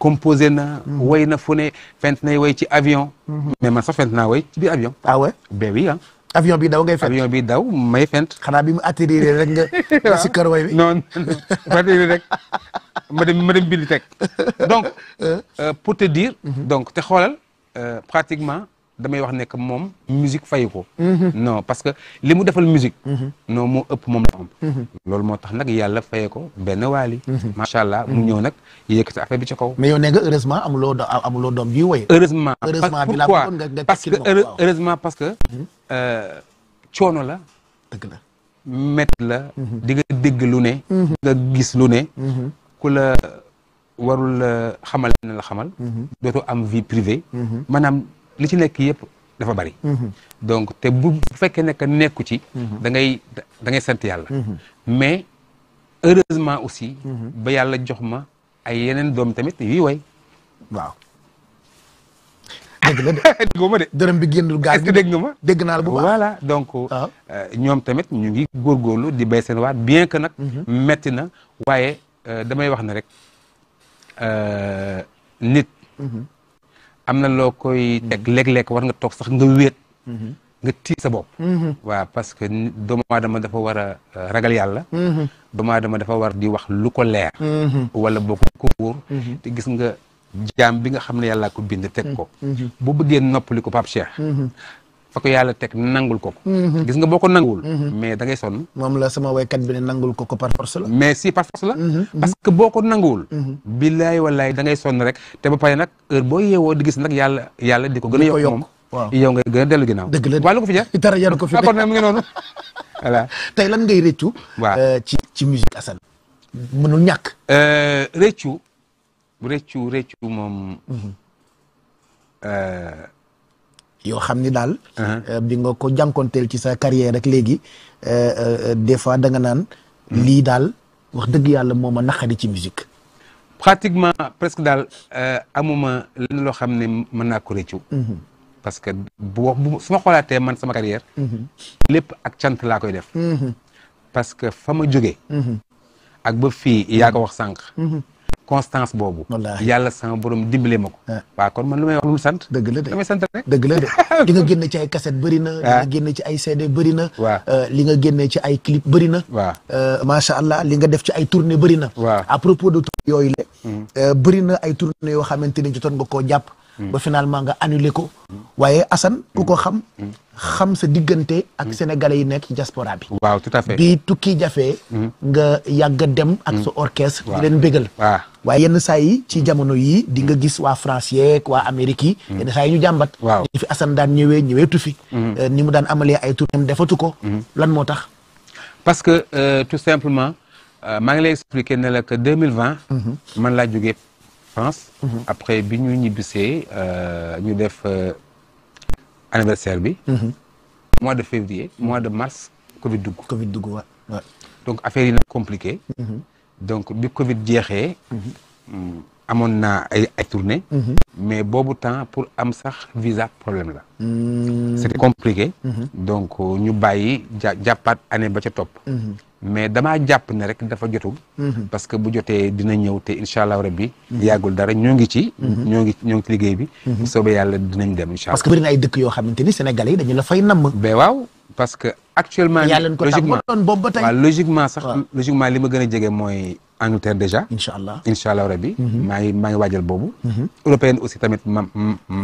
composé na. Mhm. way na fu ne fent nay way ci avion. Mhm. mais man sax fent naa way ci biir avion. ah ouais ben oui avion bi daw ngay fent avion bi daw may fent. xanaa bi mu atterrir rek nga. nga kër way bi non ma dem ma dem bind donc euh. Euh, pour te mhm. donc te xoolal euh, pratiquement. damay wax nekk moom musique fayu ko non parce que li mu defal musique non moo ëpp moom la am loolu moo tax nag yàlla faye ko benn waali macha allah mu ñëw nag yëkkati affaire bi ci kaw mais yow nee nga heureusement amuloo do amuloo doom jiy woy heureusement parce que heureusement parce que mhm. euh, coono la dëgg la mett la mhm. di nga dégg lu ne mhm. nga gis lu ne ku la warul euh, xamal na la xamal dootoo am vie privée maanaam li ci nekk yëpp dafa bari mhm. donc te bu fekkee nekk nekku ci mhm. da ngay da sant yàlla mhm. mais heureusement aussi ba yàlla jox ma ay yeneen doom tamit yuy way waaw dégg nga de dërëm bi génnul gaal gi dégg nga ma dégg naa la bu baax voilà donc ah. euh, ñoom tamit ñu ngi góor góorlu di béy seen waat bien que nag metti na waaye euh, damay wax ne rek euh, nit am na loo koy teg léeg war nga toog sax nga wéet mhm. nga tiit sa bopp mhm. waaw parce que doomu aadama dafa war a euh, ragal yàlla mhm. doomu dafa war di wax lu ko leer wala boo ko wóor te gis nga jaam bi nga xam ne yàlla ko bind teg ko bu bëggee noppali ko Pape fa ko yàlla teg nangul ko ko mhm. gis nga boo ko nanguwul mhm. mais dangay ngay sonn moom la sama waykat bi ne nangul ko ko par force la mais si par force la mhm. parce que boo ko nanguwul billaay wallaay da ngay sonn rek te ba pare nag heure boo yeewoo di gis nag yàlla yàlla di ko gën a yokk moom waaw yow ngay gën a dellu ginnaaw dëgg la wàllu ko fi jar dara yaru ko fi d'accord voilà tey lan ngay rëccu waa euh, ci ci musique Assane mënul ñàkk euh, rëccu rëccu rëccu moom euh, yoo xam ni daal. bi uh-huh. euh, nga ko teel ci sa carrière rek léegi euh, euh, des fois da nga naan. Hmm. lii daal wax dëgg yàlla moom ma naqari ci musique. pratiquement presque daal amuma lenn loo xam ne mën naa ko réccu mm-hmm. parce que bu wax su ma xoolaatee man sama carrière. Mm-hmm. lépp ak cant laa koy def. Mm-hmm. parce que fa ma jógee. ak ba fii yaa ko wax sànq. constance boobu. yàlla sama borom dimbale ma ko. Ah. waaw kon man lu may wax lu sant. sant dëgg la de li nga génne ci ay cassette bëri ah. euh, li nga génne ci ay clip bëri na. Euh, allah li nga def ci ay tournée bëri na. de tournée yooyu la. Hmm. Euh, bëri ay tournée yoo xamante ni nga koo jàpp. ba finalement nga annulé ko. waaye Assane ku ko xam. xam sa diggante ak sénégalais yi nekk ci diaspora bi. waaw tout à fait bi tukki jafee. Hmm. nga yàgg dem ak sa hmm. orchestre. di leen bégal. waaw waaye yenn saa yi ci jamono yi di nga gis waa France waa Amérique yi. Hmm. yenn saa yi ñu jàmbat. waaw fi Assane daan ñëwee ñëweetu fi. Eh, ni mu daan amalee ay tournées defatu ko. lan moo tax. parce que euh, tout simplement euh, maa ngi lay expliquer ne la que 2020. man laa jógee. France. Mhm. après bi ñu ñibbisee euh, ñu def euh, anniversaire bi. Mhm. mois de février mhm. mois de mars Covid dugg. Covid dugg waaw donc affaire yi nag compliqué. donc bi Covid jeexee. Mm, amoon na ay ay tournée. mais boobu temps pour am sax visa problème la. Mm. c'était compliqué. donc euh, ñu bàyyi ja jàppaat année ba ca topp. mais damaa jàpp ne rek dafa jotul. Mhm. parce que bu jotee dina ñëw te incha allah rabbi mhm. yàggul dara ñoo ngi ci. Mhm. ñoo ngi ñoo ci liggéey bi. bu soobee yàlla dinañ dem incha allah. parce que bëri na ay dëkk yoo xamante ni sénégalais yi dañu la fay namm. mais waaw parce que actuellement. logiquement yaa leen ko tàmbaloon boobu ba tey waaw logiquement sax logiquement li ma gën a jege mooy Angleterre déjà. incha allah incha allah rabi. Mhm. maa ngi maa ngi waajal boobu. Mhm. européenne aussi tamit ma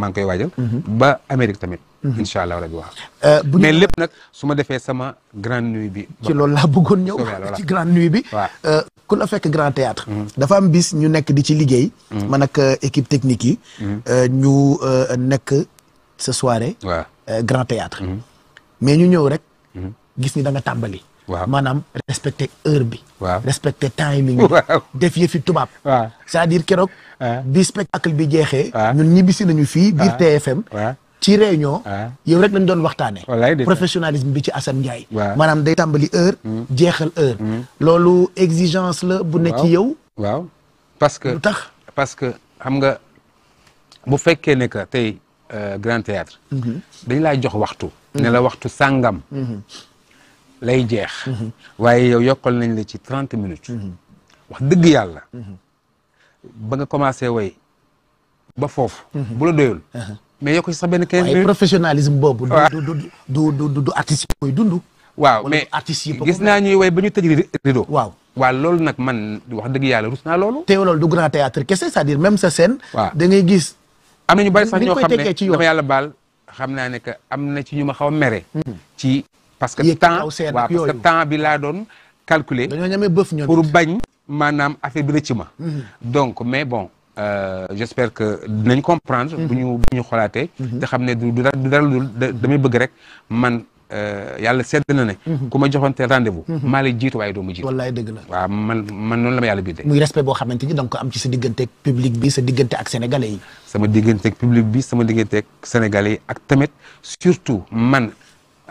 maa ngi koy waajal. Mhm. ba Amérique tamit. incha allah rabi waaw. Euh, bu mais lépp nag su ma defee sama grande nuit bi. ci loolu laa bëggoon ñëw ci grande bi. waaw euh, ku la fekk grand théâtre dafa am bis ñu nekk di ci liggéey. man ak euh, équipe technique yi. ñu nekk ce soirée. waaw grand théâtre mais ñu ñëw rek. gis ni da nga tàmbali. waaw maanaam respecter heure bi. waaw respecter timing bi. def fi tubaab. waaw c'est-à-dire keroog. bi spectacle bi jeexee. ñun ñibbisi nañu fii biir TFM. ci réunion. yow rek lañ doon waxtaanee. professionnalisme bi ci Assane Ndiaye. manaam day tambali heure. Hmm. jeexal heure. Hmm. loolu exigence la bu ne ci yow. waaw parce que lu tax parce que xam nga bu fekkee ne que tey euh, Grand Théâtre mhm. dañ laay jox waxtu. Mhm. ne la waxtu sàngam. Mhm. lay jeex. Mhm. waaye yow yokkal nañ la ci trente minutes. Mhm. wax dëgg yàlla. Mhm. ba nga commencé way ba foofu. bu la doyul. Uh-huh. mais yokk ci sax benn quinze minutes waaye professionnalisme boobu. du du du du du artiste koy dund. waaw mais artiste gis naa ñuy way ba ñu tëj rido. waaw waaw loolu nag man wax dëgg yàlla rus naa loolu. teew loolu du grand théâtre kese c'est-à-dire même sa scène. waaw da gis. am na ñu bari sax ñoo xam ne yàlla baal xam naa ne que am na ci ñu ma xaw a mere. ci parce que temps waaw parce que temps bi laa doon calculer pour bañ maanaam affaire bi rëcc ma mhm. donc mais bon euh, j'espère que dinañ comprendre mhm. bu ñu bu ñu xolaatee mhm. te xam ne du du dara damay bëgg rek man euh, yàlla sedd na ne ku ma joxoon teel rendez-vous waaye doo ma jiitu wallaay dëgg la waaw man man noonu la ma yàlla bindee muy respect boo xamante ni da nga ko am ci sa digganteeg public bi sa diggante ak sénégalais yi sama digganteeg public bi sama digganteeg sénégalais yi ak tamit surtout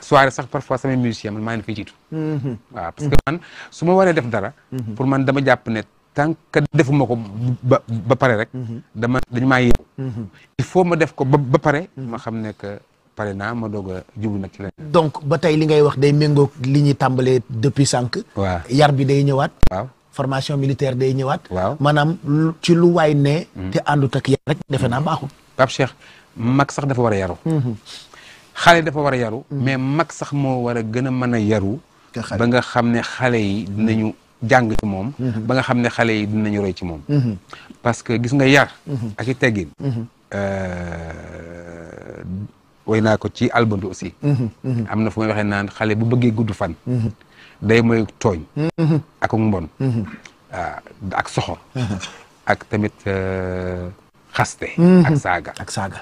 soirée sax parfois samay musicien man maa leen fay jiitu. Mhm. waaw parce que man su ma waree def dara. Mhm. pour man dama jàpp ne tant que defuma ko ba ba pare rek. Mhm. dama dañ maa yéem. il faut ma def ko ba ba pare. ma xam ne que pare naa ma doog a jublu nag ci leneen. donc ba tey li ngay wax day méngóog li ñuy tàmbalee depuis sànq. waaw yar bi day ñëwaat. waaw formation militaire day ñëwaat. waaw maanaam ci lu waay ne. te àndut ak yar rek defe naa baaxul. Pape Cheikh mag sax dafa war a yaru. xale dafa war a yaru mm-hmm. mais mag sax moo war a gën a mën a yaru ba nga xam ne xale yi dinañu mm-hmm. jàng ci moom mm-hmm. ba nga xam ne xale yi dinañu roy ci moom parce que gis nga yar ak i teggin euh, way naa ko ci albantu aussi am na fu may waxee naan xale bu bëggee gudd fan day mooy tooñ ak mbon euh, ak soxor ak tamit euh, xaste ak saaga ak saaga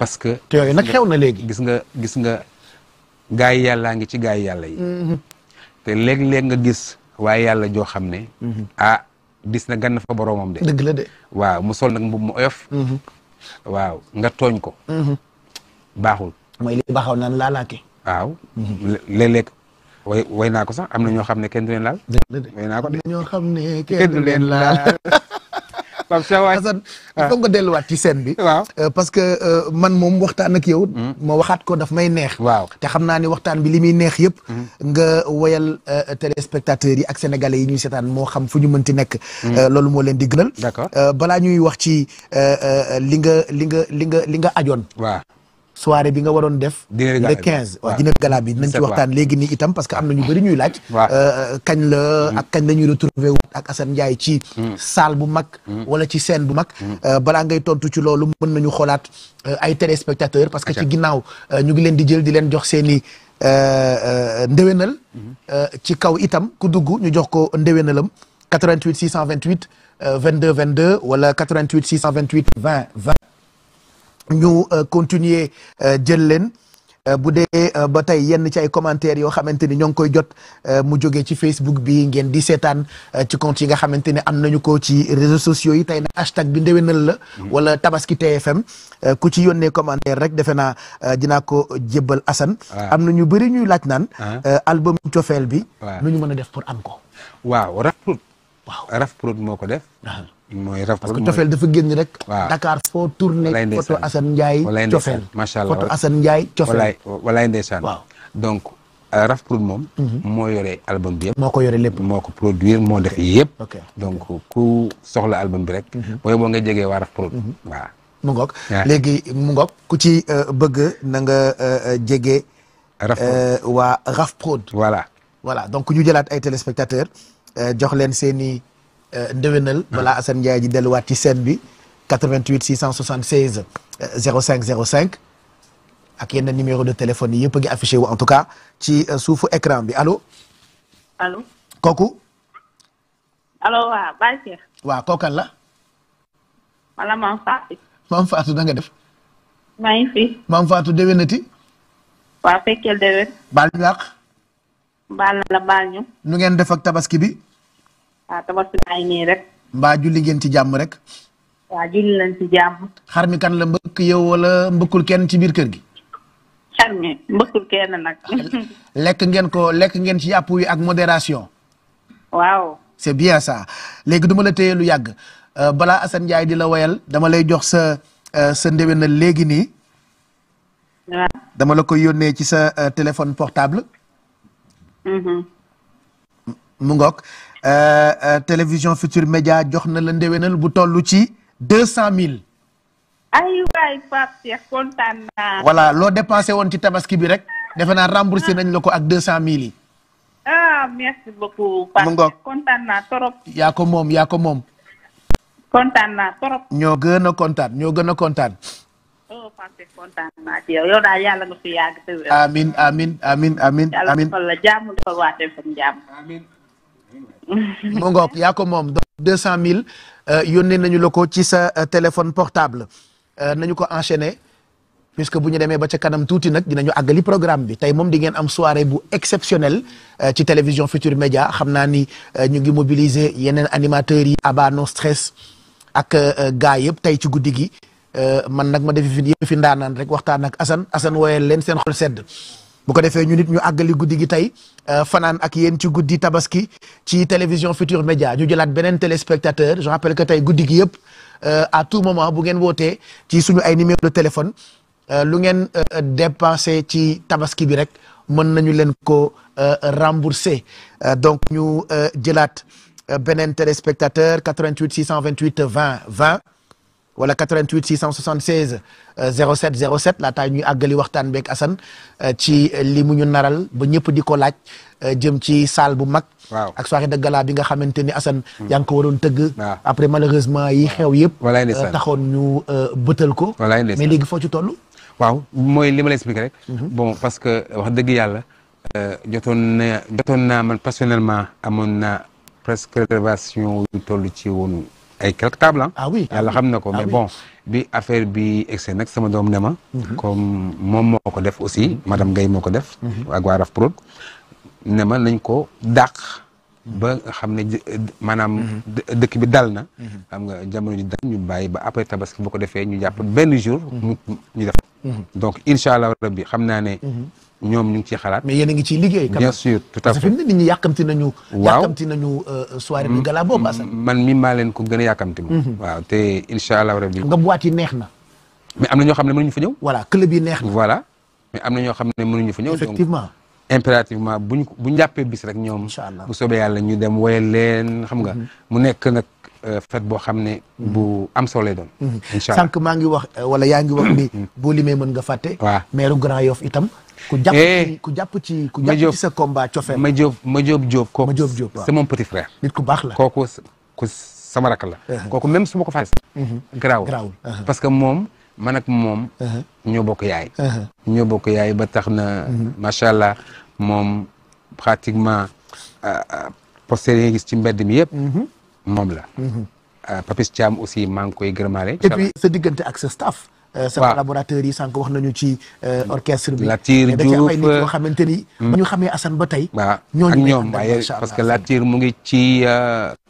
parce que te yooyu nag xew na léegi gis nga gis nga gaay yi yàllaa ngi ci gaay yi yàlla mm-hmm. léeg-léeg nga gis waaye yàlla joo xam ne mm-hmm. ah dis na gann fa boroomam de dëgg la de waaw mu sol nag mbubb mu oyof mm-hmm. waaw nga tooñ ko baaxul mooy li baaxaw na laalaake waaw léeg-léeg way way naa ko sax am na ñoo xam ne kenn du leen laal waaw Cheikh waay Assane nga delluwaat ci scène bi. waaw euh, parce que euh, man moom waxtaan ak yow. Hmm. ma waxaat ko dafa may neex. waaw te xam naa ne waxtaan bi li muy neex yëpp. Hmm. nga woyal euh, téléspectateurs yi ak sénégalais yi ñuy setaan moo xam fu ñu mënti nekk. Hmm. loolu moo leen di gënal. d'accord balaa ñuy wax ci li nga li nga li nga li nga ajoon. waaw soirée bi nga waroon def le quinze waaw dîner gala bi nañ ci waxtaan léegi nii itam parce que am na ñu bëri ñuy laaj euh, kañ la mm. kañ la ñuy retrouver wut ak Assane Ndiaye ci mm. salle bu mag mm. wala ci seen bu mag euh, balaa ngay tontu ci loolu mën ñu xoolaat euh, ay téléspectateurs parce que ci ginnaaw ñu ngi leen di jël di leen jox seen i ndéwénal mm-hmm. ci kaw itam ku dugg ñu jox ko ndéwénalam 88 628 22 22 wala 88 628 20 20 ñu euh, continuer euh, jël leen euh, bu dee ba tey yenn ci ay commentaires yoo xamante ni ñoo ngi koy jot mu jóge ci Facebook bi ngeen di seetaan ci compte yi nga xamante ne am nañu ko ci réseaux sociaux yi tey nag hashtag bi ndewenal la. Mm-hmm. wala tabaski TFM ku ci yónnee commentaire rek defe naa dinaa ko jébbal Assane. am na ñu bëri ñuy laaj naan. Ah. album cofeel bi. nu ñu mën a def pour am ko. waaw Raf Prod. moo ko def. Ah. mooy rap parce que cofeel dafa génn rek. waaw Dakar foo tourné. walaay ndeysaan photo Assane allah photo Assane Ndiaye cofeel. walaay ndeysaan. waaw euh, raf pour moom. Mhm. moo yore album bi yëpp. moo ko yore lépp moo ko produire moo def yëpp. donc ku soxla album bi rek. Mhm. booy boo nga jegee waa raf pour. Mhm. waaw mu ngoog ku ci euh, bëgg na nga euh, voilà voilà donc ñu jëlaat ay téléspectateurs jox leen seen Euh, ndéwénal hmm. balaa Assane Ndiaye ji delluwaat ci scène bi 88 676 05 05 ak yenn numéro de téléphone yi yëpp a ngi affiché wu en tout cas ci euh, suufu écran bi allo. allo kooku. allo waaw Baye Cheikh. waaw kookan la. maam Fatou. maam def. maam Fatou déwénati. waa fekkeel déwén. baal ñu àq. baal ñu. nu ngeen defak tabaski bi. Ah, waaw tabaski ay ngeen ci jàmm rek. waaw julli yow wala mbëkkul kenn ci biir kër gi. lekk ngeen ko lekk ngeen ci yàpp wi ak modération. waaw. c'est bien sa léegi du ma la téye lu yàgg euh, balaa Assane Ndiaye di la woyal dama lay jox sa euh, sa ndéwénal léegi nii. dama la koy yónnee ci sa euh, téléphone portable. Mm-hmm. mu ngoog. Euh, euh, télévision Futur Média jox na la ndéwénal bu tollu ci deux cent mille. ay loo dépensé woon ci tabaski bi rek defe naa remboursé nañ la ko ak deux cent mille yi. ah merci beaucoup. Pape Cheikh kontaan naa moom kontaan naa trop. ñoo gën a kontaan ñoo gën a kontaan. oh mu ngoog yaa ko moom donc deux cent mille euh, yónnee nañu la ko ci sa euh, téléphone portable euh, nañu ko enchaîner puisque bu ñu demee ba ca kanam tuuti nag dinañu àggali programme bi tey moom di ngeen am soirée bu exceptionnelle ci télévision Futur Média xam naa ni ñu ngi mobiliser yeneen animateurs yi Abba No Stress ak gars yëpp tey ci guddi gi man nag ma def fi yëpp fi ndaanaan rek waxtaan ak Assane Assane wooyal leen seen xol sedd bu ko defee ñu nit ñu àggali guddi gi tey euh, fanaan ak yéen ci guddi tabaski ci télévision Futur Média ñu jëlaat beneen téléspectateur je rappelle que tey guddi gi yëpp euh, à tout moment bu ngeen wootee ci suñu ay numéro de téléphone euh, lu ngeen dépensé ci tabaski bi rek mën nañu leen ko rembourser donc ñu jëlaat beneen téléspectateur 88 628 20 20 wala 88 676 07 07 laataa ñuy àggali waxtaan beeg Assane euh, ci li mu ñu naral ba ñëpp di ko laaj euh, jëm ci salle bu mag. waaw ak soirée de gala bi nga xamante ni Assane. Hmm. yaa ngi ko waroon tëgg. après malheureusement yi xew yëpp. Euh, taxoon ñu bëtal ko. mais léegi foo ci toll. waaw mooy li ma la expliqué rek. Mhm. bon parce que wax dëgg yàlla. jotoon na jotoon naa man personnellement amoon na presque réservation yu toll ci woonu. ay quelques tables ah. oui ah yàlla xam na ko ah mais bon bi affaire bi excès nag sama doom ne ma. Mhm. moom moo ko def aussi mhm. madame Guèye moo ko def. ak mhm. waa Raf ne ma nañ ko dàq. ba xam ne maanaam. dëkk bi daal na. xam nga jamono ji dal ñu bàyyi ba après tabaski bu ko defee ñu jàpp benn jour. ñu def donc incha allah rabbi xam naa ne. ñoom ñu ngi ciy xalaat. mais yéen a ngi ciy liggéey. bien sûr tout à fait parce que fi mu ne nit euh, mm-hmm. mm-hmm. man mi maa leen ko gën a yàkkamti moom. Mm-hmm. waaw te incha allah rabi. na. mais am na ñoo xam ne ma fa ñëw. voilà club yi neex na. voilà mais am na ñoo xam ne mënuñu fa ñëw. effectivement impérativement buñ buñ jàppee bis rek ñoom. incha allah bu soobee yàlla ñu dem woyal leen xam nga. mu nekk nag. Euh, fet boo xam ne bu am solo lay doon. incha allah maa ngi wax euh, wala yaa ngi wax ni. boo limee mën nga fàtte. waaw maire Grand Yoff itam ku jàpp eh, ci ku jàpp ci ku jàpp sa combat cofé. ma Diop ma Diop Diop kooku ma Diop Diop waaw c'est mon petit frère. nit ku baax la ko ku sama rakk la. Uh-huh. kooku même su ma ko fàtte. Mm-hmm. garaawul garaawul uh-huh. parce que moom. man moom. Uh-huh. ñoo bokk yaay. ñoo bokk yaay ba tax na. Mm-hmm. macha allah moom pratiquement euh, euh, posters yi nga gis ci mbedd mi yëpp. Mm-hmm. moom la. Euh, Papis Thiam aussi maa ngi koy gërëmaale. et puis Euh, sa collaborateurs yi sànq wax nañu ci euh, orchestre bi. la Diouf mais da xamante ni. Euh, hmm. ba ñu xamee Assane ba tey. ñooñu ñoom waaye parce que Latir mu ngi ci.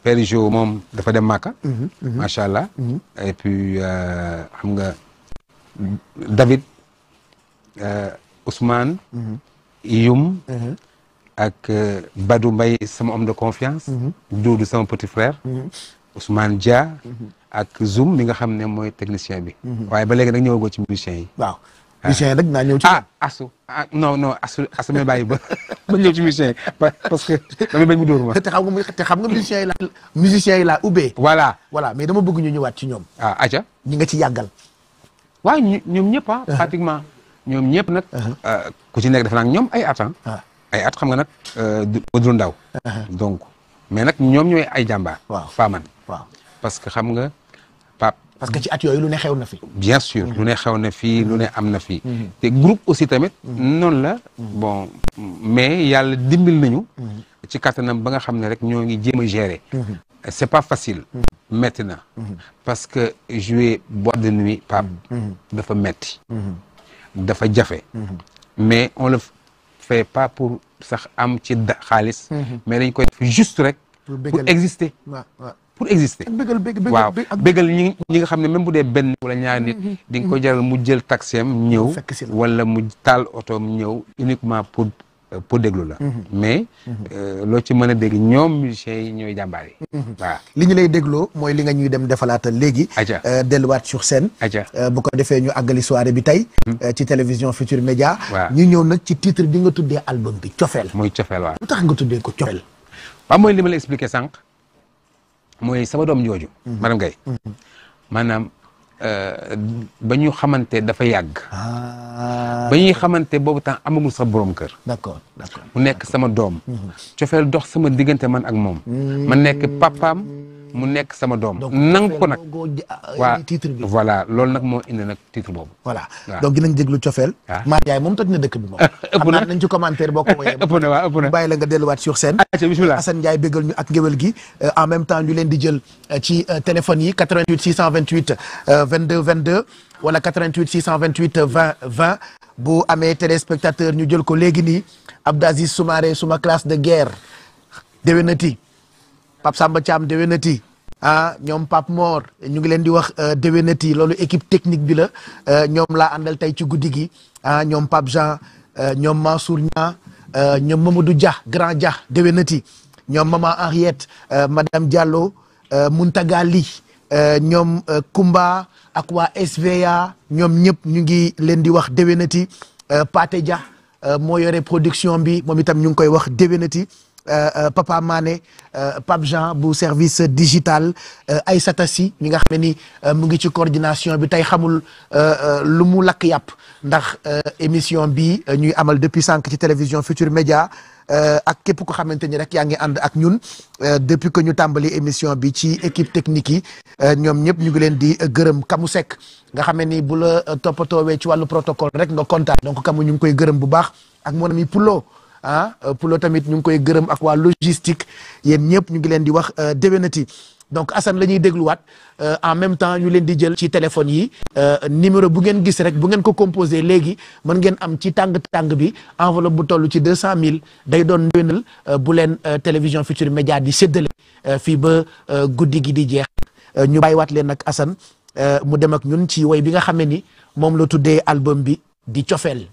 Périgeau moom dafa dem Màkka. Mhm, mhm. macha allah. Mhm. et puis xam nga David Ousmane. Youm. ak Badou mbay sama homme de confiance. Doudou sama petit frère. Ousmane Dia. ak Zoom mi nga xam ne mooy technicien bi. Mhm. waaye ba léegi nag ñëwagoo ci musicien yi. waaw ah. musicien yi nag naa ñëw ci. ah asu ah non non asu asu may bàyyi ba ba ñëw ci musicien yi parce que damay bañ mu dóor ma. te xam nga te xam nga musicien yi laa. musicien yi laa ubbee. dama bëgg ñu ñëwaat ci ñoom. a ah, aja ñi nga ci yàggal. waaw ñu ñoom ñëpp ah. Uh-huh. pratiquement ñoom ñëpp nag. Uh-huh. Ah, ku ci nekk defe naa ñoom ay at ay at xam nga nag euh, du ndaw. Uh-huh. donc mais nag ñoom ñooy ay jàmbaar. faaman. waaw xam nga. parce que ci at yooyu lu ne xew na fi. bien lu ne xew na fi lu ne am na fi. Mm-hmm. Mm-hmm. te groupe aussi tamit. noonu la mm-hmm. bon mais yàlla dimbil nañu. ci kattanam ba nga xam ne rek ñoo ngi jéem a gérer. c'est pas facile. metti na. parce que jouer boîte de nuit Pape. dafa metti dafa jafe. mais on le fait pas pour sax am ci xaalis. mais dañ koy def juste rek. pour exister. pour exister. waaw bégal ñi nga xam ne même bu dee benn wala nit. Mm-hmm. di nga ko jaral mu jël taxem ñëw. wala mu taal otoom ñëw uniquement pour euh, pour déglu la. Mm-hmm. mais mm-hmm. Euh, loo ci mën a dégg ñoom musiciens yi ñooy jàmbaar yi. waaw li ñu lay dégloo mooy li nga ñuy dem defalaatal léegi. atia euh, delluwaat seen scène. bu ko defee ñu àggali soirée bi tey. ci télévision Futur Média. ñu ñëw nag ci titre bi nga tuddee album bi cofeel mooy cofeel waaw tax nga tuddee ko cofeel mooy li expliqué sànq. mooy sama doom jooju. Mm-hmm. madame Gaye mm-hmm. maanaam euh, ba ñu xamante dafa yàgg. Ah. ba ñuy xamante boobu temps amagul sax borom kër. d'accord d'accord mu nekk sama doom. Mm-hmm. cofeel dox sama diggante man ak moom. ma nekk papaam. mu nekk sama doom. nangu ko nag ah, waa voilà loolu nag moo indi nag titre boobu. voilà donc dinañ déglu cofeel. waaw ah. Mate moom toj na dëkk bi moom. ëpp na nañ ci commentaire boo ko wooyee. ëpp na waaw ëpp na bàyyi la nga delluwaat sur scène. ayca bisimilah Assane Ndiaye bégal ñu ak ngéwél gi. Euh, en même temps ñu leen di jël euh, ci euh, téléphone yi 88 628 22 22 wala 88 628 20 20 bu amee téléspectateur ñu jël ko léegi nii Abdou Aziz Soumaré suma classe de guerre ti Pape Samba Thiam déwénati ah ñoom Pape moor ñu ngi leen di wax euh, déwénati loolu équipe technique bi la euh, ñoom laa àndal tey ci guddi gi ah ñoom Pape Jean euh, ñoom Mansour Niang ñoom Mamadou Dia grand Dia déwénati ñoom Maman Henriette madame Diallo Muntaga Li ñoom Kumba ak waa SVA ñoom ñëpp ñu ngi leen di wax déwénati Pate Dia moo yore production bi moom itam ñu ngi koy wax déwénati Euh, euh, Papa Mané euh, Pape Jean bu service digital ay satasi mi nga xam ne ni mu ngi ci coordination bi tey xamul lu mu lakk yàpp ndax émission bi ñuy amal depuis sànq ci télévision Futur Média ak képp ko xamante ni rek yaa ngi ànd ak ñun depuis que ñu tàmbali émission bi ci équipe technique yi ñoom ñëpp ñu ngi leen di gërëm kamu sekk nga xam ne ni bu la toppatoowee ci wàllu protocole rek nga kontaan donc kamu ñu ngi koy gërëm bu baax ak mon ami Poulo ah euh, pour loolu tamit ñu ngi koy gërëm ak waa logistique yéen ñëpp ñu ngi leen di wax euh, déwénati donc Assane la ñuy dégluwaat euh, en même temps ñu leen di jël ci téléphone yi numéro bu ngeen gis rek bu ngeen ko composé léegi mën ngeen am ci tàng tàng bi enveloppe bu toll ci deux cent mille day doon ndéwénal bu leen télévision Futurs Médias di séddale fii ba guddi gi di jeex ñu waat leen nag Assane mu dem ak ñun ci woy bi nga xamee ni moom la tuddee album bi di cofeel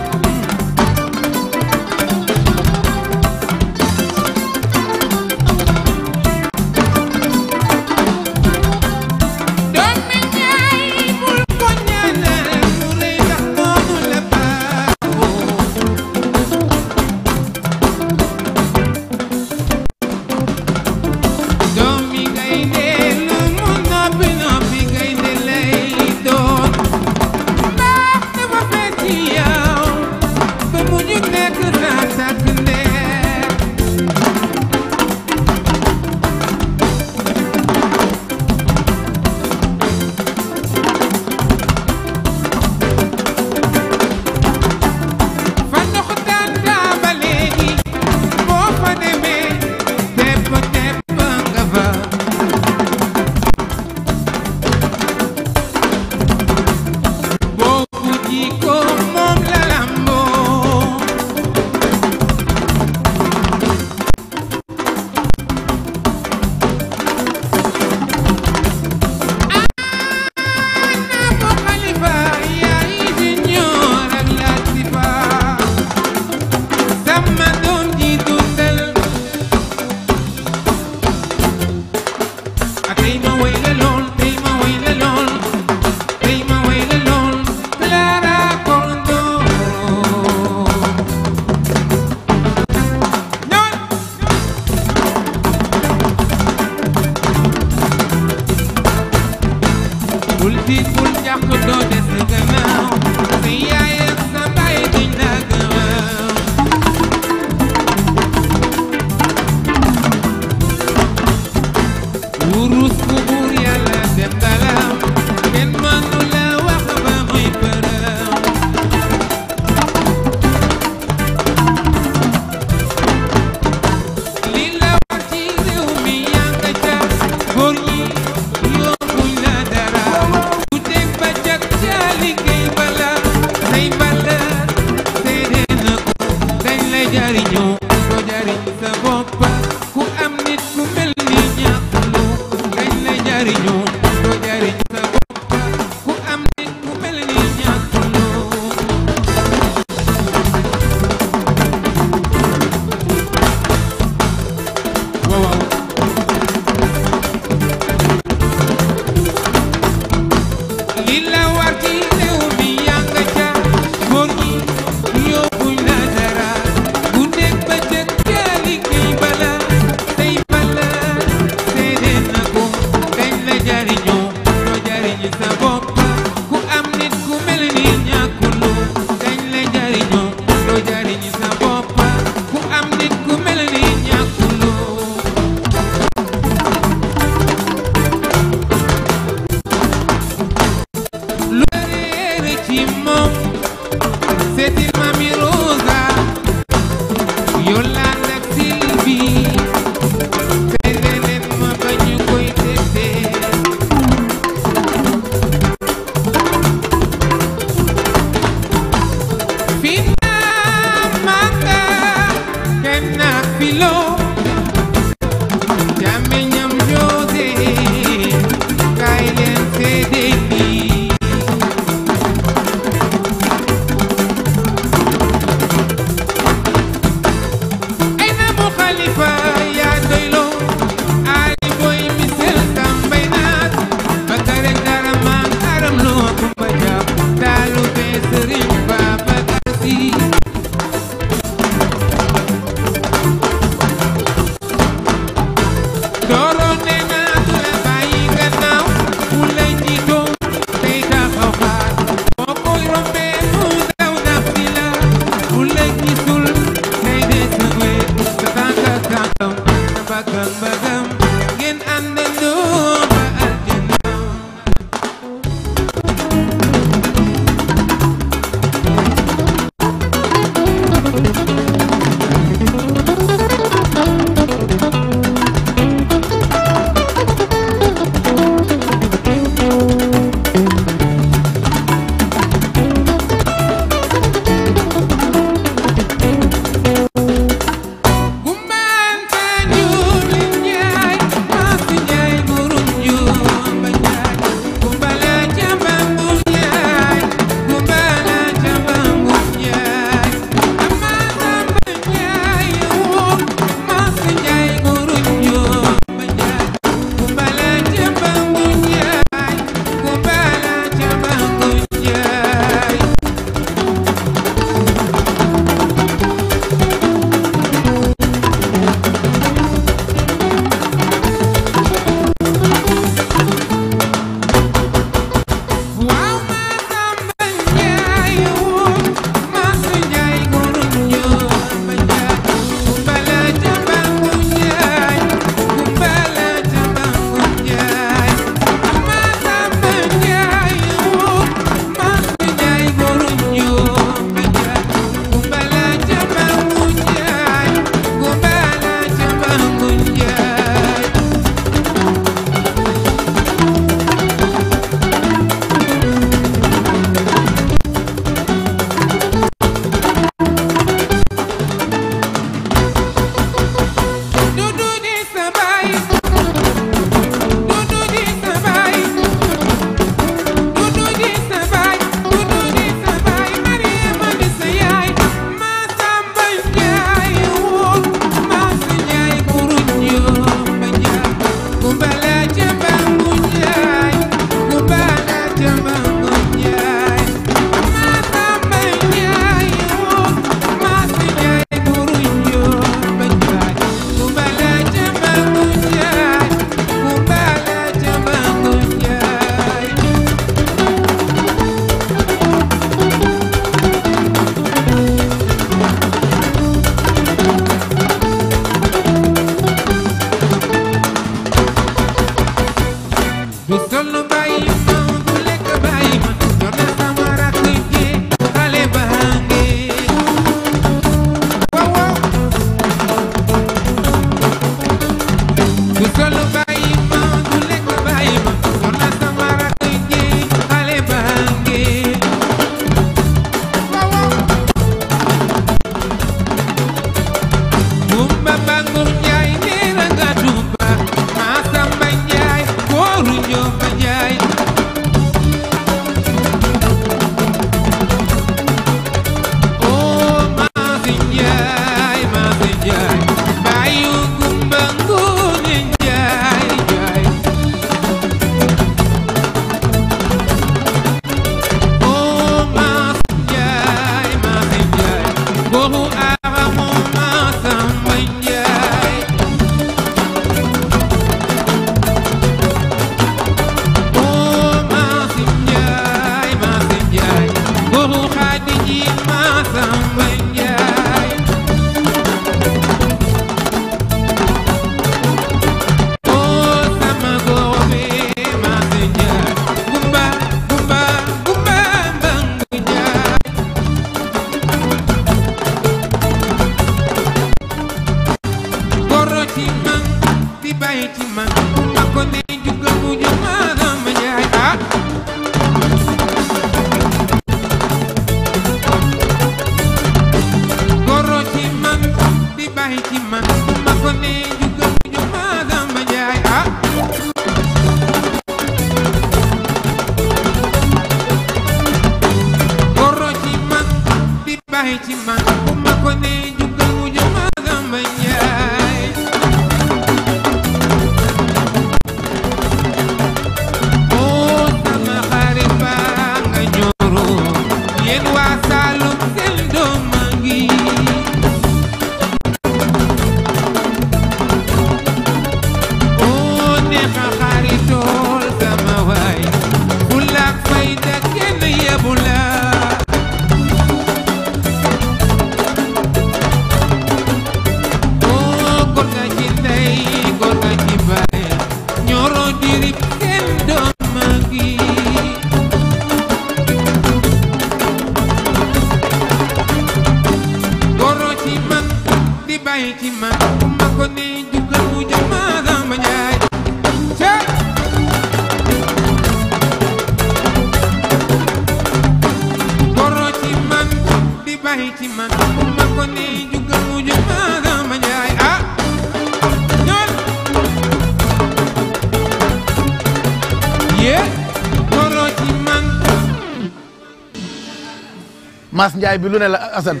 jotaay bi lu ne la Assane.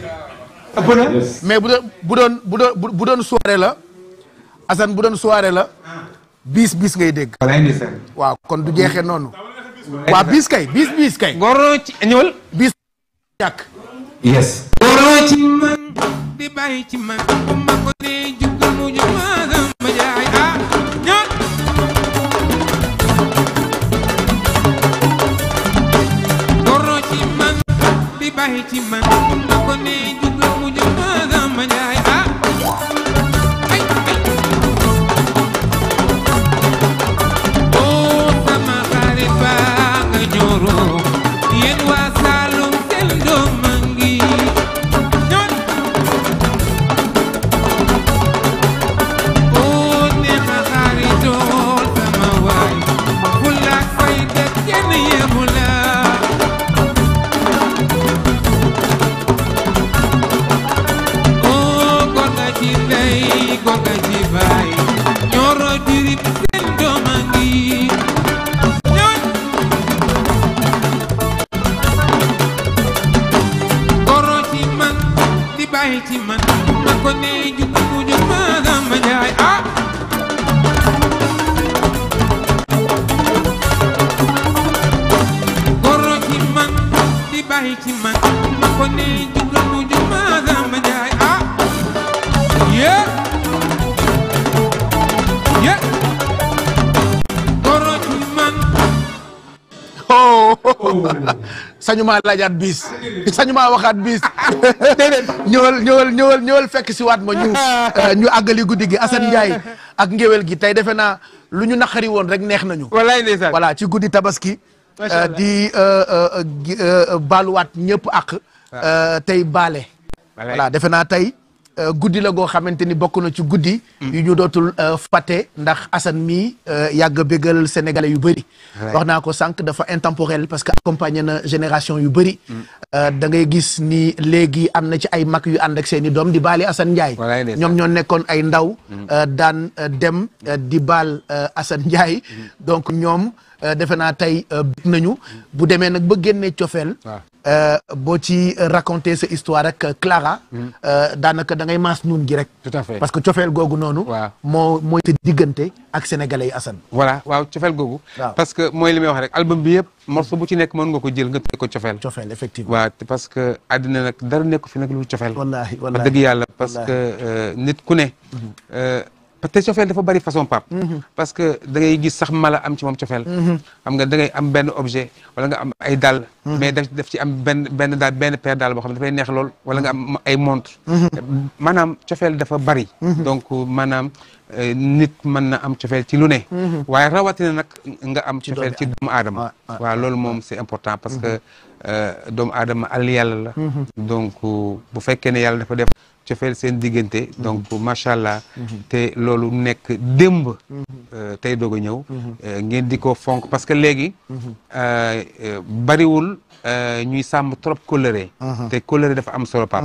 mais bu doon bu doon bu doon bu doon soirée la Assane bu doon soirée la biis biis ngay dégg. waaw kon du jeexee noonu. waa biis kay biis biis kay. góor ñëwal. sañu maa laajaat biis sañu maa waxaat biis déedéet ñëwal ñëwal ñëwal fekk si waat ma ñu euh, ñu àggali guddi gi Assane Ndiaye ak ngéwél gi tey defe naa lu ñu naqari woon rek neex nañu. wallaay ndeysaan voilà ci guddi tabaski. Euh, di euh, baaluwaat ñëpp ak. tey baale. voilà defe naa tey. Euh, guddi la goo xamante ni bokk na ci guddi. Mm. yu ñu dootul euh, fàtte ndax Assane mii euh, yàgg bégal sénégalais yu bëri. wax naa ko sànq dafa intemporel parce que accompagné na génération yu bëri. Mm. da ngay gis ni léegi am na ci ay mag yu ànd ak seen doom di baali Assane Ndiaye. ñoom ñoo nekkoon ay ndaw. Mm. daan dem di baal Assane Ndiaye. donc ñoom defe naa tey bég nañu. bu demee nag ba génnee cofeel Euh, boo ci raconter sa histoire ak Clara. Hmm. Euh, daanaka da ngay maas nuun gi rek. tout à parce que cofeel googu noonu. waaw moo mooy sa diggante ak sénégalais yi Assane. waaw cofeel googu. parce que mooy li may wax rek album bi yëpp morceau bu ci nekk mën nga ko jël nga teg ko cofeel. cofeel effectivement parce que àddina nag dara nekk fi nag lu cofeel. wallaahi wallaahi dëgg yàlla parce que euh, nit ku ne. Hmm. te cofeel dafa bari façon pap mhm. parce que dangay gis sax mala am ci moom cofeel mhm. xam nga dangay am benn objet wala nga am ay dàll mhm. mais daf def ci am benn benn daal benn paire daal boo xam ne dafay neex lool wala nga ay montre maanaam cofeel dafa bari donc maanaam euh, nit mën na am cofeel ci lu ne waaye rawatina nag nga am cofeel ci doomu aadama waa loolu moom c'est important parce que euh, doomu aadama àll yàlla la donc euh, bu fekkee ne yàlla dafa def cofeel seen diggante mhm. donc macha allah mhm. te loolu nekk démb mhm. euh, tey doog a ñëw euh, ngeen di ko fonk parce que léegi euh, bariwul ñuy sàmm trop coloré te coloré dafa am solo pap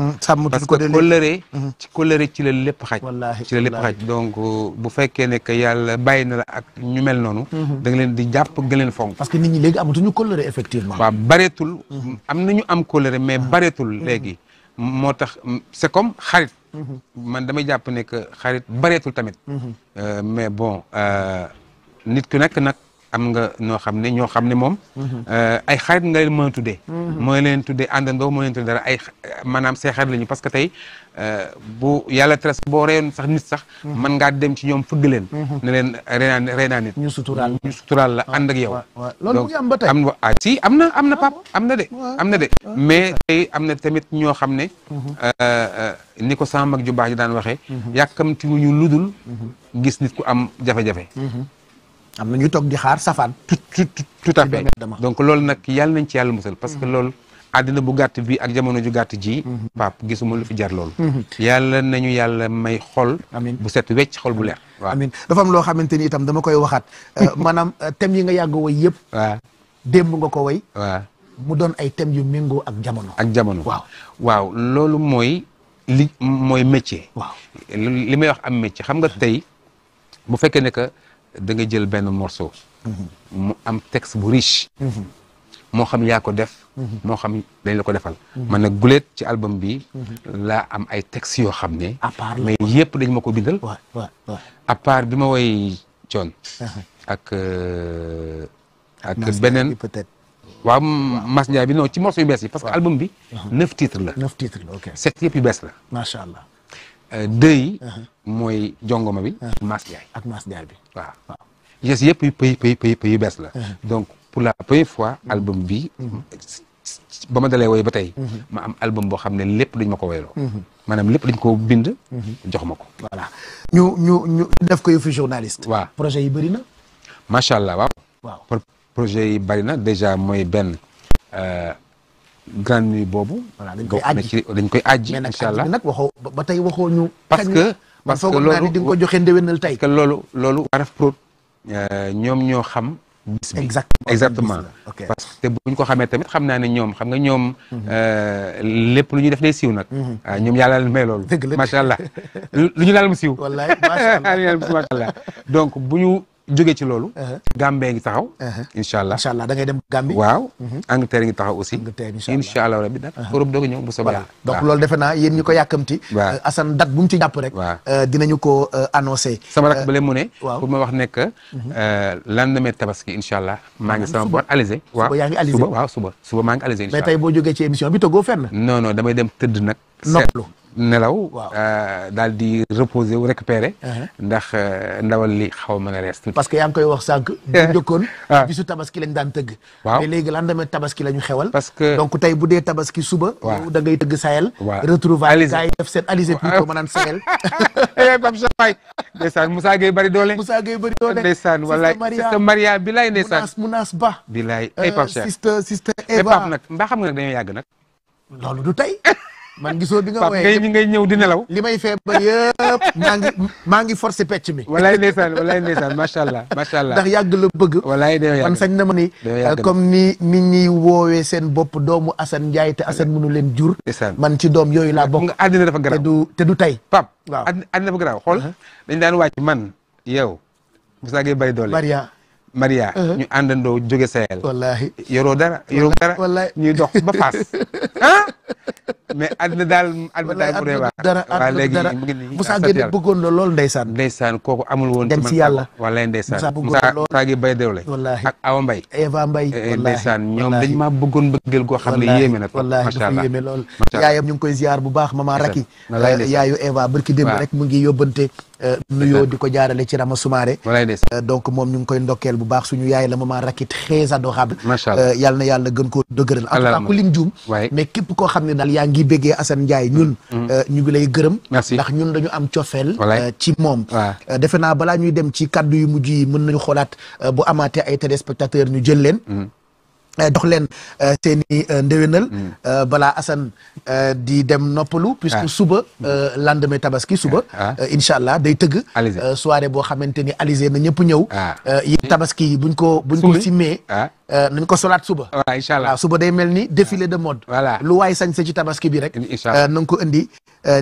parce que coloré ci coloré ci la lépp xaj ci la lépp xaj donc bu fekkee ne que yàlla bàyyi na la ak ñu mel noonu da leen di jàpp nga leen fonk parce que nit ñi léegi amatuñu ñu effectivement waaw bareetul am na ñu am coloré mais bareetul léegi moo tax c'est comme xarit. Mhm. man damay jàpp ne que xarit bareetul tamit. Mhm. Euh, mais bon euh, nit ku nekk nag. am nga ñoo xam ne ñoo xam ne moom. Mm-hmm. ay xarit nga leen mën a tuddee. mooy mm-hmm. leen tuddee àndandoo mooy leen tuddee dara ay maanaam see xarit lañu parce que tey euh, bu yàlla tres boo reyoon sax nit sax. Mm-hmm. mën ngaa dem ci ñoom fëgg leen. ne leen reenaan reenaan nit. ñu suturaal ñu suturaal la ànd ak yow. loolu mu ngi am ba tey am ah si am na am na ah pap am na de. am na de mais tey am na tamit ñoo xam ne. Euh, euh, ni ko sama mag ju baax ji daan waxee. yàkkamti wuñu ludul. gis nit ku am jafe-jafe. am na ñu toog di xaar safaan. tout tout à donc loolu nag yàlla nañ ci yàlla musal. parce que mhm. loolu àddina bu gàtt bi ak jamono ju gàtt ji. Mhm. Pape gisuma lu fi jar loolu. Mhm. yàlla nañu yàlla may xol. bu set wecc xol bu leer. waaw amiin dafa am loo xamante ni itam dama koy waxaat. Euh, maanaam euh, thèmes yi nga yàgg woy yëpp. démb nga ko woy. waaw mu doon ay thèmes yu méngoo ak jamono. ak jamono waaw. waaw loolu mooy li mooy métier. waaw li may wax am métier xam nga tey bu fekkee ne da nga jël benn morso mu am texte bu riche. moo xam yaa ko def. moo xam dañ la ko defal. man nag guleet ci album bi laa am ay textes yoo xam ne. à part mais yëpp dañ ma ko bindal. waaw waaw waaw bi ma woy coon. Uh-huh. ak euh, ak beneen peut-être. waaw Mass Ndiaye bi non ci morceau yu bees yi. parce que album bi. Uh-huh. neuf titres la. neuf titres yu bees la. macha allah. Euh, deux yi. Uh-huh. mooy jongoma bi. Mass uh-huh. ak Mass bi waaw. waaw yëpp yu pëy pëy pëy pëy yu bees la. Uh-huh. donc pour la première fois album bi. ba ma dalee woy ba tey. ma am album boo xam ne lépp dañ ma ko woyloo. maanaam lépp dañ ko bind. jox ma ko. voilà ñu ñu ñu def ko yëfu journaliste. waaw projet yi bëri na. macha allah waaw. waaw projet yi bëri na déjà mooy benn. Euh, grande nuit boobu. voilà dañ koy àjji dañ koy allah ba tey waxoo ñu. parce que parce que loolu di nga ko joxe ndéwénal tey. parce loolu loolu. Araf Prod euh, ñoom ñoo xam. bis bi exactement parce que te buñ ko xamee tamit xam naa ne ñoom xam nga ñoom. Mhm. Euh, lépp lu ñu def day siw nag. Mhm. Ah, ñoom yàlla la may loolu. dëgg la macha allah lu ñu laal mu siiw. wallaay macha allah donc bu jóge ci loolu. Uh-huh. gambe ngi taxaw. Uh-huh. incha allah incha da ngay dem Gambie. waaw uh-huh. Angleterre ngi taxaw aussi. Angleterre incha allah rabbi nag Europe doog a ñëw bu soobee. voilà donc naa yéen ñu ko yàkkamti. waaw uh, Assane date bu mu ci jàpp rek. waaw uh, dinañu ko uh, annoncé. sama rak bële mu ne. waaw pour ma wax nekk lendemain tabaski incha allah. maa ngi sama boîte alizé. suba yaa ngi alizé waaw suba waaw suba suba maa ngi alizé. incha allah boo jógee ci émission bi togoo fenn. non non damay dem tëdd nag. noppalu nelaw euh, daal di reposer wu récupérer uh-huh. ndax euh, ndawal li xaw ma na parce que yaa ngi koy wax sànq bu njëkkoon ah. bisu tabaski lañ daan tëgg waaw mais léegi lendemain tabaski la ñu xewal parce que donc tey bu dee tabaski suba da ngay tëgg Sahel retrouvailles gars yi def seen alizé plutôt ma naan Sahel eh, Pape Cheikh Faye ndeysaan Moussa Gueye bëri doole Moussa Gueye doole ndeysaan Maria bi laay ndeysaan Mounas Ba bi laay ay eh, Pape euh, Cheikh sista sista eh, Eva nag nga nag dañoo yàgg nag loolu du tey man gisoo bi nga wooyee ngay ngay ñëw di nelaw. li may feebar yëpp maa ngi force pecc mi. walaay ndeysaan walaay ndeysaan macha allah macha allah. ndax yàgg la bëgg. walaay man sañ na ma ni. comme ni ñi woowee seen bopp doomu Assane Ndiaye te Assane mënu leen jur. man ci doom yooyu laa bokk. àddina dafa garaaw te du te du tey. Pape waaw àddina dafa garaaw xool. Uh-huh. dañ daan wàcc man yow. Moussa Gueye Baye Doole Maria. Uh-huh. ñu àndandoo jóge Sahel. wallaahi yoroo dara yoroo dara. ñuy dox ba Fass ah! mais àddina daal àddina daal bu dee waa. dara bëggoon la lool ndeysaan. ndeysaan kooku amul woon. dem ci yàlla walaay ndeysaan. Moussa bëggoon lool Moussa Gueye Baye Déwle. wallaahi ak Awa Mbaye. Eva Mbaye eh, wallaahi ndeysaan ñoom dañ maa bëggoon bëggal koo xam ne yéeme na. wallaahi dafa yéeme lool. yaayam ñu ngi koy ziar bu baax maman Raki. Eh, yaayu Eva barki démb rek mu ngi yóbbante. Eh, nuyoo di ko jaarale ci Rama Soumaré donc moom ñu koy ndokkeel bu baax suñu yaay la maman Raki très adorable. macha allah yàlla na yàlla gën koo dëgëral. alhamdulilah en lim juum mais képp koo xam xam ne daal yaa ngi béggee Assane Ndiaye ñun mm-hmm. euh, ñu ngi lay gërëm ndax ñun dañu am cofeel euh, ci moom euh, defe naa balaa ñuy dem ci kaddu yu mujj yi mën nañu xoolaat bu amaatee ay téléspectateurs ñu jël leen mm-hmm. Eh, dox leen eh, seen i eh, ndéwénal mm. balaa Assane di dem noppalu puisque ah. suba lendemain tabaski suba ah. Ah. incha allah day tëgg soirée boo xamante ni alizé na ñëpp ñëw yi tabaski yi buñ ko buñ ko simmee nañ ko solaat suba waaw incha allah suba day mel ni défilé de mode voilà lu waay sañse ci tabaski bi rek na ko indi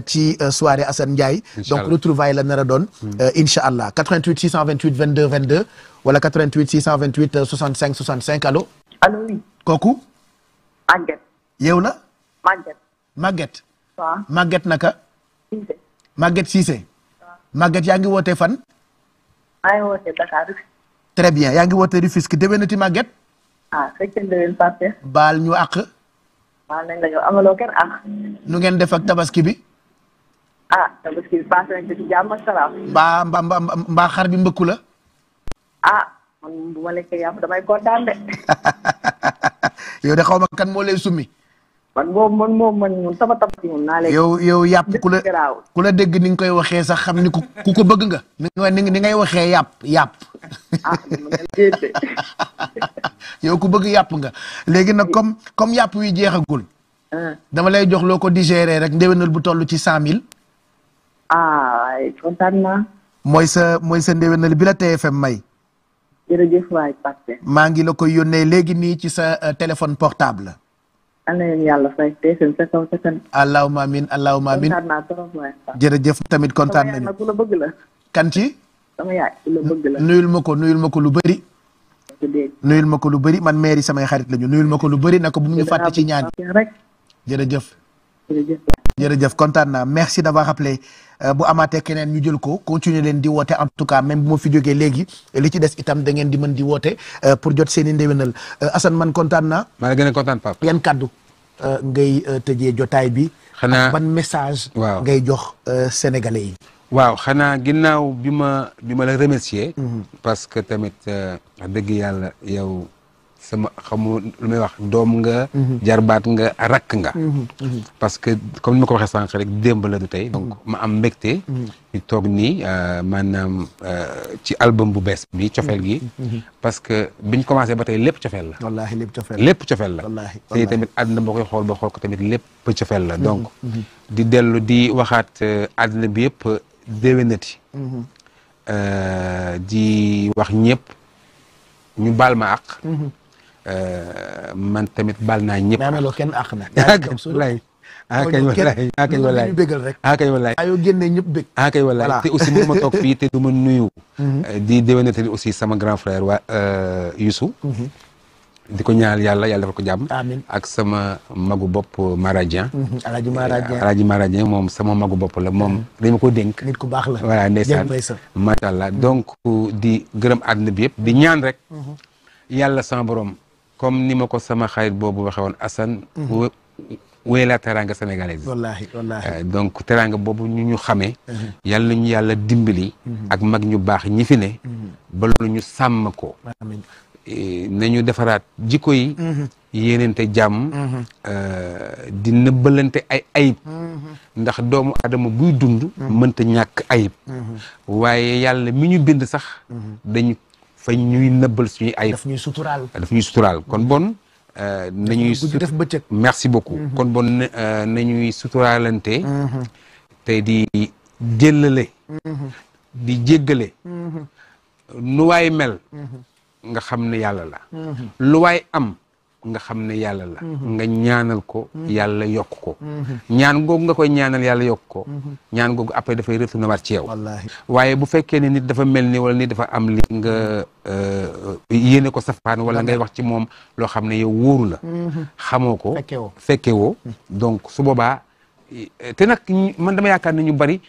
ci soirée Assane Ndiaye donc retrouvaille la nar a doon mm. incha allah 88 628 22 22 wala 88 628 65 65 allo allo oui. kooku. Maguette. yow la. Maguette. Maguette. waaw Maguette naka. Cissé. Maguette Cissé. yaa ngi woote fan. maa ngi wootee Dakar. très bien yaa ngi wootee Rufisque déwénati Maguette. ah fekkee déwén baal ñu àq. nu ngeen def ak tabaski bi. ah tabaski bi xar bi mbëkku man bu ma lekkee yàpp damay kontaan de. yow de xaw ma kan moo lay summi. man boobu man naa yow yow yàpp ku la ku la ni nga koy waxee sax xam ni ku ku ko bëgg nga. ni nga ni ngay waxee yàpp yàpp. Ah, yow ku bëgg yàpp nga léegi nag comme comme yàpp wi jeexagul. Ah. dama lay jox loo ko digérer rek ndéwénal bu toll ci cent mille. ah mooy sa mooy sa ndéwénal bi la TFM may. jërëjëf waay maa ngi la koy yónnee léegi nii ci sa euh, téléphone portable. alaykum yàlla fay tey seen sa kaw tamit kontaan nañu sama nuyul ma ko nuyul ma ko lu bari nuyul ma ko lu bari man mairie samay xarit lañu nuyul ma ko lu bari na ko bu mu ñu fàtte ci ñaan. jërëjëf. jërëjëf. jërëjëf kontaan naa merci d'avoir rappelé euh, bu amaatee keneen ñu jël ko continuer leen di woote en tout cas même bu ma fi jógee léegi li ci des itam da ngeen di mën di woote euh, pour jot seen i ndéwénal euh, Assane man kontaan naa. maa ngi gën a kontaan Pape. yan kaddu ngay tëjee jotaay bi. xanaa ban message. waaw ngay jox sénégalais yi. waaw xanaa ginnaaw bi ma bi ma la remercier. Mhm. parce que tamit wax dëgg yàlla yow. sama xamu lu may wax doom nga. Mhm. jarbaat nga rakk nga. Mhm. Mhm. parce que comme ni ma ko waxee sànq rek démb la du tey. donc ma am mbégte. ñu toog nii euh, maanaam euh, ci album bu bees bi cofeel gi. parce que biñ commencé ba tey lépp cofeel la. wallaahi lépp cofeel la lépp cofeel la. wallaahi te tamit àdduna boo koy xool ba xool ko tamit lépp cofeel la. donc di dellu di waxaat euh, àddina bi yëpp déwénati. di wax ñëpp ñu baal ma àq. man tamit baal naa ñëpp. mais amaloo kenn àq na. Ah, walaay ah, ah kay walaay ah kay walaay ah kay walaay. ayoo génnee ñëpp bég. ah kay walaay te aussi mën ma toog fii te du ma nuyu. Mhm. Euh, di déwénatali aussi sama grand frère waa euh, mhm. di ko ñaanal yàlla yàlla defal ko jàmm. amiin ak sama magu bopp euh, Maradien. Mhm. Alaaji Maradien Alaaji Maradien moom sama magu bopp la moom. dañ ma ko dénk. nit ku baax la voilà ndeysaan macha allah donc di gërëm àdduna bi yëpp di ñaan rek. yàlla sama borom. comme ni ma ko sama xarit boobu waxee woon Assane. Mhm. wéy la teranga sénégalaise. wallaahi wallaahi euh, donc teranga boobu ñu ñu xamee. Mhm. yàlla nañu yàlla dimbali. Mhm. ak mag ñu baax ñi fi ne. ba loolu ñu sàmm ko. amiin nañu defaraat jikko yi. yéenente jàmm. Euh, di nëbbalante ay ayib. ndax doomu Adama buy dund. mënta ñàkk ayib. waaye yàlla mi ñu bind sax dañu. fa ñuy nëbbal suñuy ay. daf ñuy suturaal daf ñuy kon bon. Euh, nañuy def bëccëg merci beaucoup. Mm-hmm. kon bon euh, nañuy suturaalante. Mm-hmm. te di jëllale. Mm-hmm. di jéggale. lu waay mel. nga xam ne yàlla la. lu am. nga xam ne yàlla la mm-hmm. nga ñaanal ko mm-hmm. yàlla yokk ko mm-hmm. ñaan googu nga koy ñaanal yàlla yokk ko ñaan googu après dafay retourné waat ci yow waaye bu fekkee ne nit dafa mel ni wala nit dafa am li nga euh, yéene ko safaan wala ngay wax ci moom loo xam ne yow wóoru la xamoo ko fekke woo donc su boobaa te nag man dama yaakaar ne ñu bari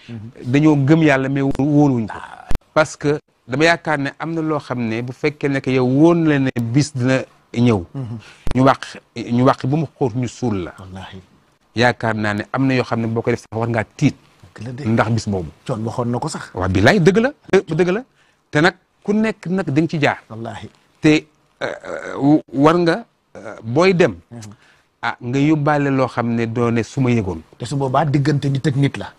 dañoo gëm yàlla mais wóoruwuñ ko ah. parce que dama yaakaar ne am na loo xam ne bu fekkee ne que wóor la ne bis dina ñëw. Mhm. ñu wax ñu wax bu mu xóot ñu suul la. wallaahi yaakaar naa ne am na yoo xam ne boo koy def sax war ngaa tiit. ndax bis boobu. coon waxoon na ko sax. waaw billaay dëgg la. dëgg la te nag ku nekk nag da ci jaar. wallaahi te euh, euh, war nga euh, booy dem. Mhm. a ah, nga yóbbaale loo xam ne doo suma su yëgoon. te su boobaa diggante nit ak nit la.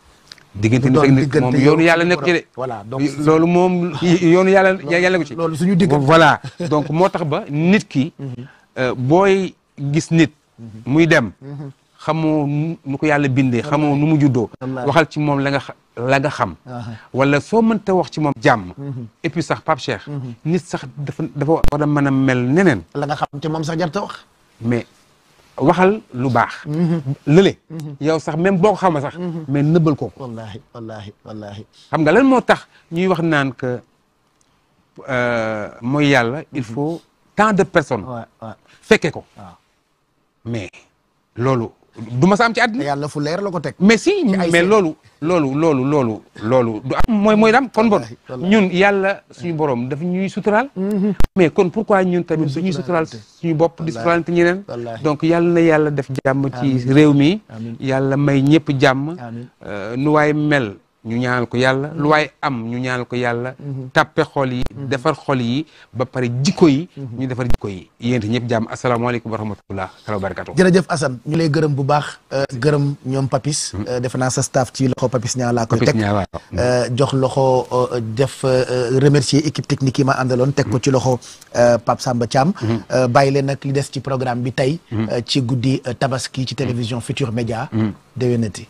diggante nit ak nit moom yoonu yàlla nekk ci voilà donc loolu moom yoonu yàlla yàlla nekk ci. loolu suñu diggante voilà donc moo tax ba nit ki. Mhm. Euh, booy gis nit. Mhm. muy dem. Mhm. xamoo nu ko yàlla bindee xamoo nu mu juddoo. waxal ci moom la nga la nga xam. wala soo mënta wax ci moom jàmm. et sax Pape Cheikh. nit sax dafa dafa war a mën mel neneen. la nga xam ci sax jarta wax. mais. waxal lu baax. Mm-hmm. lële. Mm-hmm. yow sax même boo ko xamee sax. Mm-hmm. mais nëbbal ko. wallaahi wallaahi wallaahi. xam nga lan moo tax ñuy wax naan que euh, mooy yàlla il faut tant de personnes. fekke ko ah. mais loolu. du ma sa am ci àddina yàlla fu leer la ko teg mais si mais loolu loolu loolu loolu du am mooy mooy daam kon bon ñun yàlla suñu borom dafa ñuy suturaal mhm. mais kon pourquoi ñun tamit suñu suturaal suñu bopp di suturaalante ñeneen donc yàlla na yàlla def jàmm ci réew mi yàlla may ñëpp jàmm euh, nu waay mel ñu ñaanal ko yàlla lu waaye am ñu ñaanal ko yàlla mhm. tàppe xol yi mhm. defar xol yi ba pare jikko yi mhm. ñu defar jikko yi yéen ñëpp jàmm asalaamaaleykum wa rahmatullah wa barakatu jërëjëf Assane ñu lay gërëm bu baax euh, gërëm ñoom papis euh, defe naa sa staff ci loxo papis ñaa laa koy teg euh, jox loxo def remercier equipe technique yi ma àndaloon teg ko ci loxo Pape Samba Thiam bàyyi leen nag li des ci programme bi tey ci guddi tabaski ci télévision Futur Média déwénati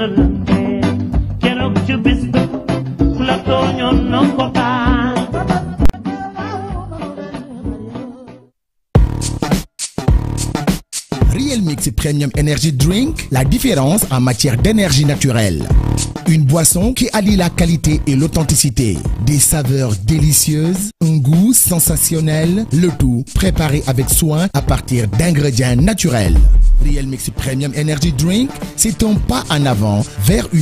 na na Pepsi Premium Energy Drink, la différence en matière d'énergie naturelle. Une boisson qui allie la qualité et l'authenticité. Des saveurs délicieuses, un goût sensationnel, le tout préparé avec soin à partir d'ingrédients naturels. Real Mix Premium Energy Drink, c'est un pas en avant vers